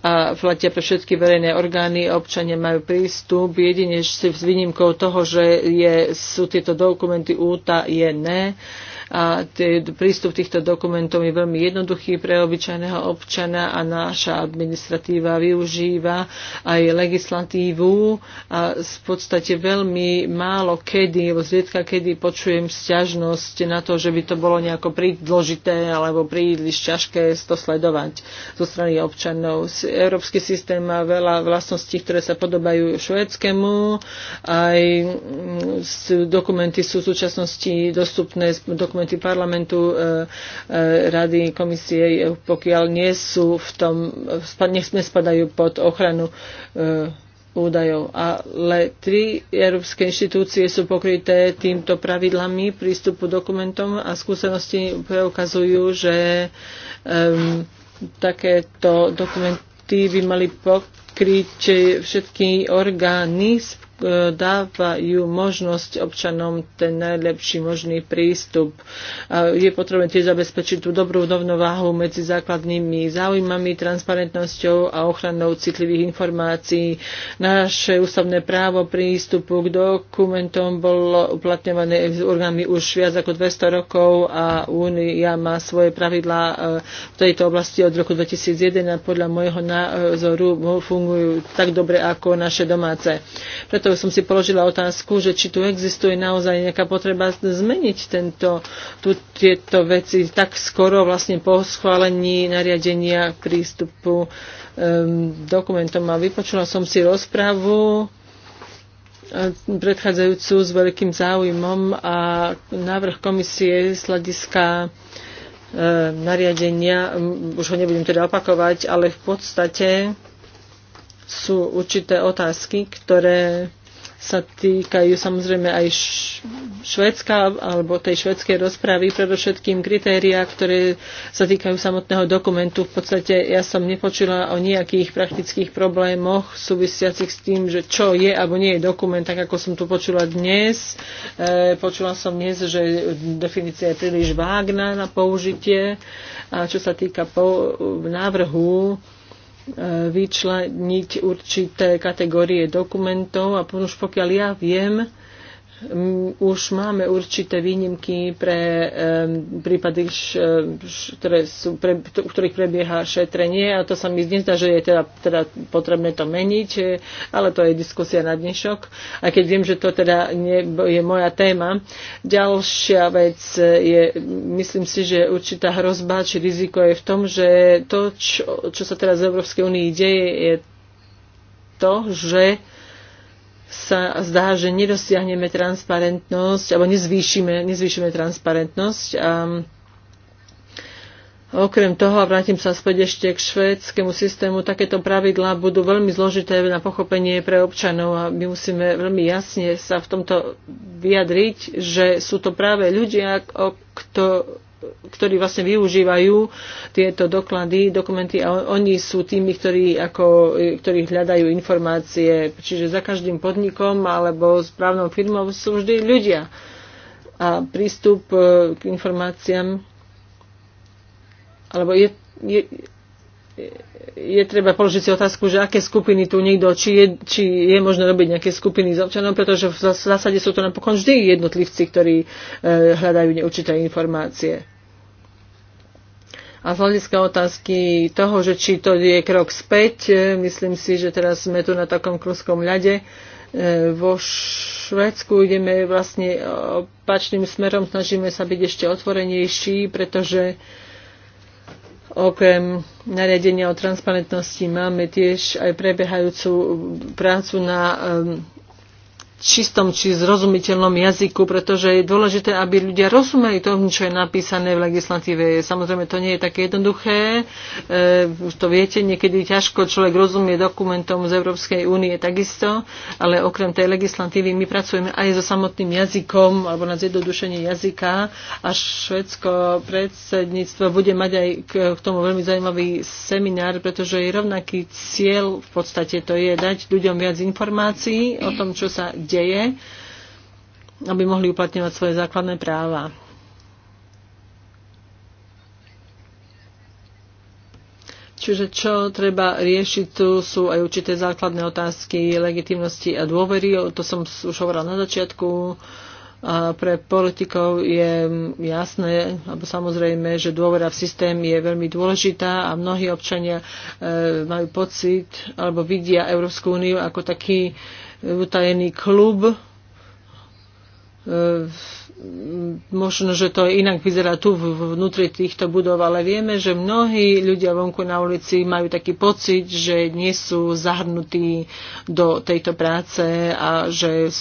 C: a platia pre všetky verejné orgány, občania majú prístup, jedine s výnimkou toho, že je, sú tieto dokumenty útajené. je a prístup týchto dokumentov je veľmi jednoduchý pre obyčajného občana a naša administratíva využíva aj legislatívu a v podstate veľmi málo kedy, lebo zriedka kedy počujem sťažnosť na to, že by to bolo nejako pridložité alebo príliš ťažké to sledovať zo strany občanov. Európsky systém má veľa vlastností, ktoré sa podobajú švédskému. Aj mm, dokumenty sú v súčasnosti dostupné dokumenty parlamentu, e, e, rady, komisie, e, pokiaľ nie sú v tom, nech nespadajú pod ochranu údajov, ale tri európske inštitúcie sú pokryté týmto pravidlami prístupu dokumentom a skúsenosti preukazujú, že um, takéto dokumenty by mali pokryť všetky orgány, dávajú možnosť občanom ten najlepší možný prístup. Je potrebné tiež zabezpečiť tú dobrú rovnováhu medzi základnými záujmami, transparentnosťou a ochranou citlivých informácií. Naše ústavné právo prístupu k dokumentom bolo uplatňované orgánmi už viac ako 200 rokov a Únia má svoje pravidlá e, v tejto oblasti od roku 2001 a podľa môjho názoru fungujú tak dobre ako naše domáce. Preto preto som si položila otázku, že či tu existuje naozaj nejaká potreba zmeniť tento, tu, tieto veci tak skoro vlastne po schválení nariadenia prístupu um, dokumentom. A vypočula som si rozprávu e, predchádzajúcu s veľkým záujmom a návrh komisie z hľadiska e, nariadenia, už ho nebudem teda opakovať, ale v podstate sú určité otázky, ktoré sa týkajú samozrejme aj Švedska alebo tej švedskej rozpravy, predovšetkým kritériá, ktoré sa týkajú samotného dokumentu. V podstate ja som nepočula o nejakých praktických problémoch súvisiacich s tým, že čo je alebo nie je dokument, tak ako som tu počula dnes. E, počula som dnes, že definícia je príliš vágna na použitie. A čo sa týka po, návrhu, vyčleniť určité kategórie dokumentov a už pokiaľ ja viem, Mm, už máme určité výnimky pre um, prípady, š, š, ktoré sú, pre, u ktorých prebieha šetrenie a to sa mi nezdá, že je teda, teda potrebné to meniť, e, ale to je diskusia na dnešok, aj keď viem, že to teda nie, je moja téma. Ďalšia vec je, myslím si, že určitá hrozba či riziko je v tom, že to, čo, čo sa teraz v Európskej únii deje, je to, že sa zdá, že nedosiahneme transparentnosť alebo nezvýšime, nezvýšime transparentnosť. A Okrem toho, a vrátim sa späť ešte k švédskému systému, takéto pravidlá budú veľmi zložité na pochopenie pre občanov a my musíme veľmi jasne sa v tomto vyjadriť, že sú to práve ľudia, o kto, ktorí vlastne využívajú tieto doklady, dokumenty a oni sú tými, ktorí, ako, ktorí hľadajú informácie. Čiže za každým podnikom alebo správnou firmou sú vždy ľudia. A prístup e, k informáciám alebo je, je, je treba položiť si otázku, že aké skupiny tu niekto, či je, či je možné robiť nejaké skupiny s občanom, pretože v zásade sú to napokon vždy jednotlivci, ktorí e, hľadajú neurčité informácie. A z hľadiska otázky toho, že či to je krok späť, e, myslím si, že teraz sme tu na takom kruskom ľade. E, vo Švedsku ideme vlastne opačným smerom, snažíme sa byť ešte otvorenejší, pretože Okrem nariadenia o transparentnosti máme tiež aj prebiehajúcu prácu na um, čistom či zrozumiteľnom jazyku, pretože je dôležité, aby ľudia rozumeli tomu, čo je napísané v legislatíve. Samozrejme, to nie je také jednoduché. E, už to viete, niekedy ťažko človek rozumie dokumentom z Európskej únie takisto, ale okrem tej legislatívy my pracujeme aj so samotným jazykom alebo na zjednodušenie jazyka a švedsko predsedníctvo bude mať aj k, k tomu veľmi zaujímavý seminár, pretože je rovnaký cieľ v podstate to je dať ľuďom viac informácií o tom, čo sa deje, aby mohli uplatňovať svoje základné práva. Čiže čo treba riešiť, tu sú aj určité základné otázky legitimnosti a dôvery, to som už hovorila na začiatku. A pre politikov je jasné, alebo samozrejme, že dôvera v systém je veľmi dôležitá a mnohí občania e, majú pocit alebo vidia Európsku úniu ako taký e, utajený klub. E, možno, že to inak vyzerá tu vnútri týchto budov, ale vieme, že mnohí ľudia vonku na ulici majú taký pocit, že nie sú zahrnutí do tejto práce a že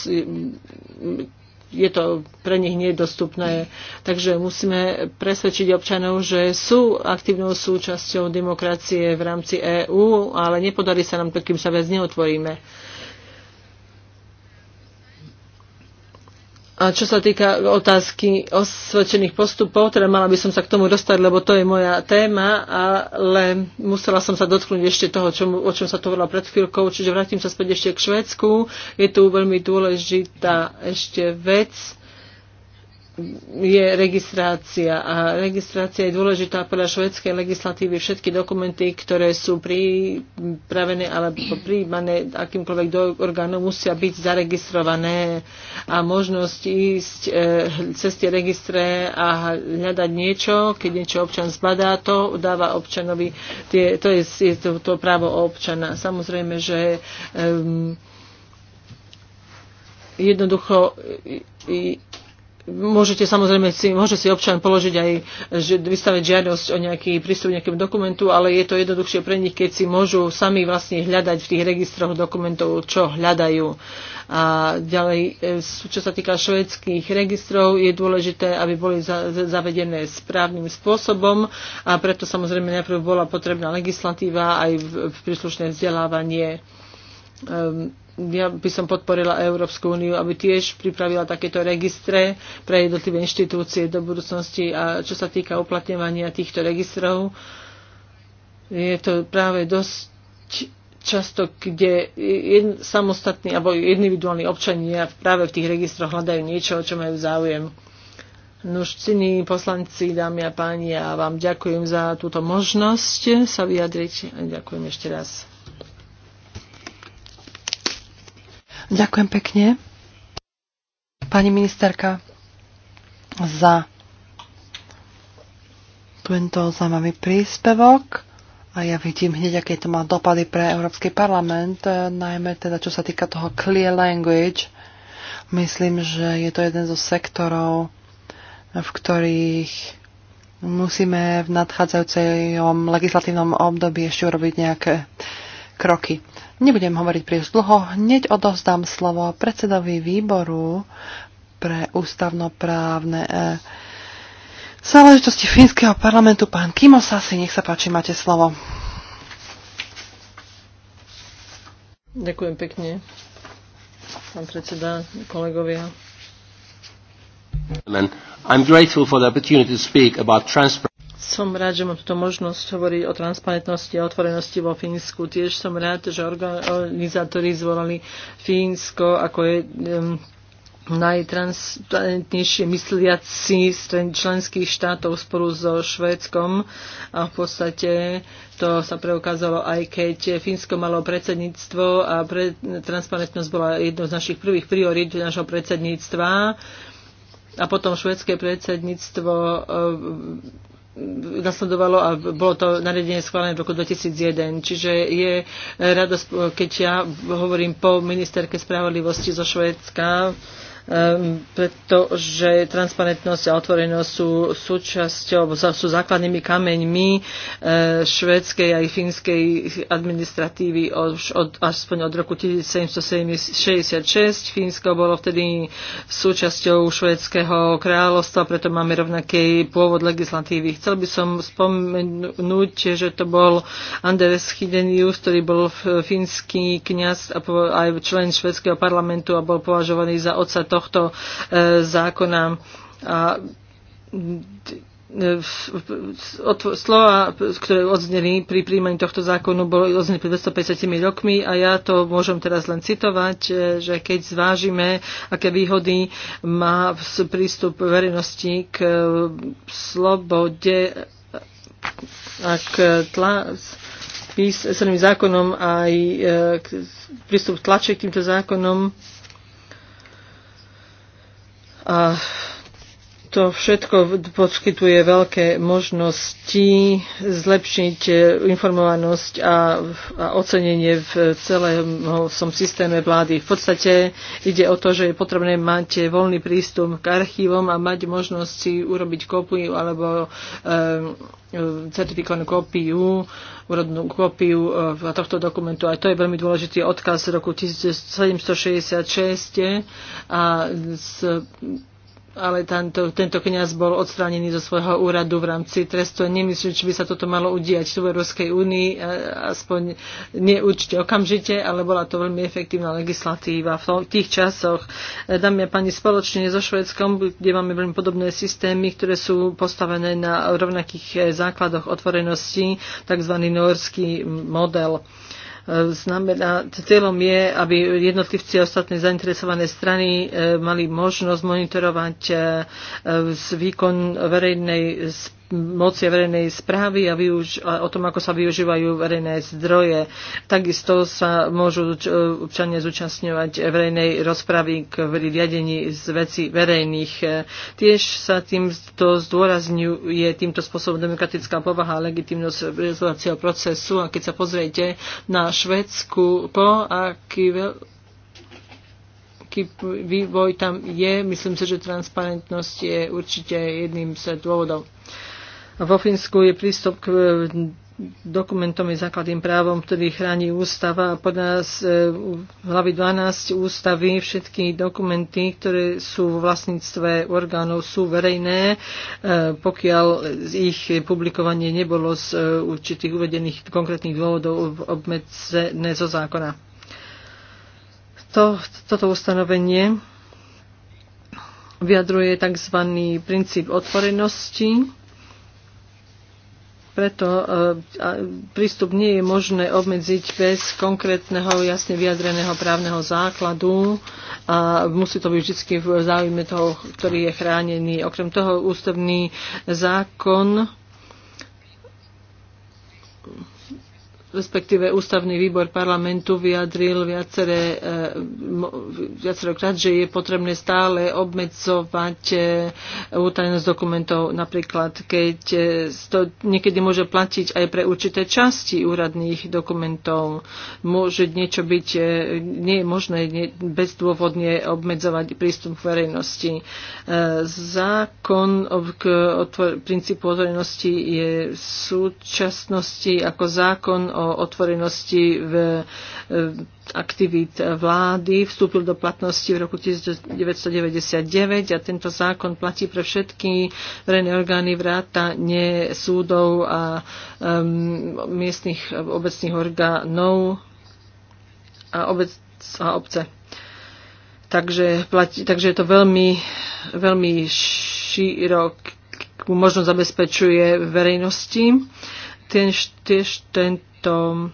C: je to pre nich nedostupné. Takže musíme presvedčiť občanov, že sú aktívnou súčasťou demokracie v rámci EÚ, ale nepodarí sa nám to, kým sa viac neotvoríme. A čo sa týka otázky osvedčených postupov, teda mala by som sa k tomu dostať, lebo to je moja téma, ale musela som sa dotknúť ešte toho, čo, o čom sa tu hovorila pred chvíľkou, čiže vrátim sa späť ešte k Švedsku. Je tu veľmi dôležitá ešte vec, je registrácia. A registrácia je dôležitá podľa švedskej legislatívy. Všetky dokumenty, ktoré sú pripravené alebo prijímané akýmkoľvek do orgánu, musia byť zaregistrované a možnosť ísť e, cez tie registre a hľadať niečo, keď niečo občan zbadá, to dáva občanovi, tie, to je, je to, to právo občana. Samozrejme, že E, jednoducho i, Môžete samozrejme si, môže si občan položiť aj, že vystaviť žiadosť o nejaký prístup nejakému dokumentu, ale je to jednoduchšie pre nich, keď si môžu sami vlastne hľadať v tých registroch dokumentov, čo hľadajú. A ďalej, e, čo sa týka švedských registrov, je dôležité, aby boli zavedené správnym spôsobom a preto samozrejme najprv bola potrebná legislatíva aj v, v príslušné vzdelávanie. Um, ja by som podporila Európsku úniu, aby tiež pripravila takéto registre pre jednotlivé inštitúcie do budúcnosti. A čo sa týka uplatňovania týchto registrov, je to práve dosť často, kde jedn, samostatní alebo individuálni občania práve v tých registroch hľadajú niečo, o čo majú záujem. Nuž, ciní poslanci, dámy a páni, ja vám ďakujem za túto možnosť sa vyjadriť. Ďakujem ešte raz.
A: Ďakujem pekne, pani ministerka, za tento zaujímavý príspevok. A ja vidím hneď, aké to má dopady pre Európsky parlament, eh, najmä teda čo sa týka toho clear language. Myslím, že je to jeden zo sektorov, v ktorých musíme v nadchádzajúcejom legislatívnom období ešte urobiť nejaké kroky. Nebudem hovoriť príliš dlho, hneď odovzdám slovo predsedovi výboru pre ústavnoprávne e, záležitosti fínskeho parlamentu, pán Kimo Sasi, nech sa páči, máte slovo.
C: Ďakujem pekne, pán predseda, kolegovia. I'm grateful for the opportunity to speak about transparency. Som rád, že mám túto možnosť hovoriť o transparentnosti a otvorenosti vo Fínsku. Tiež som rád, že organizátori zvolali Fínsko ako je najtransparentnejšie mysliaci z členských štátov spolu so Švédskom a v podstate to sa preukázalo aj keď Fínsko malo predsedníctvo a pre, transparentnosť bola jednou z našich prvých priorít našho predsedníctva a potom švédske predsedníctvo nasledovalo a bolo to nariadenie schválené v roku 2001. Čiže je radosť, keď ja hovorím po ministerke spravodlivosti zo Švédska, Ehm, pretože transparentnosť a otvorenosť sú súčasťou, sú základnými kameňmi eh, švedskej aj fínskej administratívy od, od, aspoň od roku 1766. Fínsko bolo vtedy súčasťou švedského kráľovstva, preto máme rovnaký pôvod legislatívy. Chcel by som spomenúť, že to bol Anders Hidenius, ktorý bol fínsky kniaz a aj člen švedského parlamentu a bol považovaný za otca tohto zákona. A slova, ktoré odzneli pri príjmaní tohto zákonu, boli odzneli pred 250 rokmi a ja to môžem teraz len citovať, že keď zvážime, aké výhody má prístup verejnosti k slobode a k tla, písaným zákonom aj prístup tlače k týmto zákonom, uh, to všetko poskytuje veľké možnosti zlepšiť eh, informovanosť a, a ocenenie v celom som systéme vlády. V podstate ide o to, že je potrebné mať voľný prístup k archívom a mať možnosť si urobiť kópiu alebo um, certifikovanú kópiu, úrodnú kópiu eh, tohto dokumentu. A to je veľmi dôležitý odkaz z roku 1766 a z ale tento, tento kniaz bol odstránený zo svojho úradu v rámci trestu. Nemyslím, či by sa toto malo udiať v Európskej únii, aspoň určite okamžite, ale bola to veľmi efektívna legislatíva v tých časoch. Dámy a pani, spoločne so Švedskom, kde máme veľmi podobné systémy, ktoré sú postavené na rovnakých eh, základoch otvorenosti, tzv. norský model. E, znamená, cieľom je, aby jednotlivci a ostatné zainteresované strany e, mali možnosť monitorovať e, výkon verejnej spoločnosti moci verejnej správy a, využ- a o tom, ako sa využívajú verejné zdroje. Takisto sa môžu občania zúčastňovať verejnej rozpravy k riadení z veci verejných. Tiež sa týmto zdôrazňuje týmto spôsobom demokratická povaha a legitimnosť realizácieho procesu. A keď sa pozriete na Švedsku, po aký veľ- vývoj tam je. Myslím si, že transparentnosť je určite jedným z dôvodov. Vo Fínsku je prístup k eh, dokumentom je základným právom, ktorý chráni ústava a podľa eh, hlavy 12 ústavy všetky dokumenty, ktoré sú v vlastníctve orgánov, sú verejné, eh, pokiaľ ich publikovanie nebolo z určitých uvedených konkrétnych dôvodov obmedzené zo zákona. To, toto ustanovenie vyjadruje tzv. princíp otvorenosti, preto e, prístup nie je možné obmedziť bez konkrétneho, jasne vyjadreného právneho základu a musí to byť vždy v záujme toho, ktorý je chránený. Okrem toho ústavný zákon respektíve ústavný výbor parlamentu vyjadril viaceré, e, viacerokrát, že je potrebné stále obmedzovať útajnosť e, dokumentov, napríklad keď e, to niekedy môže platiť aj pre určité časti úradných dokumentov. Môže niečo byť, nie je možné bezdôvodne obmedzovať prístup k verejnosti. Zákon k princípu otvorenosti je v súčasnosti ako zákon o otvorenosti v aktivít vlády, vstúpil do platnosti v roku 1999 a tento zákon platí pre všetky verejné orgány nie súdov a um, miestných obecných orgánov a, obec, a obce. Takže, platí, takže je to veľmi, veľmi širok, možno zabezpečuje verejnosti. Ten, tiež ten, tom,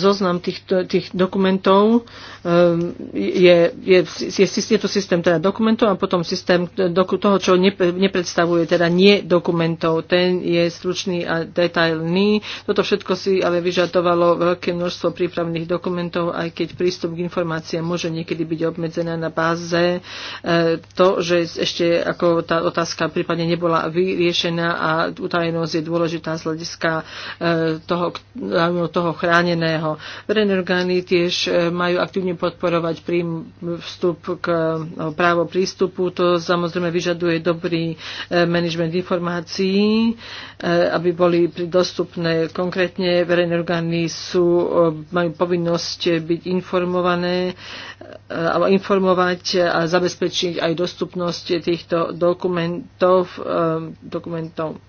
C: zoznam tých, tých dokumentov ehm, je, je, je, je to systém teda dokumentov a potom systém toho, čo ne, nepredstavuje, teda nie dokumentov. Ten je stručný a detailný. Toto všetko si ale vyžadovalo veľké množstvo prípravných dokumentov, aj keď prístup k informáciám môže niekedy byť obmedzená na báze ehm, to, že ešte ako tá otázka prípadne nebola vyriešená a utajenosť je dôležitá z hľadiska ehm, toho, toho chráneného. Verejné orgány tiež e, majú aktívne podporovať vstup k e, právo prístupu. To samozrejme vyžaduje dobrý e, management informácií, aby boli dostupné konkrétne. Verejné orgány sú, majú povinnosť byť informované alebo informovať a zabezpečiť aj dostupnosť týchto dokumentov, dokumentov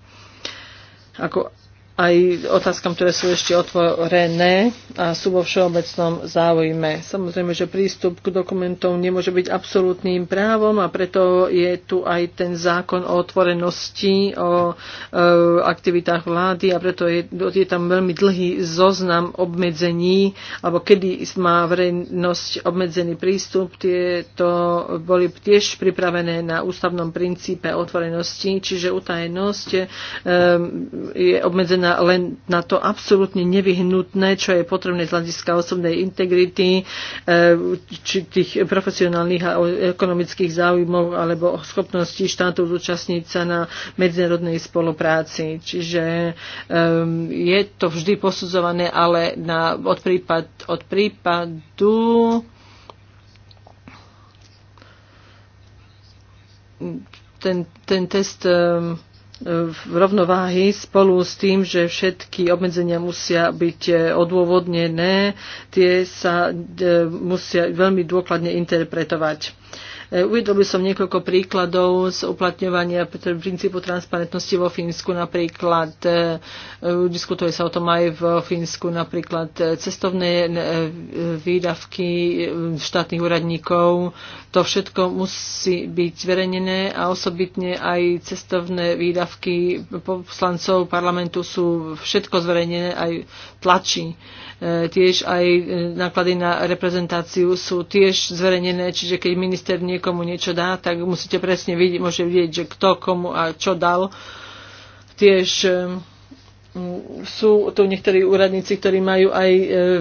C: ako aj otázkam, ktoré sú ešte otvorené a sú vo všeobecnom záujme. Samozrejme, že prístup k dokumentom nemôže byť absolútnym právom a preto je tu aj ten zákon o otvorenosti, o e, aktivitách vlády a preto je, je tam veľmi dlhý zoznam obmedzení, alebo kedy má verejnosť obmedzený prístup. Tieto boli tiež pripravené na ústavnom princípe otvorenosti, čiže utajenosť e, je obmedzená na, len na to absolútne nevyhnutné, čo je potrebné z hľadiska osobnej integrity, e, či tých profesionálnych a ekonomických záujmov alebo schopností štátov zúčastniť sa na medzinárodnej spolupráci. Čiže um, je to vždy posudzované, ale na, od, prípad, od prípadu ten, ten test um, v rovnováhy spolu s tým, že všetky obmedzenia musia byť eh, odôvodnené, tie sa eh, musia veľmi dôkladne interpretovať. E, uvedol by som niekoľko príkladov z uplatňovania princípu transparentnosti vo Fínsku. Napríklad e, diskutuje sa o tom aj v Fínsku, napríklad e, cestovné výdavky štátnych úradníkov. To všetko musí byť zverejnené a osobitne aj cestovné výdavky poslancov parlamentu sú všetko zverejnené aj tlačí. E, tiež aj e, náklady na reprezentáciu sú tiež zverejnené, čiže keď minister niekomu niečo dá, tak musíte presne vidieť, môže vidieť, že kto komu a čo dal. Tiež e, sú tu niektorí úradníci, ktorí majú aj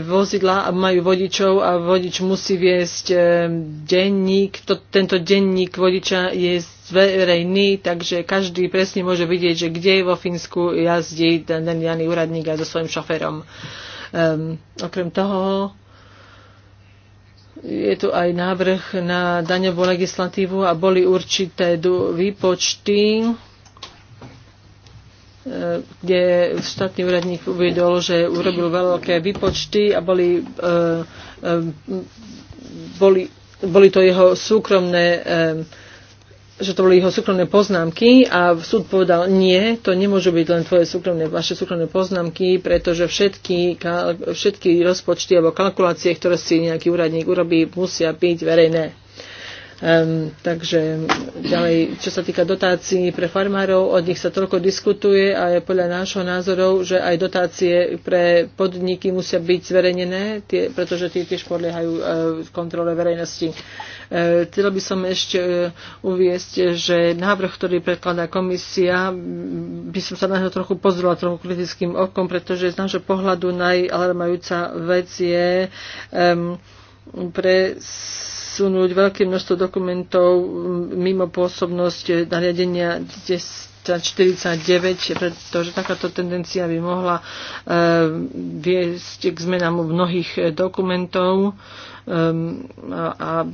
C: vozidla a majú vodičov a vodič musí viesť denník. Tento denník vodiča je zverejný, takže každý presne môže vidieť, že kde je vo Fínsku jazdí ten daný úradník aj so svojím šoférom. Um, okrem toho je tu aj návrh na daňovú legislatívu a boli určité výpočty, eh, kde štátny úradník uvedol, že urobil veľké výpočty a boli, eh, ehm, boli, boli to jeho súkromné ehm, že to boli jeho súkromné poznámky a súd povedal, nie, to nemôžu byť len tvoje súkromné, vaše súkromné poznámky, pretože všetky, všetky rozpočty alebo kalkulácie, ktoré si nejaký úradník urobí, musia byť verejné. Um, takže ďalej, čo sa týka dotácií pre farmárov, od nich sa toľko diskutuje a je podľa nášho názorov, že aj dotácie pre podniky musia byť zverejnené, tie, pretože tie tiež podliehajú uh, kontrole verejnosti. Uh, e, chcel by som ešte uh, uviesť, že návrh, ktorý predkladá komisia, by som sa na to trochu pozrela trochu kritickým okom, pretože z nášho pohľadu najalarmajúca vec je um, pre presunúť veľké množstvo dokumentov mimo pôsobnosť nariadenia 1049, pretože takáto tendencia by mohla e, viesť k zmenám mnohých e, dokumentov ehm, a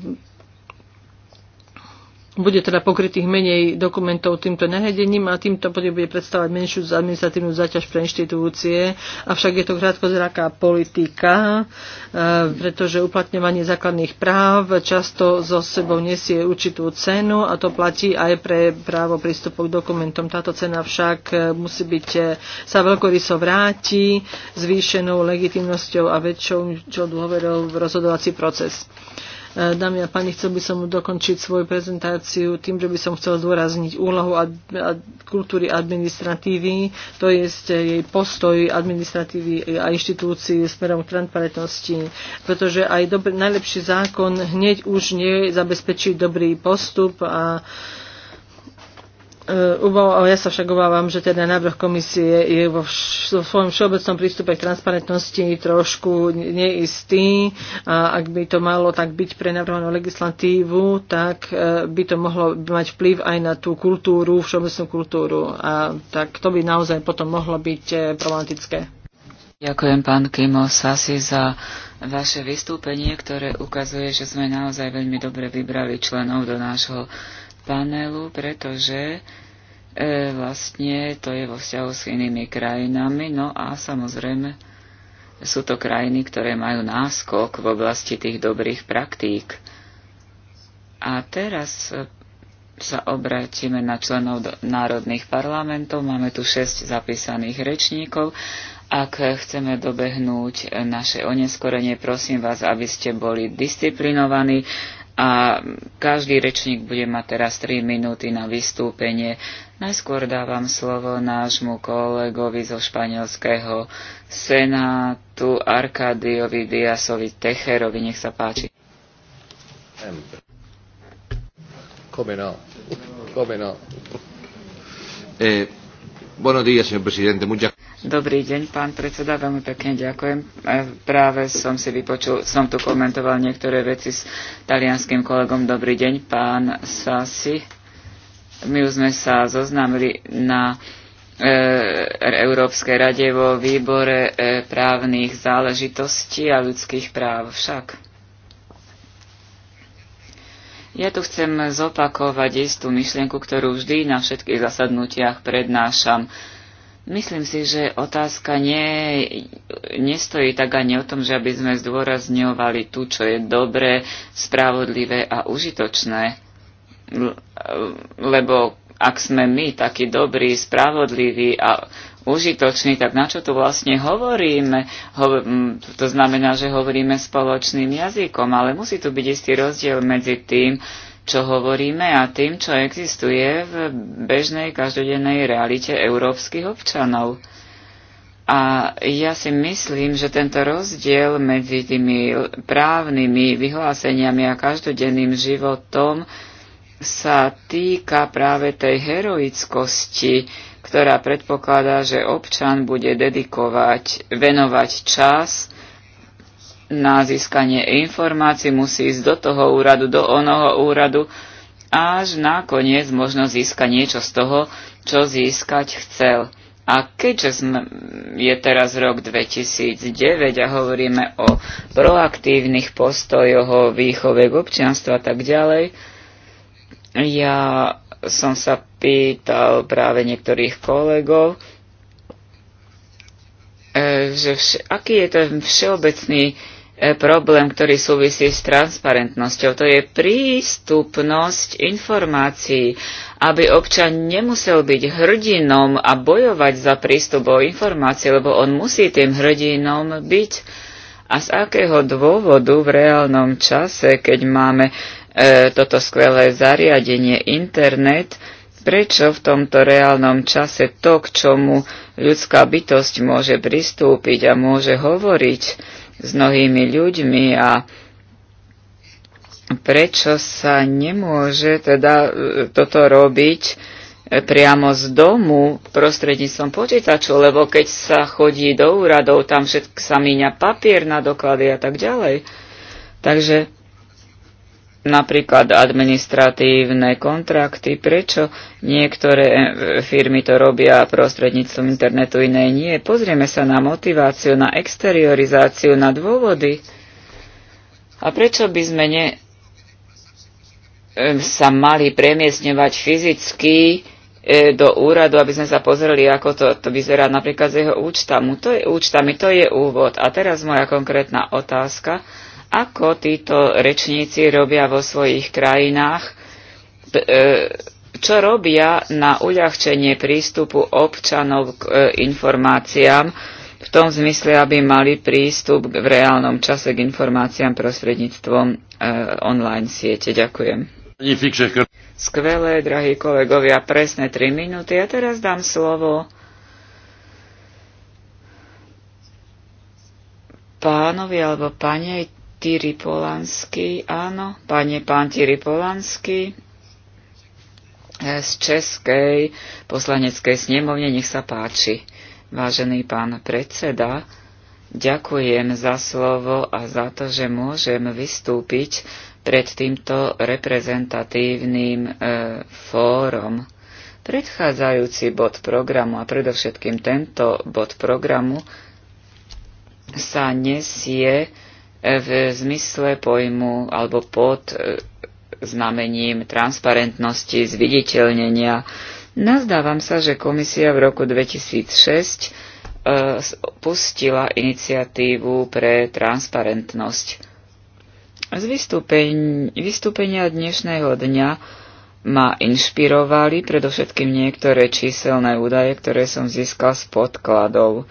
C: bude teda pokrytých menej dokumentov týmto nahedením a týmto bude predstavať menšiu administratívnu zaťaž pre inštitúcie. Avšak je to krátkozraká politika, e, pretože uplatňovanie základných práv často so sebou nesie určitú cenu a to platí aj pre právo prístupu k dokumentom. Táto cena však e, musí byť e, sa veľkoryso vráti zvýšenou legitimnosťou a väčšou dôverou v rozhodovací proces. E, dámy a páni, chcel by som dokončiť svoju prezentáciu tým, že by som chcel zdôrazniť úlohu ad, ad, kultúry administratívy, to je e, jej postoj administratívy a inštitúcií smerom k transparentnosti, pretože aj dobrý, najlepší zákon hneď už nie zabezpečí dobrý postup a Uh, ja sa však obávam, že teda návrh komisie je vo svojom všeobecnom prístupe k transparentnosti trošku neistý a ak by to malo tak byť pre navrhovanú legislatívu, tak uh, by to mohlo mať vplyv aj na tú kultúru, všeobecnú kultúru a tak to by naozaj potom mohlo
B: byť uh, problematické. Ďakujem pán Kimo Sasi za vaše vystúpenie, ktoré ukazuje, že sme naozaj veľmi dobre vybrali členov do nášho panelu, pretože e, vlastne to je vo vzťahu s inými krajinami. No a samozrejme sú to krajiny, ktoré majú náskok v oblasti tých dobrých praktík. A teraz sa obrátime na členov národných parlamentov. Máme tu 6 zapísaných rečníkov. Ak chceme dobehnúť naše oneskorenie, prosím vás, aby ste boli disciplinovaní a každý rečník bude mať teraz 3 minúty na vystúpenie. Najskôr dávam slovo nášmu kolegovi zo španielského senátu Arkadiovi Diasovi Techerovi. Nech sa páči. Come no? Come no?
C: Eh, buenos días, señor presidente. Muchas...
B: Dobrý deň, pán predseda, veľmi pekne ďakujem. E, práve som si vypočul, som tu komentoval niektoré veci s talianským kolegom. Dobrý deň, pán Sasi. My už sme sa zoznámili na e, Európskej rade vo výbore e, právnych záležitostí a ľudských práv však. Ja tu chcem zopakovať istú myšlienku, ktorú vždy na všetkých zasadnutiach prednášam Myslím si, že otázka nie, nestojí tak ani o tom, že aby sme zdôrazňovali tu, čo je dobré, spravodlivé a užitočné. Lebo ak sme my takí dobrí, spravodliví a užitoční, tak na čo tu vlastne hovoríme? Ho, to znamená, že hovoríme spoločným jazykom, ale musí tu byť istý rozdiel medzi tým, čo hovoríme a tým, čo existuje v bežnej každodennej realite európskych občanov. A ja si myslím, že tento rozdiel medzi tými právnymi vyhláseniami a každodenným životom sa týka práve tej heroickosti, ktorá predpokladá, že občan bude dedikovať, venovať čas na získanie informácií musí ísť do toho úradu, do onoho úradu, až nakoniec možno získa niečo z toho, čo získať chcel. A keďže sme, je teraz rok 2009 a hovoríme o proaktívnych postojoch, o výchove k občianstvu a tak ďalej, ja som sa pýtal práve niektorých kolegov, e, že vš- aký je ten všeobecný E, problém, ktorý súvisí s transparentnosťou. To je prístupnosť informácií, aby občan nemusel byť hrdinom a bojovať za prístup o informácie, lebo on musí tým hrdinom byť. A z akého dôvodu v reálnom čase, keď máme e, toto skvelé zariadenie internet, prečo v tomto reálnom čase to, k čomu ľudská bytosť môže pristúpiť a môže hovoriť, s mnohými ľuďmi a prečo sa nemôže teda e, toto robiť e, priamo z domu prostredníctvom počítaču, lebo keď sa chodí do úradov, tam všetko sa míňa papier na doklady a tak ďalej. Takže napríklad administratívne kontrakty, prečo niektoré eh, firmy to robia prostredníctvom internetu, iné nie. Pozrieme sa na motiváciu, na exteriorizáciu, na dôvody. A prečo by sme ne, eh, sa mali premiesňovať fyzicky eh, do úradu, aby sme sa pozreli, ako to, to vyzerá napríklad z jeho účtami. To je, účtami. to je úvod. A teraz moja konkrétna otázka ako títo rečníci robia vo svojich krajinách, e, čo robia na uľahčenie prístupu občanov k e, informáciám, v tom zmysle, aby mali prístup v reálnom čase k informáciám prostredníctvom e, online siete. Ďakujem. Skvelé, drahí kolegovia, presné 3 minúty. Ja teraz dám slovo pánovi alebo pani. Tyri Polanský, áno, pani pán Tyri Polanský z Českej poslaneckej snemovne, nech sa páči. Vážený pán predseda, ďakujem za slovo a za to, že môžem vystúpiť pred týmto reprezentatívnym e, fórom. Predchádzajúci bod programu a predovšetkým tento bod programu sa nesie v zmysle pojmu alebo pod e, znamením transparentnosti, zviditeľnenia. Nazdávam sa, že komisia v roku 2006 e, pustila iniciatívu pre transparentnosť. Z vystúpenia dnešného dňa ma inšpirovali predovšetkým niektoré číselné údaje, ktoré som získal z podkladov.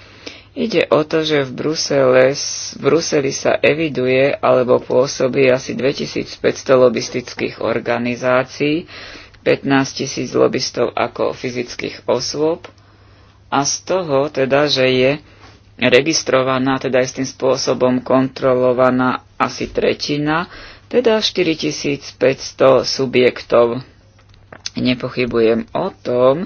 B: Ide o to, že v, Brusele, v Bruseli sa eviduje alebo pôsobí asi 2500 lobistických organizácií, 15 tisíc lobistov ako fyzických osôb a z toho teda, že je registrovaná, teda aj s tým spôsobom kontrolovaná asi tretina, teda 4500 subjektov. Nepochybujem o tom,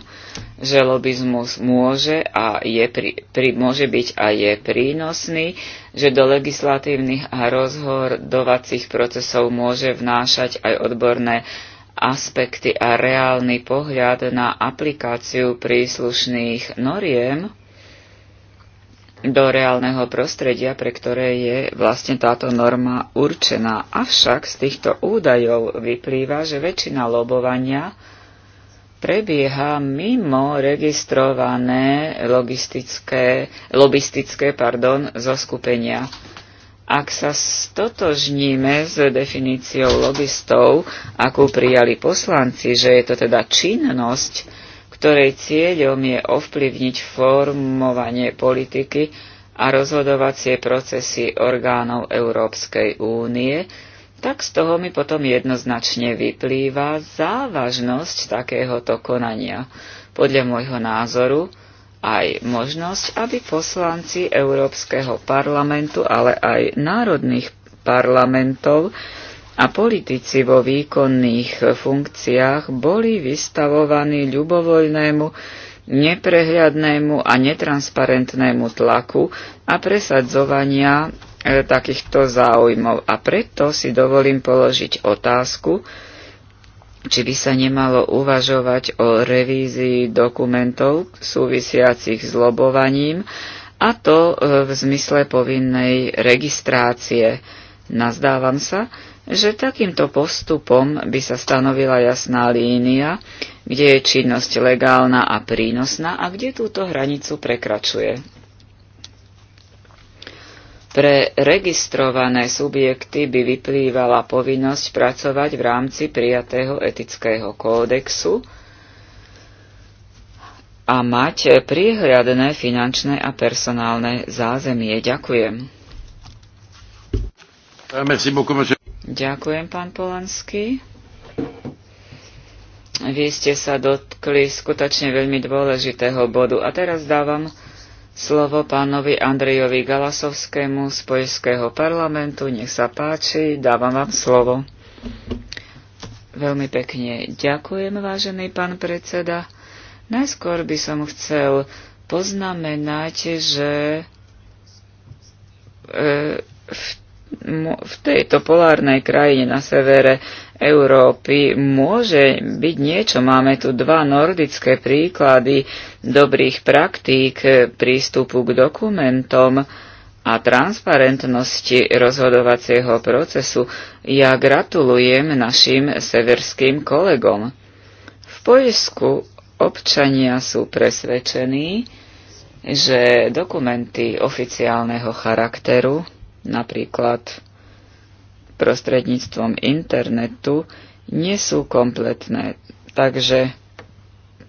B: že lobizmus môže, a je pri, pri, môže byť a je prínosný, že do legislatívnych a rozhodovacích procesov môže vnášať aj odborné aspekty a reálny pohľad na aplikáciu príslušných noriem do reálneho prostredia, pre ktoré je vlastne táto norma určená. Avšak z týchto údajov vyplýva, že väčšina lobovania prebieha mimo registrované logistické, lobistické pardon, zoskupenia. Ak sa stotožníme s definíciou lobistov, akú prijali poslanci, že je to teda činnosť, ktorej cieľom je ovplyvniť formovanie politiky a rozhodovacie procesy orgánov Európskej únie, tak z toho mi potom jednoznačne vyplýva závažnosť takéhoto konania. Podľa môjho názoru aj možnosť, aby poslanci Európskeho parlamentu, ale aj národných parlamentov a politici vo výkonných funkciách boli vystavovaní ľubovoľnému, neprehľadnému a netransparentnému tlaku a presadzovania E, takýchto záujmov. A preto si dovolím položiť otázku, či by sa nemalo uvažovať o revízii dokumentov súvisiacich s lobovaním, a to e, v zmysle povinnej registrácie. Nazdávam sa, že takýmto postupom by sa stanovila jasná línia, kde je činnosť legálna a prínosná a kde túto hranicu prekračuje. Pre registrované subjekty by vyplývala povinnosť pracovať v rámci prijatého etického kódexu a mať priehľadné finančné a personálne zázemie. Ďakujem. Eh, Ďakujem, pán Polanský. Vy ste sa dotkli skutočne veľmi dôležitého bodu. A teraz dávam slovo pánovi Andrejovi Galasovskému z Poľského parlamentu. Nech sa páči, dávam vám slovo. Veľmi pekne ďakujem, vážený pán predseda. Najskôr by som chcel poznamenať, že e, v, v tejto polárnej krajine na severe Európy môže byť niečo. Máme tu dva nordické príklady dobrých praktík prístupu k dokumentom a transparentnosti rozhodovacieho procesu. Ja gratulujem našim severským kolegom. V Poľsku občania sú presvedčení, že dokumenty oficiálneho charakteru, napríklad prostredníctvom internetu nie sú kompletné, takže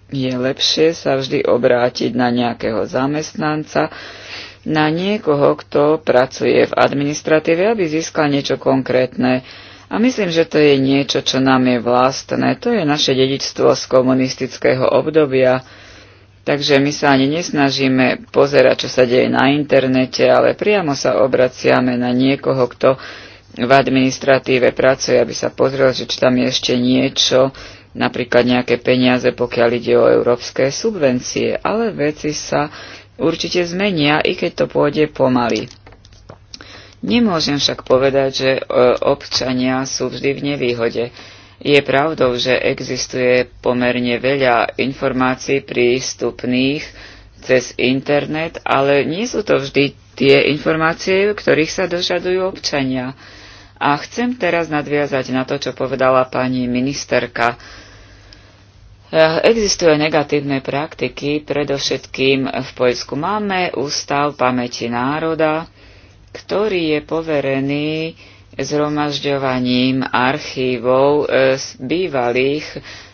B: je lepšie sa vždy obrátiť na nejakého zamestnanca, na niekoho, kto pracuje v administratíve, aby získal niečo konkrétne. A myslím, že to je niečo, čo nám je vlastné. To je naše dedičstvo z komunistického obdobia. Takže my sa ani nesnažíme pozerať, čo sa deje na internete, ale priamo sa obraciame na niekoho, kto v administratíve pracuje, aby sa pozrel, že či tam je ešte niečo, napríklad nejaké peniaze, pokiaľ ide o európske subvencie, ale veci sa určite zmenia, i keď to pôjde pomaly. Nemôžem však povedať, že e, občania sú vždy v nevýhode. Je pravdou, že existuje pomerne veľa informácií prístupných cez internet, ale nie sú to vždy tie informácie, ktorých sa dožadujú občania. A chcem teraz nadviazať na to, čo povedala pani ministerka. Eh, Existujú negatívne praktiky, predovšetkým v Poľsku. Máme ústav pamäti národa, ktorý je poverený zhromažďovaním archívov eh, z bývalých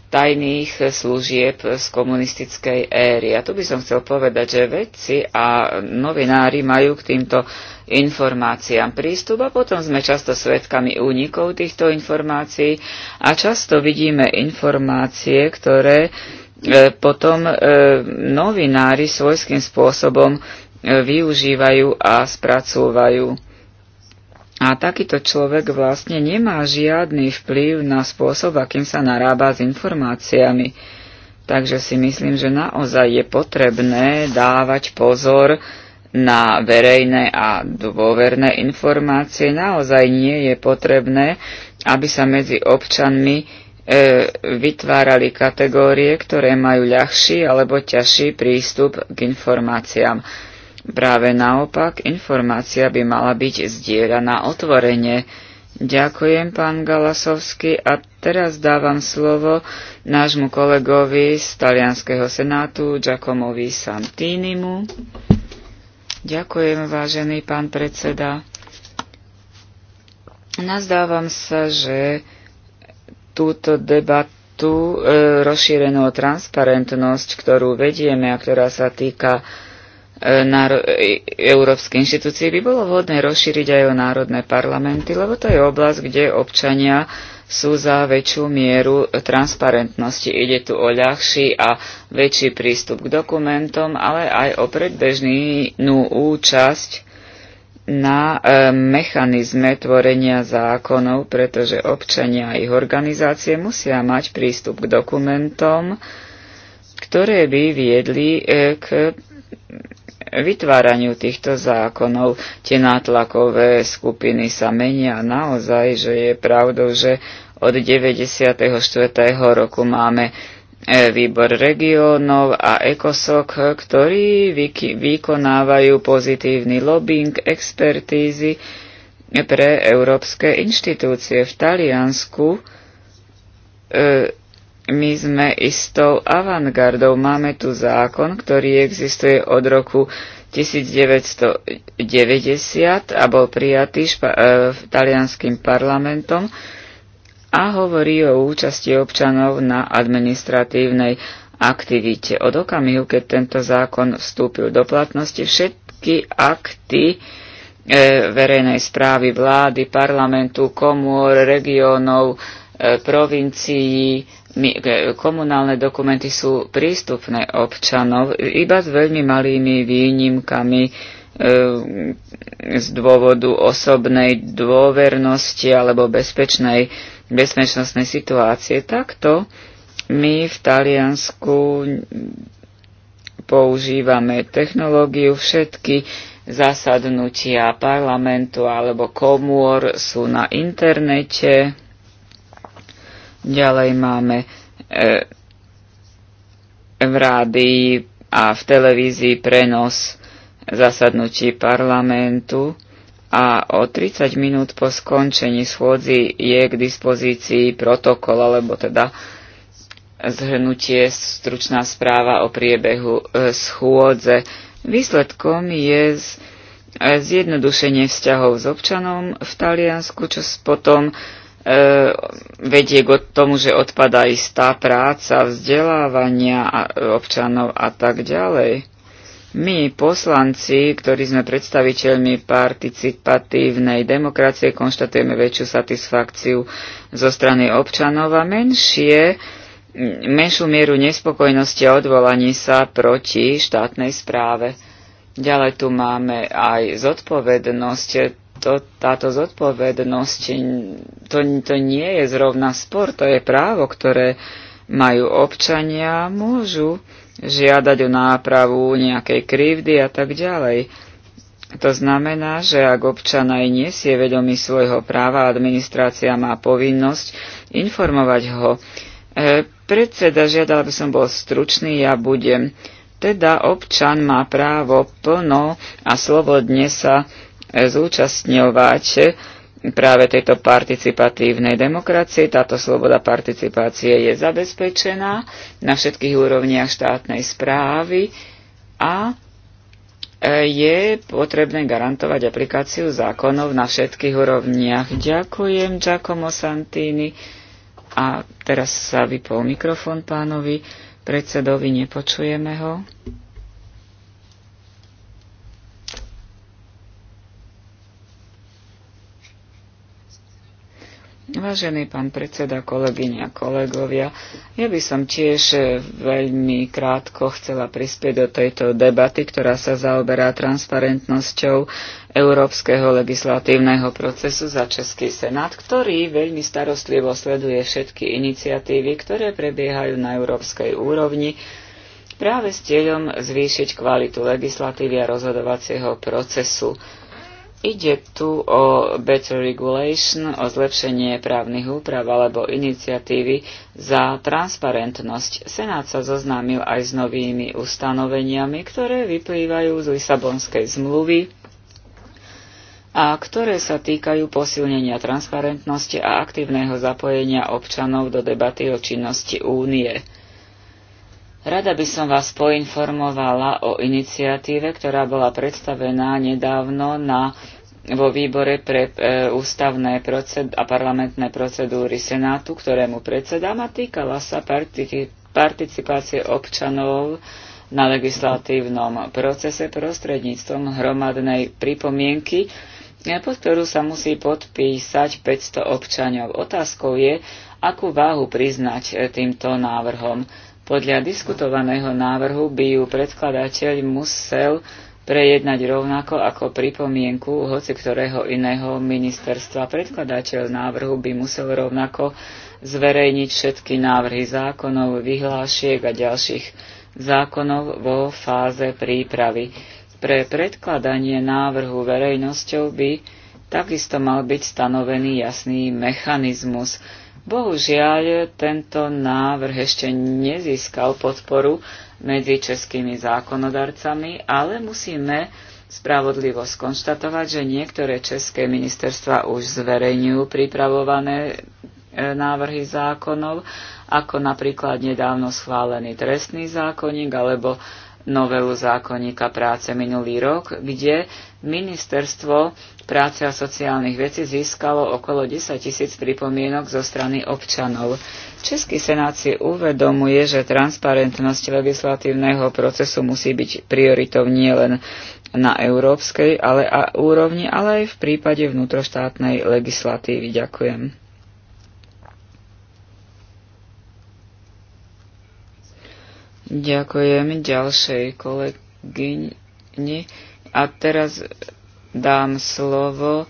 B: tajných služieb z komunistickej éry. A tu by som chcel povedať, že vedci a novinári majú k týmto informáciám prístup a potom sme často svedkami únikov týchto informácií a často vidíme informácie, ktoré e, potom e, novinári svojským spôsobom e, využívajú a spracúvajú. A takýto človek vlastne nemá žiadny vplyv na spôsob, akým sa narába s informáciami. Takže si myslím, že naozaj je potrebné dávať pozor na verejné a dôverné informácie, naozaj nie je potrebné, aby sa medzi občanmi e, vytvárali kategórie, ktoré majú ľahší alebo ťažší prístup k informáciám. Práve naopak, informácia by mala byť zdieľaná otvorene. Ďakujem, pán Galasovský, a teraz dávam slovo nášmu kolegovi z Talianského senátu Giacomovi Santinimu. Ďakujem, vážený pán predseda. Nazdávam sa, že túto debatu e, rozšírenú o transparentnosť, ktorú vedieme a ktorá sa týka e, e európskej inštitúcie by bolo vhodné rozšíriť aj o národné parlamenty, lebo to je oblasť, kde občania sú za väčšiu mieru transparentnosti. Ide tu o ľahší a väčší prístup k dokumentom, ale aj o predbežnú účasť na e, mechanizme tvorenia zákonov, pretože občania a ich organizácie musia mať prístup k dokumentom, ktoré by viedli e, k vytváraniu týchto zákonov. Tie nátlakové skupiny sa menia naozaj, že je pravdou, že od 94. roku máme e, výbor regiónov a ECOSOK, ktorí vykonávajú pozitívny lobbying expertízy pre európske inštitúcie. V Taliansku e, my sme istou avantgardou. Máme tu zákon, ktorý existuje od roku 1990 a bol prijatý špa- e, talianským parlamentom a hovorí o účasti občanov na administratívnej aktivite. Od okamihu, keď tento zákon vstúpil do platnosti, všetky akty e, verejnej správy, vlády, parlamentu, komôr, regiónov, e, provincií, E, komunálne dokumenty sú prístupné občanov iba s veľmi malými výnimkami e, z dôvodu osobnej dôvernosti alebo bezpečnej, bezpečnostnej situácie. Takto my v Taliansku používame technológiu všetky zasadnutia parlamentu alebo komôr sú na internete Ďalej máme e, v rádii a v televízii prenos zasadnutí parlamentu a o 30 minút po skončení schôdzi je k dispozícii protokol alebo teda zhrnutie stručná správa o priebehu e, schôdze. Výsledkom je e, zjednodušenie vzťahov s občanom v Taliansku, čo potom E, vedie k tomu, že odpadá istá práca, vzdelávania e, občanov a tak ďalej. My, poslanci, ktorí sme predstaviteľmi participatívnej demokracie, konštatujeme väčšiu satisfakciu zo strany občanov a menšie, menšiu mieru nespokojnosti a odvolaní sa proti štátnej správe. Ďalej tu máme aj zodpovednosť to, táto zodpovednosť, to, to nie je zrovna spor, to je právo, ktoré majú občania, môžu žiadať o nápravu nejakej krivdy a tak ďalej. To znamená, že ak občan aj nesie vedomí svojho práva, administrácia má povinnosť informovať ho. E, predseda žiadal, aby som bol stručný, ja budem. Teda občan má právo plno a slobodne sa zúčastňovať práve tejto participatívnej demokracie. Táto sloboda participácie je zabezpečená na všetkých úrovniach štátnej správy a e, je potrebné garantovať aplikáciu zákonov na všetkých úrovniach. Ďakujem Giacomo Santini. A teraz sa vypol mikrofón pánovi predsedovi, nepočujeme ho. Vážený pán predseda, kolegyne a kolegovia, ja by som tiež eh, veľmi krátko chcela prispieť do tejto debaty, ktorá sa zaoberá transparentnosťou európskeho legislatívneho procesu za Český senát, ktorý veľmi starostlivo sleduje všetky iniciatívy, ktoré prebiehajú na európskej úrovni práve s cieľom zvýšiť kvalitu legislatívy a rozhodovacieho procesu Ide tu o better regulation, o zlepšenie právnych úprav alebo iniciatívy za transparentnosť. Senát sa zoznámil aj s novými ustanoveniami, ktoré vyplývajú z Lisabonskej zmluvy a ktoré sa týkajú posilnenia transparentnosti a aktívneho zapojenia občanov do debaty o činnosti únie. Rada by som vás poinformovala o iniciatíve, ktorá bola predstavená nedávno na, vo výbore pre e, ústavné proced- a parlamentné procedúry Senátu, ktorému predsedám a týkala sa partici- participácie občanov na legislatívnom procese prostredníctvom hromadnej pripomienky, e, pod ktorú sa musí podpísať 500 občanov. Otázkou je, akú váhu priznať e, týmto návrhom. Podľa diskutovaného návrhu by ju predkladateľ musel prejednať rovnako ako pripomienku hoci ktorého iného ministerstva. Predkladateľ návrhu by musel rovnako zverejniť všetky návrhy zákonov, vyhlášiek a ďalších zákonov vo fáze prípravy. Pre predkladanie návrhu verejnosťou by takisto mal byť stanovený jasný mechanizmus, Bohužiaľ, tento návrh ešte nezískal podporu medzi českými zákonodarcami, ale musíme spravodlivo skonštatovať, že niektoré české ministerstva už zverejňujú pripravované e, návrhy zákonov, ako napríklad nedávno schválený trestný zákonník alebo novelu zákonníka práce minulý rok, kde ministerstvo práce a sociálnych vecí získalo okolo 10 tisíc pripomienok zo strany občanov. Český senát si uvedomuje, že transparentnosť legislatívneho procesu musí byť prioritou nielen na európskej ale a úrovni, ale aj v prípade vnútroštátnej legislatívy. Ďakujem. Ďakujem ďalšej kolegyni. A teraz dám slovo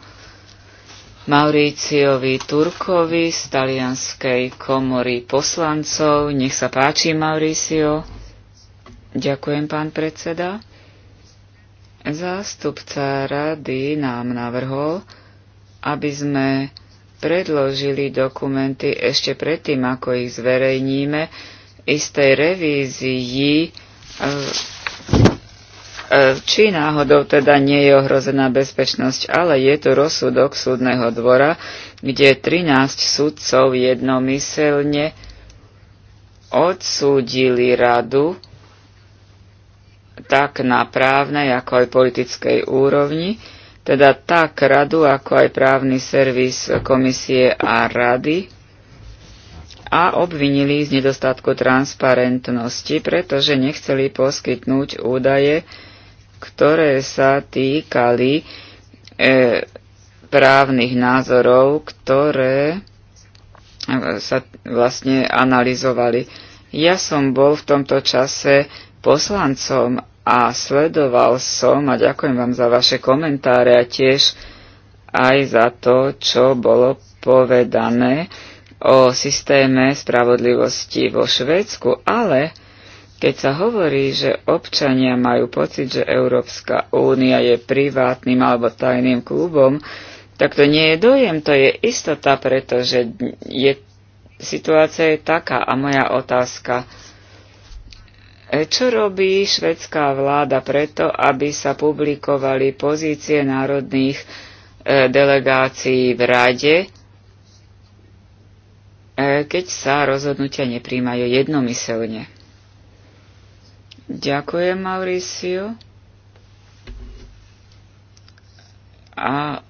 B: Mauríciovi Turkovi z talianskej komory poslancov. Nech sa páči, Mauricio. Ďakujem, pán predseda. Zástupca rady nám navrhol, aby sme predložili dokumenty ešte predtým, ako ich zverejníme, istej revízii eh, E, či náhodou teda nie je ohrozená bezpečnosť, ale je to rozsudok súdneho dvora, kde 13 sudcov jednomyselne odsúdili radu tak na právnej, ako aj politickej úrovni, teda tak radu, ako aj právny servis komisie a rady a obvinili z nedostatku transparentnosti, pretože nechceli poskytnúť údaje ktoré sa týkali e, právnych názorov, ktoré e, sa vlastne analyzovali. Ja som bol v tomto čase poslancom a sledoval som a ďakujem vám za vaše komentáre a tiež aj za to, čo bolo povedané o systéme spravodlivosti vo Švédsku, ale keď sa hovorí, že občania majú pocit, že Európska únia je privátnym alebo tajným klubom, tak to nie je dojem, to je istota, pretože je, situácia je taká. A moja otázka, e, čo robí švedská vláda preto, aby sa publikovali pozície národných e, delegácií v rade, e, keď sa rozhodnutia nepríjmajú jednomyselne? Ďakujem, Mauricio. A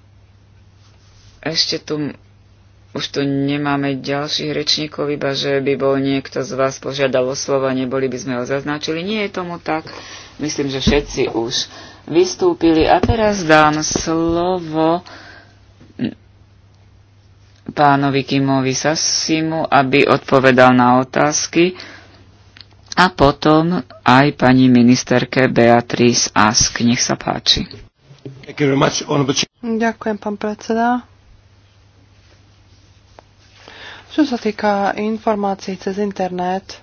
B: ešte tu už tu nemáme ďalších rečníkov, iba že by bol niekto z vás požiadal o slovo, neboli by sme ho zaznačili. Nie je tomu tak. Myslím, že všetci už vystúpili. A teraz dám slovo pánovi Kimovi Sasimu, aby odpovedal na otázky a potom aj pani ministerke Beatrice Ask. Nech sa páči.
A: Ďakujem, pán predseda. Čo sa týka informácií cez internet,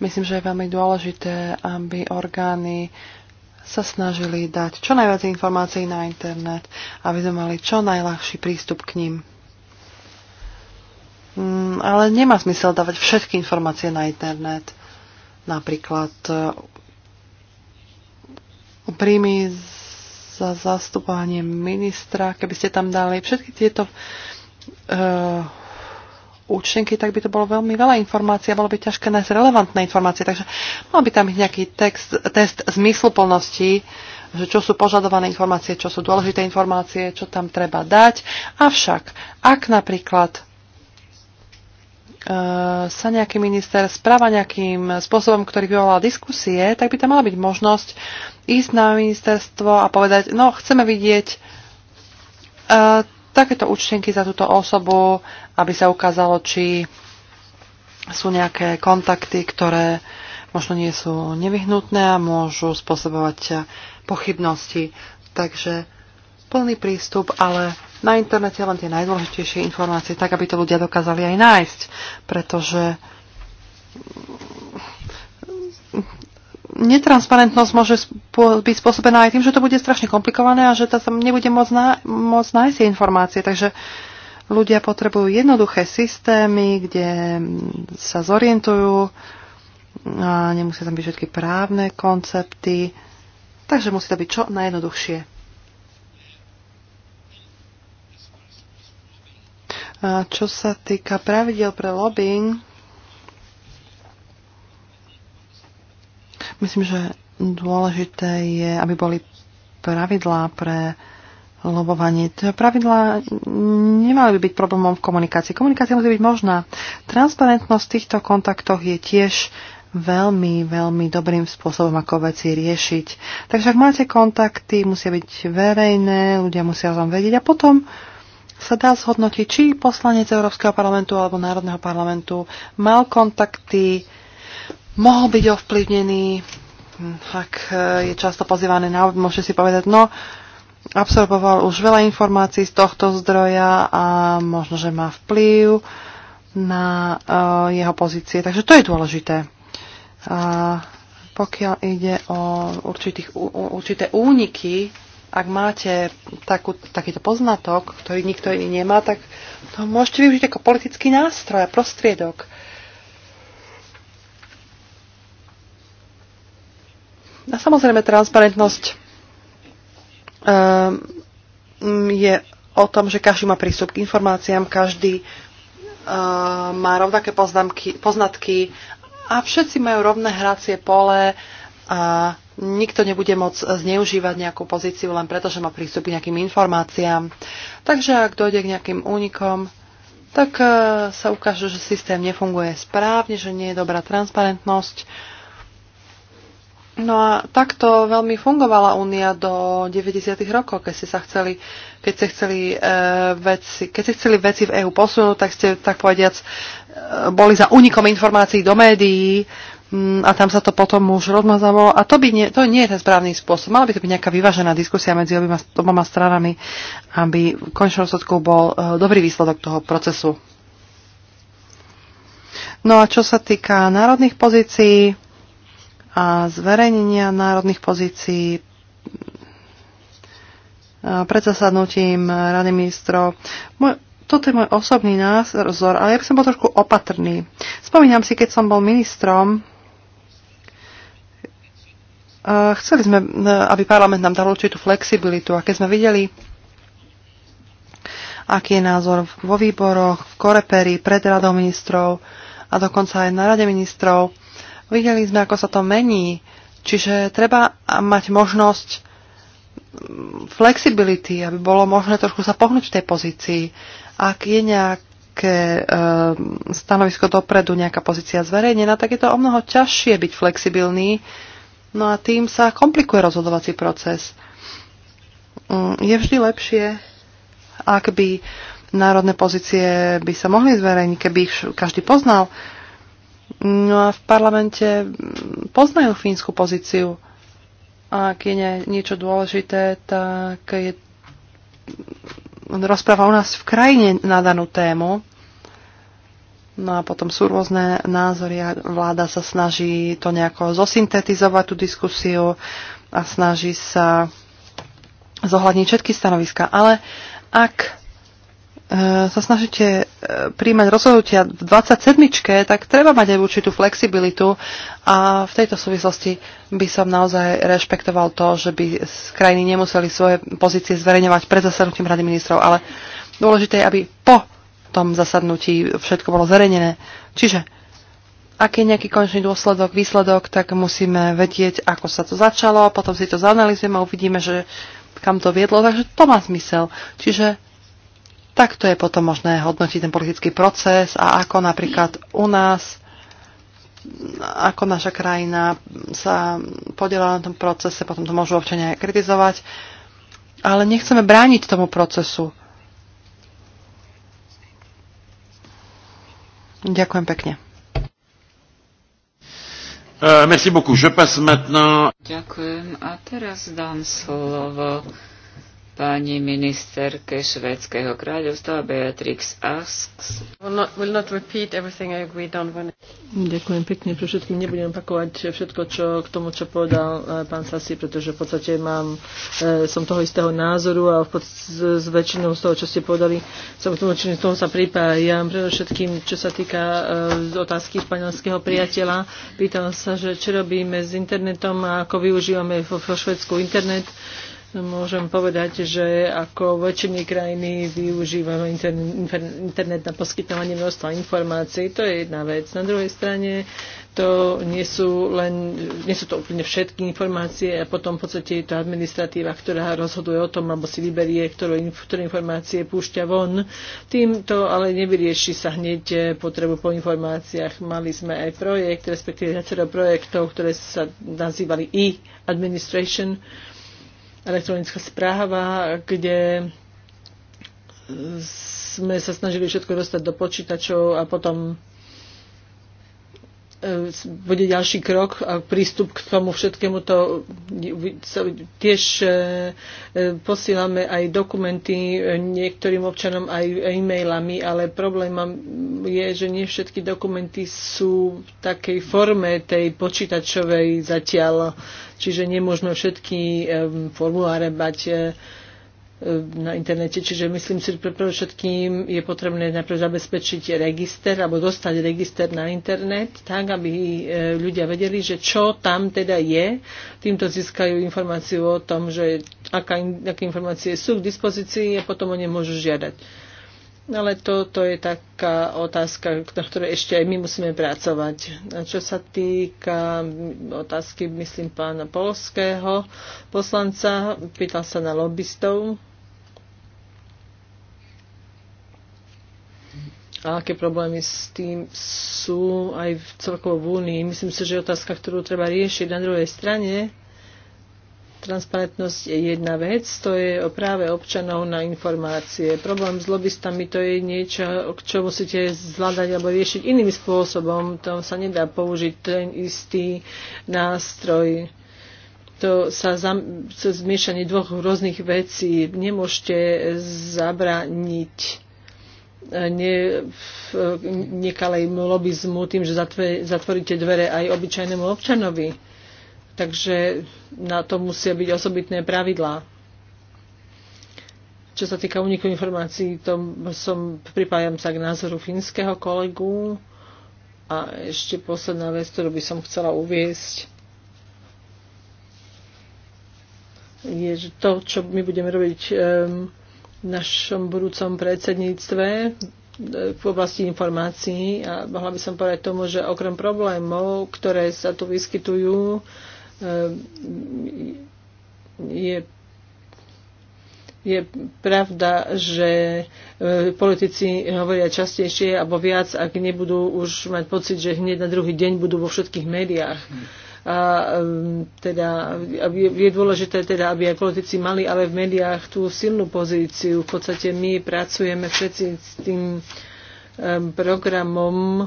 A: myslím, že je veľmi dôležité, aby orgány sa snažili dať čo najviac informácií na internet, aby sme mali čo najľahší prístup k ním. Mm, ale nemá smysel dávať všetky informácie na internet. Napríklad e, príjmy za zastupovanie ministra, keby ste tam dali všetky tieto uh, účtenky, tak by to bolo veľmi veľa informácií a bolo by ťažké nájsť relevantné informácie. Takže mal by tam byť nejaký text, test zmysluplnosti, že čo sú požadované informácie, čo sú dôležité informácie, čo tam treba dať. Avšak, ak napríklad Eh, sa nejaký minister správa nejakým spôsobom, ktorý vyvolá diskusie, tak by tam mala byť možnosť ísť na ministerstvo a povedať, no chceme vidieť uh, takéto účtenky za túto osobu, aby sa ukázalo, či sú nejaké kontakty, ktoré možno nie sú nevyhnutné a môžu spôsobovať pochybnosti. Takže plný prístup, ale na internete len tie najdôležitejšie informácie, tak aby to ľudia dokázali aj nájsť, pretože netransparentnosť môže byť spôsobená aj tým, že to bude strašne komplikované a že tam nebude môcť, ná, môcť nájsť informácie. Takže ľudia potrebujú jednoduché systémy, kde sa zorientujú a nemusia tam byť všetky právne koncepty. Takže musí to byť čo najjednoduchšie. A čo sa týka pravidel pre lobbying, myslím, že dôležité je, aby boli pravidlá pre lobovanie. Pravidlá nemali by byť problémom v komunikácii. Komunikácia musí byť možná. Transparentnosť v týchto kontaktoch je tiež veľmi, veľmi dobrým spôsobom, ako veci riešiť. Takže ak máte kontakty, musia byť verejné, ľudia musia o tom vedieť a potom sa dá zhodnotiť, či poslanec Európskeho parlamentu alebo Národného parlamentu mal kontakty, mohol byť ovplyvnený, hm, ak e, je často pozývaný na môže si povedať, no, absorboval už veľa informácií z tohto zdroja a možno, že má vplyv na uh, jeho pozície. Takže to je dôležité. Uh, pokiaľ ide o určitých, u, určité úniky ak máte takú, takýto poznatok, ktorý nikto iný nemá, tak to môžete využiť ako politický nástroj a prostriedok. A samozrejme, transparentnosť um, je o tom, že každý má prístup k informáciám, každý um, má rovnaké poznatky a všetci majú rovné hracie pole a nikto nebude môcť zneužívať nejakú pozíciu len preto, že má prístup k nejakým informáciám. Takže ak dojde k nejakým únikom, tak e, sa ukáže, že systém nefunguje správne, že nie je dobrá transparentnosť. No a takto veľmi fungovala únia do 90. rokov, keď ste sa chceli, keď ste chceli, e, veci, keď ste chceli veci v EÚ posunúť, tak ste tak povediac e, boli za únikom informácií do médií. E, Mm, a tam sa to potom už rozmazávalo. A to, by nie, to nie je ten správny spôsob. Mala by to byť nejaká vyvážená diskusia medzi obyma, oboma stranami, aby v končnom dôsledku bol eh, dobrý výsledok toho procesu. No a čo sa týka národných pozícií a zverejnenia národných pozícií, eh, pred zasadnutím Rady ministrov. Môj, toto je môj osobný názor, ale ja by som bol trošku opatrný. Spomínam si, keď som bol ministrom, Chceli sme, e, aby parlament nám dal určitú flexibilitu a keď sme videli, aký je názor vo výboroch, v koreperi, pred radou ministrov a dokonca aj na rade ministrov, videli sme, ako sa to mení. Čiže treba mať možnosť mm, flexibility, aby bolo možné trošku sa pohnúť v tej pozícii. Ak je nejaké e, stanovisko dopredu, nejaká pozícia zverejnená, tak je to o mnoho ťažšie byť flexibilný, No a tým sa komplikuje rozhodovací proces. Mm, je vždy lepšie, ak by národné pozície by sa mohli zverejniť, keby ich každý poznal. No a v parlamente mm, poznajú fínsku pozíciu. A ak je nie, niečo dôležité, tak je rozpráva u nás v krajine na danú tému. No a potom sú rôzne názory a vláda sa snaží to nejako zosyntetizovať, tú diskusiu a snaží sa zohľadniť všetky stanoviska. Ale ak e, sa snažíte e, príjmať rozhodnutia v 27, tak treba mať aj určitú flexibilitu a v tejto súvislosti by som naozaj rešpektoval to, že by krajiny nemuseli svoje pozície zverejňovať pred zasadnutím Rady ministrov, ale dôležité je, aby po tom zasadnutí všetko bolo zverejnené. Čiže ak je nejaký končný dôsledok, výsledok, tak musíme vedieť, ako sa to začalo, potom si to zanalizujeme a uvidíme, že kam to viedlo, takže to má zmysel. Čiže takto je potom možné hodnotiť ten politický proces a ako napríklad u nás, ako naša krajina sa podielala na tom procese, potom to môžu občania kritizovať, ale nechceme brániť tomu procesu Ďakujem pekne.
B: Uh, merci beaucoup. Je passe maintenant... Ďakujem. A teraz dám slovo pani ministerke Švedského kráľovstva Beatrix Asks. Ďakujem
C: pekne pre všetkým. Nebudem opakovať všetko čo, k tomu, čo povedal eh, pán Sasi, pretože v podstate mám, eh, som toho istého názoru a v podstate, s, väčšinou z toho, čo ste povedali, som k tomu, z toho sa pripájam. Pre všetkým, čo sa týka eh, otázky španielského priateľa, pýtam sa, že čo robíme s internetom a ako využívame vo, vo Švedsku internet. Uh, môžem povedať, že ako väčšiny krajiny využívame internet na poskytovanie množstva informácií. To je jedna vec. Na druhej strane to nie sú, len, nie sú to úplne všetky informácie a potom v podstate je to administratíva, ktorá rozhoduje o tom, alebo si vyberie, ktoré, ktoré informácie púšťa von. Týmto ale nevyrieši sa hneď eh, potrebu po informáciách. Mali sme aj projekt, respektíve viacero projektov, ktoré sa nazývali e-administration, elektronická správa, kde sme sa snažili všetko dostať do počítačov a potom e, bude ďalší krok a prístup k tomu všetkému to tiež e, e, posílame aj dokumenty niektorým občanom aj e-mailami, ale problém je, že nie všetky dokumenty sú v takej forme tej počítačovej zatiaľ čiže nemôžno všetky formuláre mať e, e, na internete. Čiže myslím si, že pre všetkým je potrebné najprv zabezpečiť register alebo dostať register na internet, tak aby e, ľudia vedeli, že čo tam teda je. Týmto získajú informáciu o tom, že aká, aké informácie sú k dispozícii a potom o ne môžu žiadať. Ale to, to je taká otázka, na ktorej ešte aj my musíme pracovať. A čo sa týka otázky, myslím, pána polského poslanca, pýtal sa na lobbystov. A aké problémy s tým sú aj v celkovo v Únii. Myslím si, že je otázka, ktorú treba riešiť na druhej strane Transparentnosť je jedna vec, to je o práve občanov na informácie. Problém s lobbystami to je niečo, čo musíte zvládať alebo riešiť iným spôsobom. To sa nedá použiť ten istý nástroj to sa cez zmiešanie dvoch rôznych vecí nemôžete zabraniť e, ne, e, nekalejmu lobizmu tým, že zatvoríte dvere aj obyčajnému občanovi takže na to musia byť osobitné pravidlá. Čo sa týka úniku informácií, to som, pripájam sa k názoru fínskeho kolegu. A ešte posledná vec, ktorú by som chcela uviesť, je, že to, čo my budeme robiť v našom budúcom predsedníctve v oblasti informácií, a mohla by som povedať tomu, že okrem problémov, ktoré sa tu vyskytujú, Ehm, je je pravda, že e, politici hovoria častejšie alebo viac, ak nebudú už mať pocit, že hneď na druhý deň budú vo všetkých médiách. A ehm, teda je, je dôležité, teda, aby aj politici mali ale v médiách tú silnú pozíciu. V podstate my pracujeme všetci s tým ehm, programom,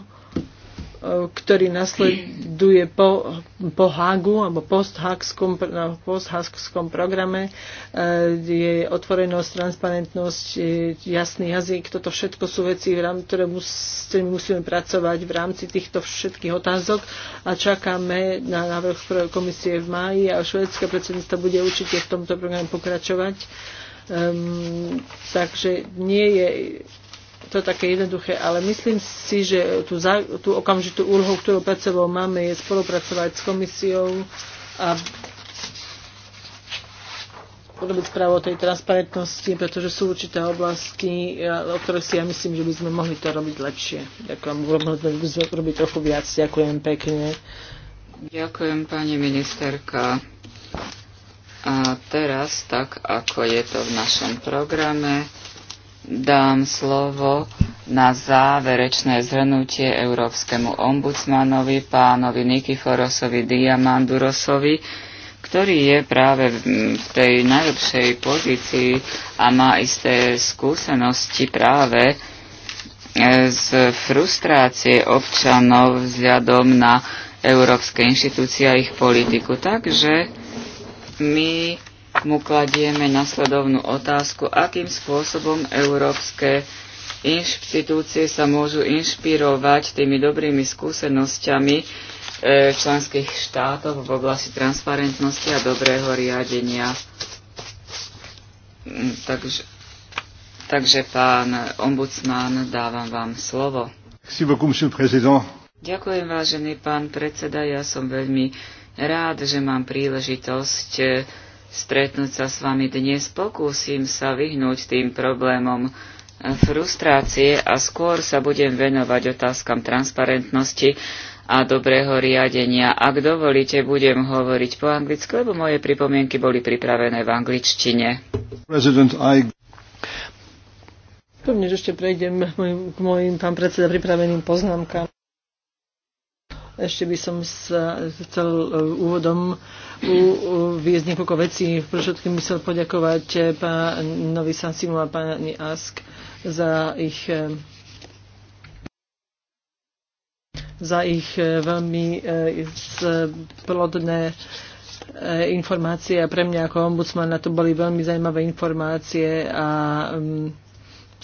C: E, ktorý nasleduje po, po Hagu alebo posthagskom, posthagskom programe. E, je otvorenosť, transparentnosť, jasný jazyk. Toto všetko sú veci, ktoré musíme, musíme pracovať v rámci týchto všetkých otázok a čakáme na návrh komisie v máji a švedské predsedníctvo bude určite v tomto programe pokračovať. Um, takže nie je to také jednoduché, ale myslím si, že tú, za, tú okamžitú úlohu, ktorú pred sebou máme, je spolupracovať s komisiou a urobiť správu o tej transparentnosti, pretože sú určité oblasti, o ktorých si ja myslím, že by sme mohli to robiť lepšie. Ďakujem, by sme robiť trochu viac. Ďakujem pekne.
B: Ďakujem, pani ministerka. A teraz, tak ako je to v našom programe, dám slovo na záverečné zhrnutie Európskemu ombudsmanovi, pánovi Nikiforosovi Diamandurosovi, ktorý je práve v tej najlepšej pozícii a má isté skúsenosti práve e, z frustrácie občanov vzhľadom na európske inštitúcie a ich politiku. Takže my mu kladieme nasledovnú otázku, akým spôsobom európske inštitúcie sa môžu inšpirovať tými dobrými skúsenosťami e, členských štátov v oblasti transparentnosti a dobrého riadenia. Mm, takže, takže pán ombudsman, dávam vám slovo. Ďakujem, vážený pán predseda. Ja som veľmi rád, že mám príležitosť e, stretnúť sa s vami dnes, pokúsim sa vyhnúť tým problémom eh, frustrácie a skôr sa budem venovať otázkam transparentnosti a dobrého riadenia. Ak dovolíte, budem hovoriť po anglicky, lebo moje pripomienky boli pripravené v angličtine. President,
C: že ešte prejdem k mojim, pán predseda, pripraveným poznámkam. Ešte by som sa chcel eh, úvodom viesť niekoľko vecí. Všetkým musel poďakovať eh, pánovi Sansimu a pani Ask za ich eh, za ich eh, veľmi plodné informácie a pre mňa ako ombudsmana to boli veľmi zaujímavé informácie a mm,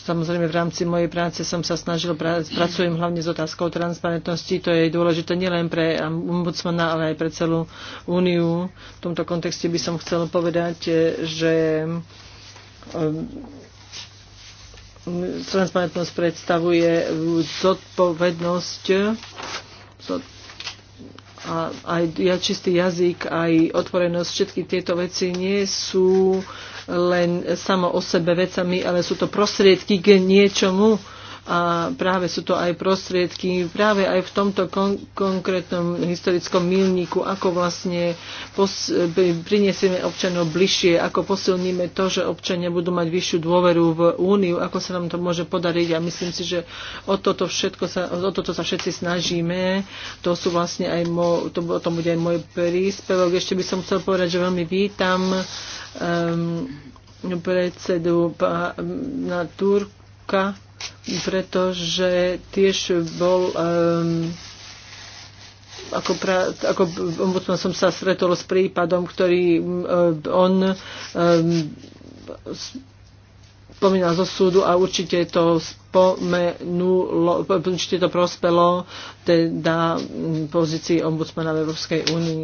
C: Samozrejme, v rámci mojej práce som sa snažil, pracujem hlavne s otázkou transparentnosti. To je dôležité nielen pre ombudsmana, ale aj pre celú úniu. V tomto kontexte by som chcel povedať, e, že e, transparentnosť predstavuje zodpovednosť a aj čistý jazyk, aj otvorenosť, všetky tieto veci nie sú len samo o sebe vecami, ale sú to prostriedky k niečomu, a práve sú to aj prostriedky, práve aj v tomto kon- konkrétnom historickom milníku, ako vlastne pos- prinesieme občanov bližšie, ako posilníme to, že občania budú mať vyššiu dôveru v Úniu, ako sa nám to môže podariť a myslím si, že o toto, všetko sa, o toto sa všetci snažíme. To sú vlastne aj mo- to, o tom bude aj môj príspevok. Ešte by som chcel povedať, že veľmi vítam um, predsedu na Turku Kuka, pretože tiež bol um, ako, pra, ako ombudsman som sa stretol s prípadom, ktorý um, on um, spomínal zo súdu a určite to spomenulo, určite to prospelo teda pozícii ombudsmana v Európskej únii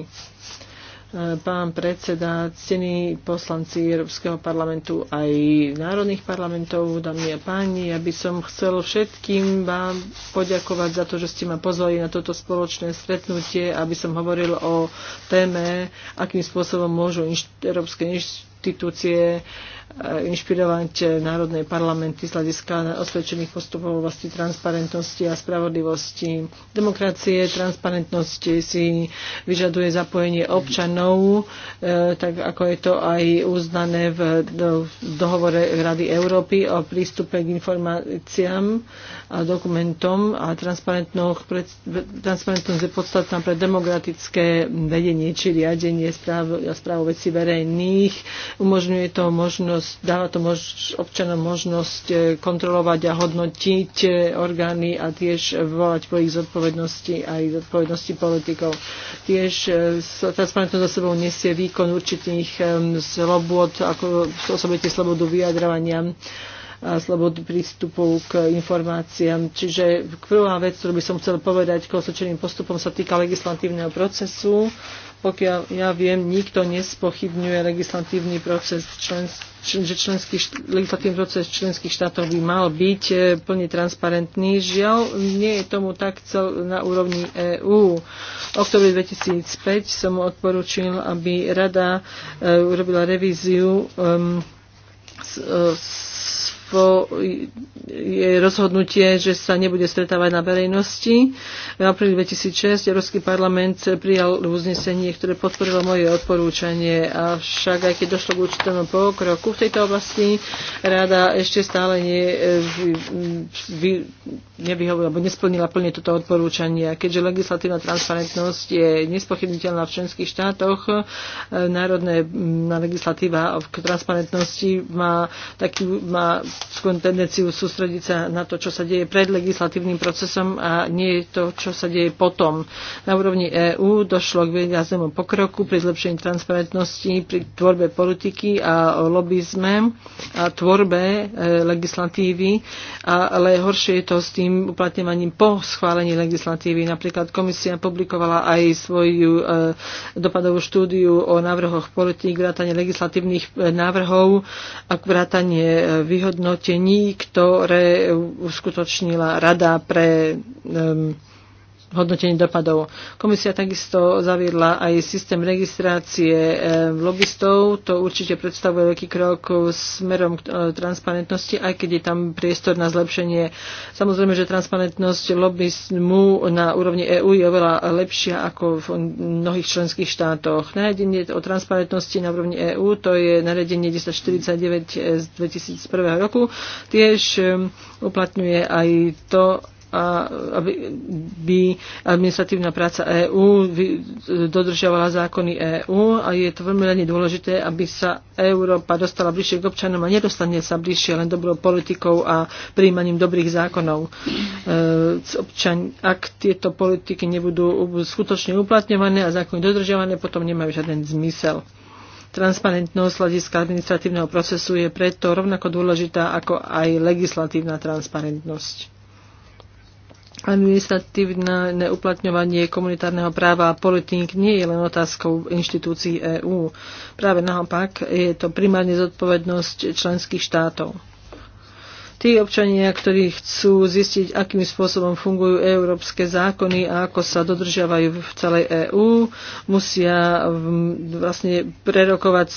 C: pán predseda, ctení poslanci Európskeho parlamentu aj národných parlamentov, dámy a páni, ja by som chcel všetkým vám poďakovať za to, že ste ma pozvali na toto spoločné stretnutie, aby som hovoril o téme, akým spôsobom môžu inš- európske inštitúcie Eh, inšpirovať eh, národné parlamenty z hľadiska osvedčených postupov vlasti transparentnosti a spravodlivosti. Demokracie, transparentnosti si vyžaduje zapojenie občanov, eh, tak ako je to aj uznané v dohovore Rady Európy o prístupe k informáciám a dokumentom a transparentnosť je podstatná pre demokratické vedenie či riadenie správ, správ verejných. Umožňuje to možnosť možnosť, dáva to mož, občanom možnosť e, kontrolovať a hodnotiť e, orgány a tiež e, volať po ich zodpovednosti aj zodpovednosti politikov. Tiež transparentnosť za sebou nesie výkon určitých slobod, ako osobite slobodu vyjadrovania a slobodu prístupu k informáciám. Čiže prvá vec, ktorú by som chcel povedať k osočeným postupom, sa týka legislatívneho procesu pokiaľ ja viem, nikto nespochybňuje legislatívny proces členstva že členský, legislatívny proces členských štátov by mal byť e, plne transparentný. Žiaľ, nie je tomu tak cel na úrovni EÚ. V oktobri 2005 som odporučil, aby rada e, urobila revíziu e, s, s je rozhodnutie, že sa nebude stretávať na verejnosti. V apríli 2006 Európsky parlament prijal uznesenie, ktoré podporilo moje odporúčanie. Avšak aj keď došlo k určitému pokroku v tejto oblasti, rada ešte stále nie, vy, nevyhovila alebo nesplnila plne toto odporúčanie. A keďže legislatívna transparentnosť je nespochybniteľná v členských štátoch, eh, národná mm, legislatíva v transparentnosti má, taký, má skôr tendenciu sústrediť sa na to, čo sa deje pred legislatívnym procesom a nie to, čo sa deje potom. Na úrovni EÚ došlo k výraznému pokroku pri zlepšení transparentnosti, pri tvorbe politiky a lobbyzme a tvorbe e, legislatívy, ale horšie je to s tým uplatňovaním po schválení legislatívy. Napríklad komisia publikovala aj svoju e, dopadovú štúdiu o návrhoch politik, vrátanie legislatívnych e, návrhov a vrátanie výhodnosti hodnotení, ktoré uskutočnila Rada pre um, hodnotení dopadov. Komisia takisto zaviedla aj systém registrácie eh, lobbystov. To určite predstavuje veľký krok smerom k eh, transparentnosti, aj keď je tam priestor na zlepšenie. Samozrejme, že transparentnosť lobbystmu na úrovni EÚ je oveľa lepšia ako v mnohých členských štátoch. Nariadenie o transparentnosti na úrovni EÚ to je nariadenie 1049 z 2001 roku. Tiež eh, uplatňuje aj to, aby, by administratívna práca EÚ dodržiavala zákony EÚ a je to veľmi veľmi dôležité, aby sa Európa dostala bližšie k občanom a nedostane sa bližšie len dobrou politikou a príjmaním dobrých zákonov. E, občan, ak tieto politiky nebudú skutočne uplatňované a zákony dodržiavané, potom nemajú žiaden zmysel. Transparentnosť hľadiska administratívneho procesu je preto rovnako dôležitá ako aj legislatívna transparentnosť. Administratívne uplatňovanie komunitárneho práva a politík nie je len otázkou inštitúcií EÚ. Práve naopak je to primárne zodpovednosť členských štátov. Tí občania, ktorí chcú zistiť, akým spôsobom fungujú európske zákony a ako sa dodržiavajú v celej EÚ, musia mm, vlastne prerokovať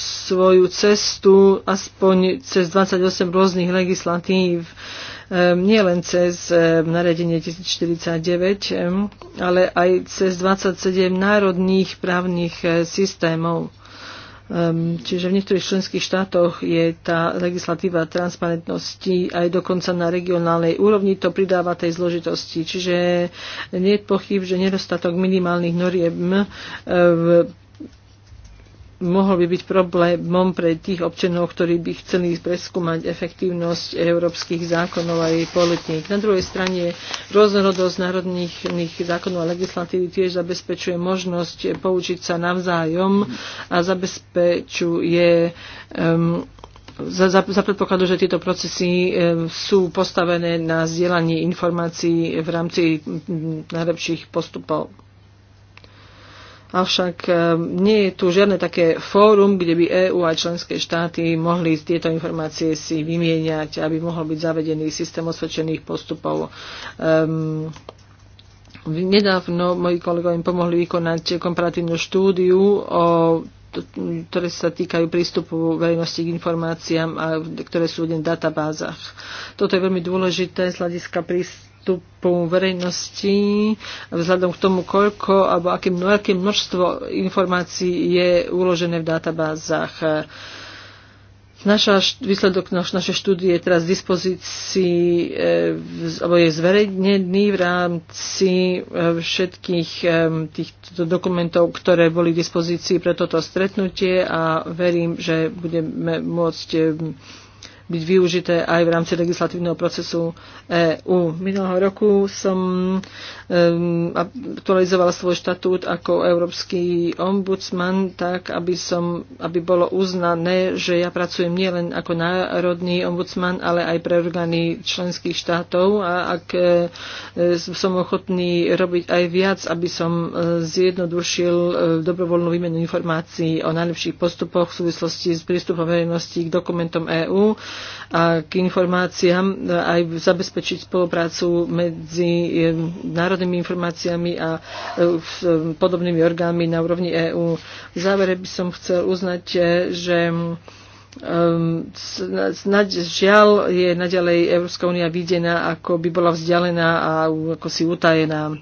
C: svoju cestu aspoň cez 28 rôznych legislatív Ehm, nielen cez ehm, nariadenie 1049, ehm, ale aj cez 27 národných právnych e, systémov. Čiže v niektorých členských štátoch je tá legislatíva transparentnosti aj dokonca na regionálnej úrovni, to pridáva tej zložitosti. Čiže nie je pochyb, že nedostatok minimálnych noriem mohol by byť problémom pre tých občanov, ktorí by chceli preskúmať efektívnosť európskych zákonov a jej politík. Na druhej strane rôznorodosť národných zákonov a legislatívy tiež zabezpečuje možnosť poučiť sa navzájom a zabezpečuje um, za, za, za predpokladu, že tieto procesy e, sú postavené na zdieľanie informácií v rámci um, najlepších postupov avšak eh, nie je tu žiadne také fórum, kde by EÚ a členské štáty mohli tieto informácie si vymieňať, aby mohol byť zavedený systém osvedčených postupov. Um, nedávno moji kolegovia pomohli vykonať komparatívnu štúdiu o ktoré sa týkajú prístupu verejnosti k informáciám, a ktoré sú v databázach. Toto je veľmi dôležité z hľadiska prístupu prístupu verejnosti vzhľadom k tomu, koľko alebo aké veľké množstvo informácií je uložené v databázach. Naša, výsledok naš, no-, našej štúdie je teraz v dispozícii, e, alebo je zverejnený v rámci e, všetkých e, týchto dokumentov, ktoré boli v dispozícii pre toto stretnutie a verím, že budeme môcť e, byť využité aj v rámci legislatívneho procesu EÚ. Minulého roku som aktualizoval svoj štatút ako európsky ombudsman, tak aby, som, aby bolo uznané, že ja pracujem nielen ako národný ombudsman, ale aj pre orgány členských štátov a ak e, som ochotný robiť aj viac, aby som e, zjednodušil e, dobrovoľnú výmenu informácií o najlepších postupoch v súvislosti s prístupom verejnosti k dokumentom EÚ a k informáciám aj zabezpečiť spoluprácu medzi e, národnými informáciami a e, e, podobnými orgánmi na úrovni EÚ. V závere by som chcel uznať, že žiaľ je naďalej Európska únia videná, ako by bola vzdialená a ako si utajená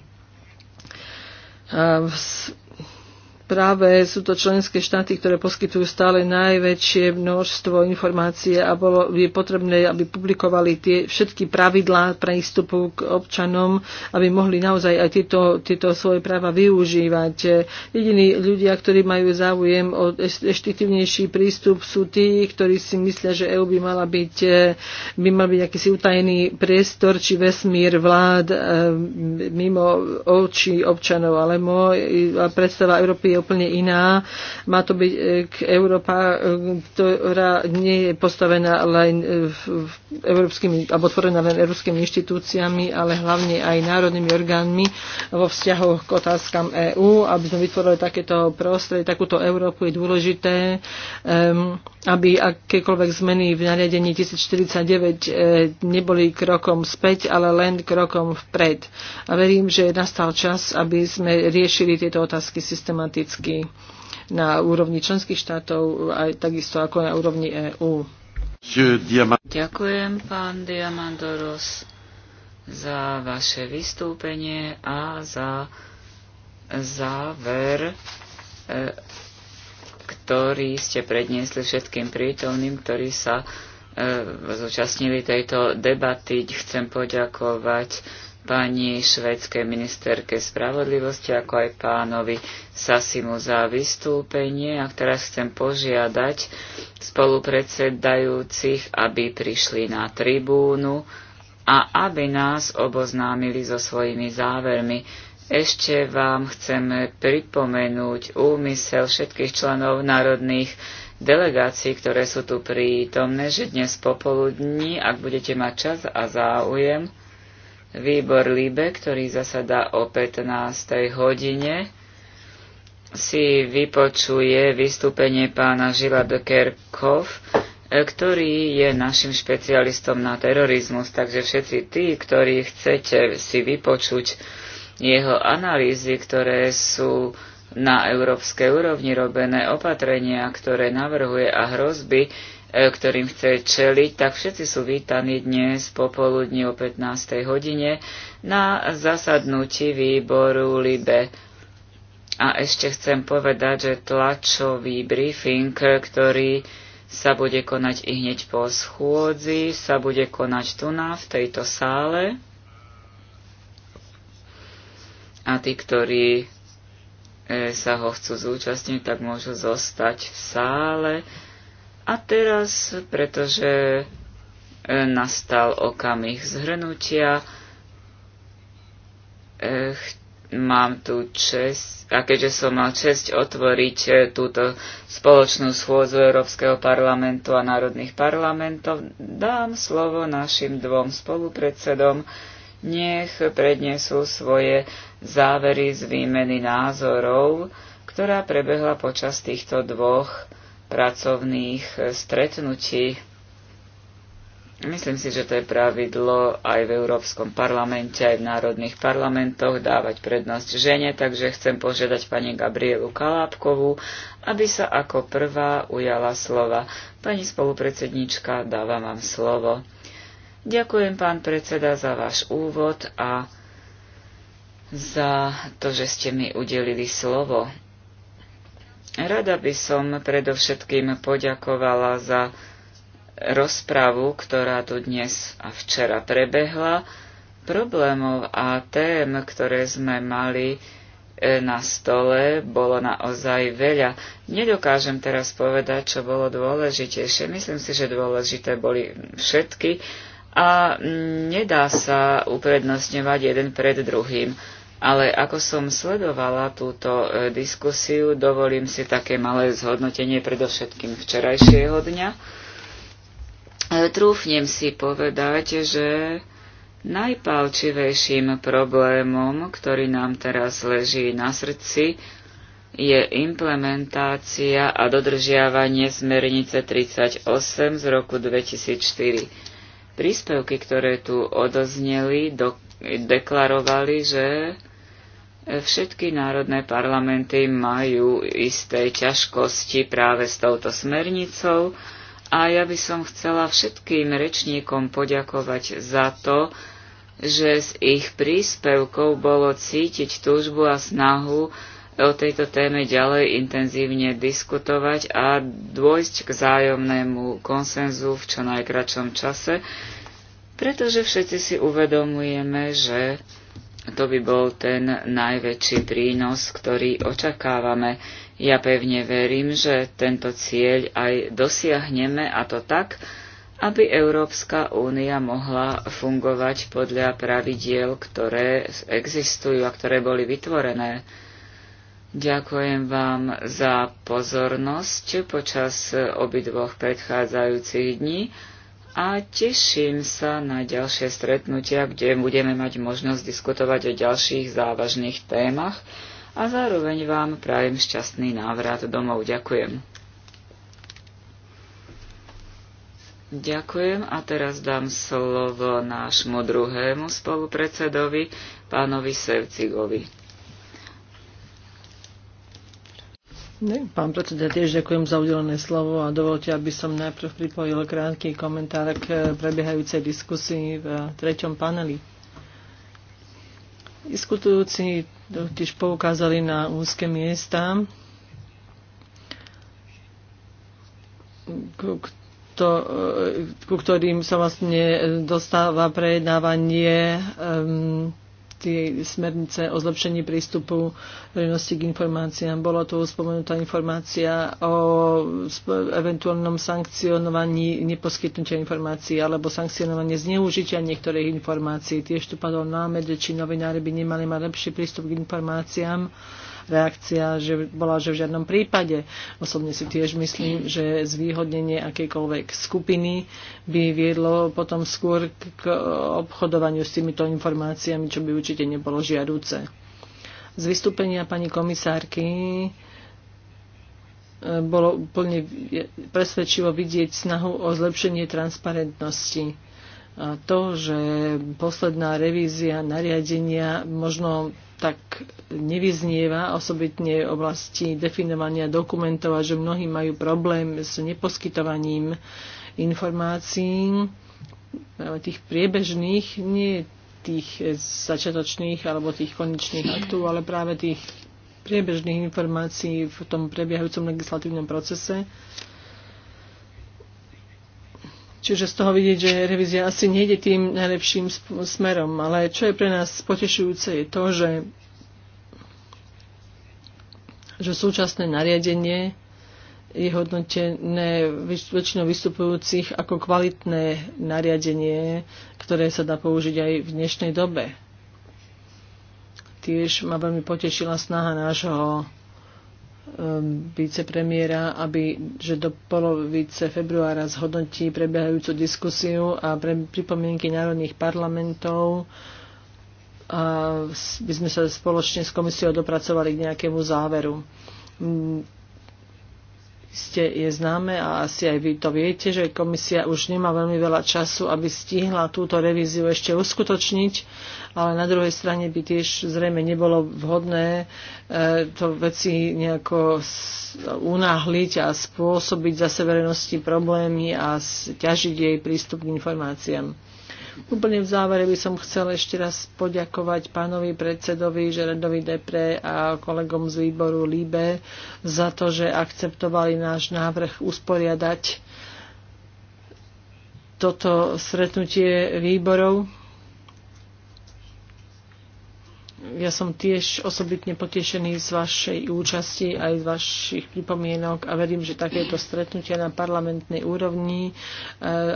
C: práve sú to členské štáty, ktoré poskytujú stále najväčšie množstvo informácie a bolo je potrebné, aby publikovali tie všetky pravidlá prístupu k občanom, aby mohli naozaj aj tieto, tieto svoje práva využívať. Jediní ľudia, ktorí majú záujem o eštitívnejší prístup, sú tí, ktorí si myslia, že EU by mala byť, e, by mal byť akýsi utajený priestor či vesmír vlád e, mimo očí občanov, ale môj predstava Európy je je úplne iná. Má to byť e, Európa, e, ktorá nie je postavená len e, európskymi, alebo tvorená len európskymi inštitúciami, ale hlavne aj národnými orgánmi vo vzťahu k otázkam EÚ. Aby sme vytvorili takéto prostredie, takúto Európu je dôležité, aby akékoľvek zmeny v nariadení 1049 neboli krokom späť, ale len krokom vpred. A verím, že nastal čas, aby sme riešili tieto otázky systematicky politicky na úrovni členských štátov, aj takisto ako na úrovni EÚ.
B: Ďakujem, pán Diamandoros, za vaše vystúpenie a za záver, e, ktorý ste predniesli všetkým prítomným, ktorí sa e, zúčastnili tejto debaty. Chcem poďakovať pani švedskej ministerke spravodlivosti, ako aj pánovi Sasimu za vystúpenie. A teraz chcem požiadať spolupredsedajúcich, aby prišli na tribúnu a aby nás oboznámili so svojimi závermi. Ešte vám chcem pripomenúť úmysel všetkých členov národných delegácií, ktoré sú tu prítomné, že dnes popoludní, ak budete mať čas a záujem, Výbor LIBE, ktorý zasadá o 15. hodine, si vypočuje vystúpenie pána Žila de Kerkov, ktorý je našim špecialistom na terorizmus. Takže všetci tí, ktorí chcete si vypočuť jeho analýzy, ktoré sú na európskej úrovni robené opatrenia, ktoré navrhuje a hrozby, E, ktorým chce čeliť, tak všetci sú vítaní dnes popoludní o 15. hodine na zasadnutí výboru LIBE. A ešte chcem povedať, že tlačový briefing, ktorý sa bude konať i hneď po schôdzi, sa bude konať tu na, v tejto sále. A tí, ktorí e, sa ho chcú zúčastniť, tak môžu zostať v sále a teraz, pretože e, nastal okamih zhrnutia, e, mám tu čest, a keďže som mal čest otvoriť e, túto spoločnú schôdzu Európskeho parlamentu a národných parlamentov, dám slovo našim dvom spolupredsedom, nech prednesú svoje závery z výmeny názorov, ktorá prebehla počas týchto dvoch pracovných e, stretnutí. Myslím si, že to je pravidlo aj v Európskom parlamente, aj v národných parlamentoch dávať prednosť žene, takže chcem požiadať pani Gabrielu Kalápkovú, aby sa ako prvá ujala slova. Pani spolupredsednička, dávam vám slovo. Ďakujem, pán predseda, za váš úvod a za to, že ste mi udelili slovo. Rada by som predovšetkým poďakovala za rozpravu, ktorá tu dnes a včera prebehla, problémov a tém, ktoré sme mali e, na stole, bolo naozaj veľa. Nedokážem teraz povedať, čo bolo dôležitejšie. Myslím si, že dôležité boli všetky a mm, nedá sa uprednostňovať jeden pred druhým. Ale ako som sledovala túto e, diskusiu, dovolím si také malé zhodnotenie predovšetkým včerajšieho dňa. E, trúfnem si povedať, že najpálčivejším problémom, ktorý nám teraz leží na srdci, je implementácia a dodržiavanie smernice 38 z roku 2004. Príspevky, ktoré tu odozneli, do deklarovali, že všetky národné parlamenty majú isté ťažkosti práve s touto smernicou a ja by som chcela všetkým rečníkom poďakovať za to, že z ich príspevkov bolo cítiť túžbu a snahu o tejto téme ďalej intenzívne diskutovať a dôjsť k zájomnému konsenzu v čo najkračom čase, pretože všetci si uvedomujeme, že to by bol ten najväčší prínos, ktorý očakávame. Ja pevne verím, že tento cieľ aj dosiahneme a to tak, aby Európska únia mohla fungovať podľa pravidiel, ktoré existujú a ktoré boli vytvorené. Ďakujem vám za pozornosť počas obidvoch predchádzajúcich dní a teším sa na ďalšie stretnutia, kde budeme mať možnosť diskutovať o ďalších závažných témach a zároveň vám prajem šťastný návrat domov. Ďakujem. Ďakujem a teraz dám slovo nášmu druhému spolupredsedovi, pánovi Sevcigovi.
C: pán predseda, tiež ďakujem za udelené slovo a dovolte, aby som najprv pripojil krátky komentár k eh, prebiehajúcej diskusii v eh, treťom paneli. Diskutujúci totiž poukázali na úzke miesta, to, eh, ku ktorým sa vlastne dostáva prejednávanie um, tie smernice o zlepšení prístupu verejnosti k informáciám. Bola tu spomenutá informácia o eventuálnom sankcionovaní neposkytnutia informácií alebo sankcionovanie zneužitia niektorých informácií. Tiež tu padol námed, či novinári by nemali mať lepší prístup k informáciám reakcia že bola, že v žiadnom prípade. Osobne si tiež myslím, že zvýhodnenie akejkoľvek skupiny by viedlo potom skôr k obchodovaniu s týmito informáciami, čo by určite nebolo žiadúce. Z vystúpenia pani komisárky e, bolo úplne presvedčivo vidieť snahu o zlepšenie transparentnosti to, že posledná revízia nariadenia možno tak nevyznieva, osobitne v oblasti definovania dokumentov a že mnohí majú problém s neposkytovaním informácií, eh, tých priebežných, nie tých začiatočných alebo tých konečných aktov, ale práve tých priebežných informácií v tom prebiehajúcom legislatívnom procese Čiže z toho vidieť, že revízia asi nejde tým najlepším smerom. Ale čo je pre nás potešujúce je to, že, že súčasné nariadenie je hodnotené väčšinou vystupujúcich ako kvalitné nariadenie, ktoré sa dá použiť aj v dnešnej dobe. Tiež ma veľmi potešila snaha nášho Um, vicepremiera, aby, že do polovice februára zhodnotí prebiehajúcu diskusiu a pre pripomienky národných parlamentov a by sme sa spoločne s komisiou dopracovali k nejakému záveru. Mm, ste, je známe a asi aj vy to viete, že komisia už nemá veľmi veľa času, aby stihla túto revíziu ešte uskutočniť, ale na druhej strane by tiež zrejme nebolo vhodné e, to veci nejako unáhliť a spôsobiť zase verejnosti problémy a ťažiť jej prístup k informáciám. Úplne v závere by som chcel ešte raz poďakovať pánovi predsedovi Žeredovi Depre a kolegom z výboru Líbe za to, že akceptovali náš návrh usporiadať toto stretnutie výborov ja som tiež osobitne potešený z vašej účasti aj z vašich pripomienok a verím, že takéto stretnutia na parlamentnej úrovni e,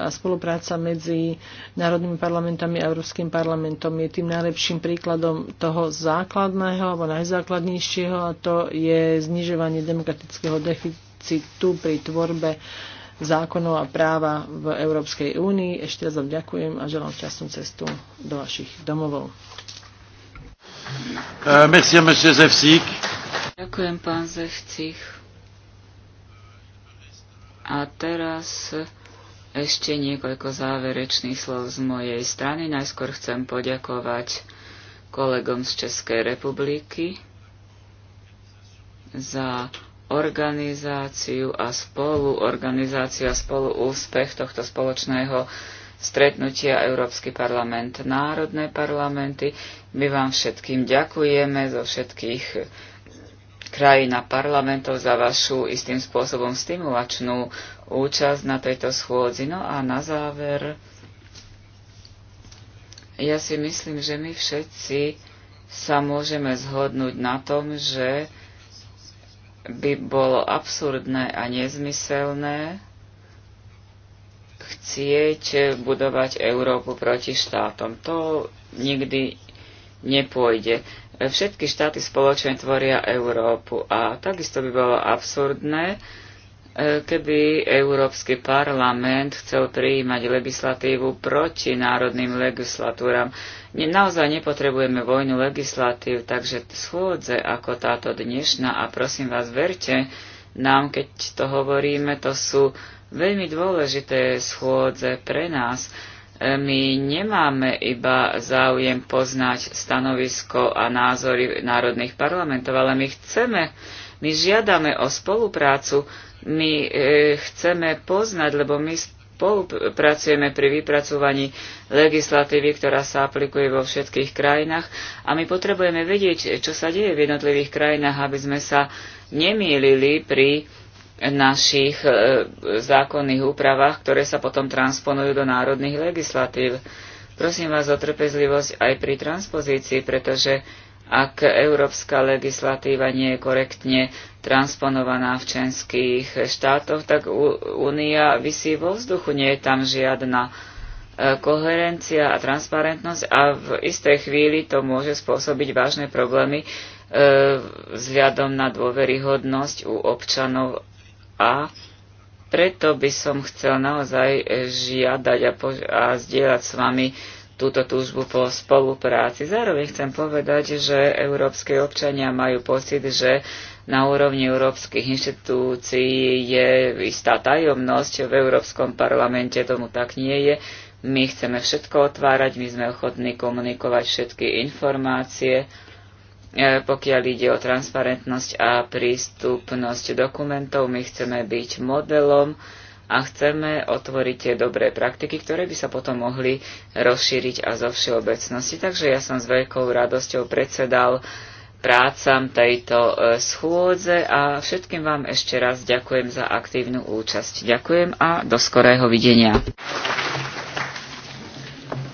C: a spolupráca medzi národnými parlamentami a Európskym parlamentom je tým najlepším príkladom toho základného alebo najzákladnejšieho a to je znižovanie demokratického deficitu pri tvorbe zákonov a práva v Európskej únii. Ešte raz vám ďakujem a želám šťastnú cestu do vašich domovov.
A: Uh, merci, monsieur Zevsík.
B: Ďakujem, pán Zevcich. A teraz ešte niekoľko záverečných slov z mojej strany. Najskôr chcem poďakovať kolegom z Českej republiky za organizáciu a spolu, organizáciu a spolu úspech tohto spoločného stretnutia Európsky parlament, národné parlamenty. My vám všetkým ďakujeme zo všetkých krajín a parlamentov za vašu istým spôsobom stimulačnú účasť na tejto schôdzi. No a na záver, ja si myslím, že my všetci sa môžeme zhodnúť na tom, že by bolo absurdné a nezmyselné chcieť budovať Európu proti štátom. To nikdy nepôjde. Všetky štáty spoločne tvoria Európu a takisto by bolo absurdné, e, keby Európsky parlament chcel prijímať legislatívu proti národným legislatúram. Naozaj nepotrebujeme vojnu legislatív, takže schôdze ako táto dnešná, a prosím vás, verte nám, keď to hovoríme, to sú veľmi dôležité schôdze pre nás. E, my nemáme iba záujem poznať stanovisko a názory národných parlamentov, ale my chceme, my žiadame o spoluprácu, my e, chceme poznať, lebo my spolupracujeme pri vypracovaní legislatívy, ktorá sa aplikuje vo všetkých krajinách a my potrebujeme vedieť, čo sa deje v jednotlivých krajinách, aby sme sa nemýlili pri našich e, zákonných úpravách, ktoré sa potom transponujú do národných legislatív. Prosím vás o trpezlivosť aj pri transpozícii, pretože ak európska legislatíva nie je korektne transponovaná v členských štátoch, tak únia vysí vo vzduchu, nie je tam žiadna e, koherencia a transparentnosť a v istej chvíli to môže spôsobiť vážne problémy e, vzhľadom na dôveryhodnosť u občanov a preto by som chcel naozaj žiadať a, po, a zdieľať s vami túto túžbu po spolupráci. Zároveň chcem povedať, že európske občania majú pocit, že na úrovni európskych inštitúcií je istá tajomnosť. V Európskom parlamente tomu tak nie je. My chceme všetko otvárať, my sme ochotní komunikovať všetky informácie E, pokiaľ ide o transparentnosť a prístupnosť dokumentov, my chceme byť modelom a chceme otvoriť tie dobré praktiky, ktoré by sa potom mohli rozšíriť a zo všeobecnosti. Takže ja som s veľkou radosťou predsedal prácam tejto e, schôdze a všetkým vám ešte raz ďakujem za aktívnu účasť. Ďakujem a do skorého videnia.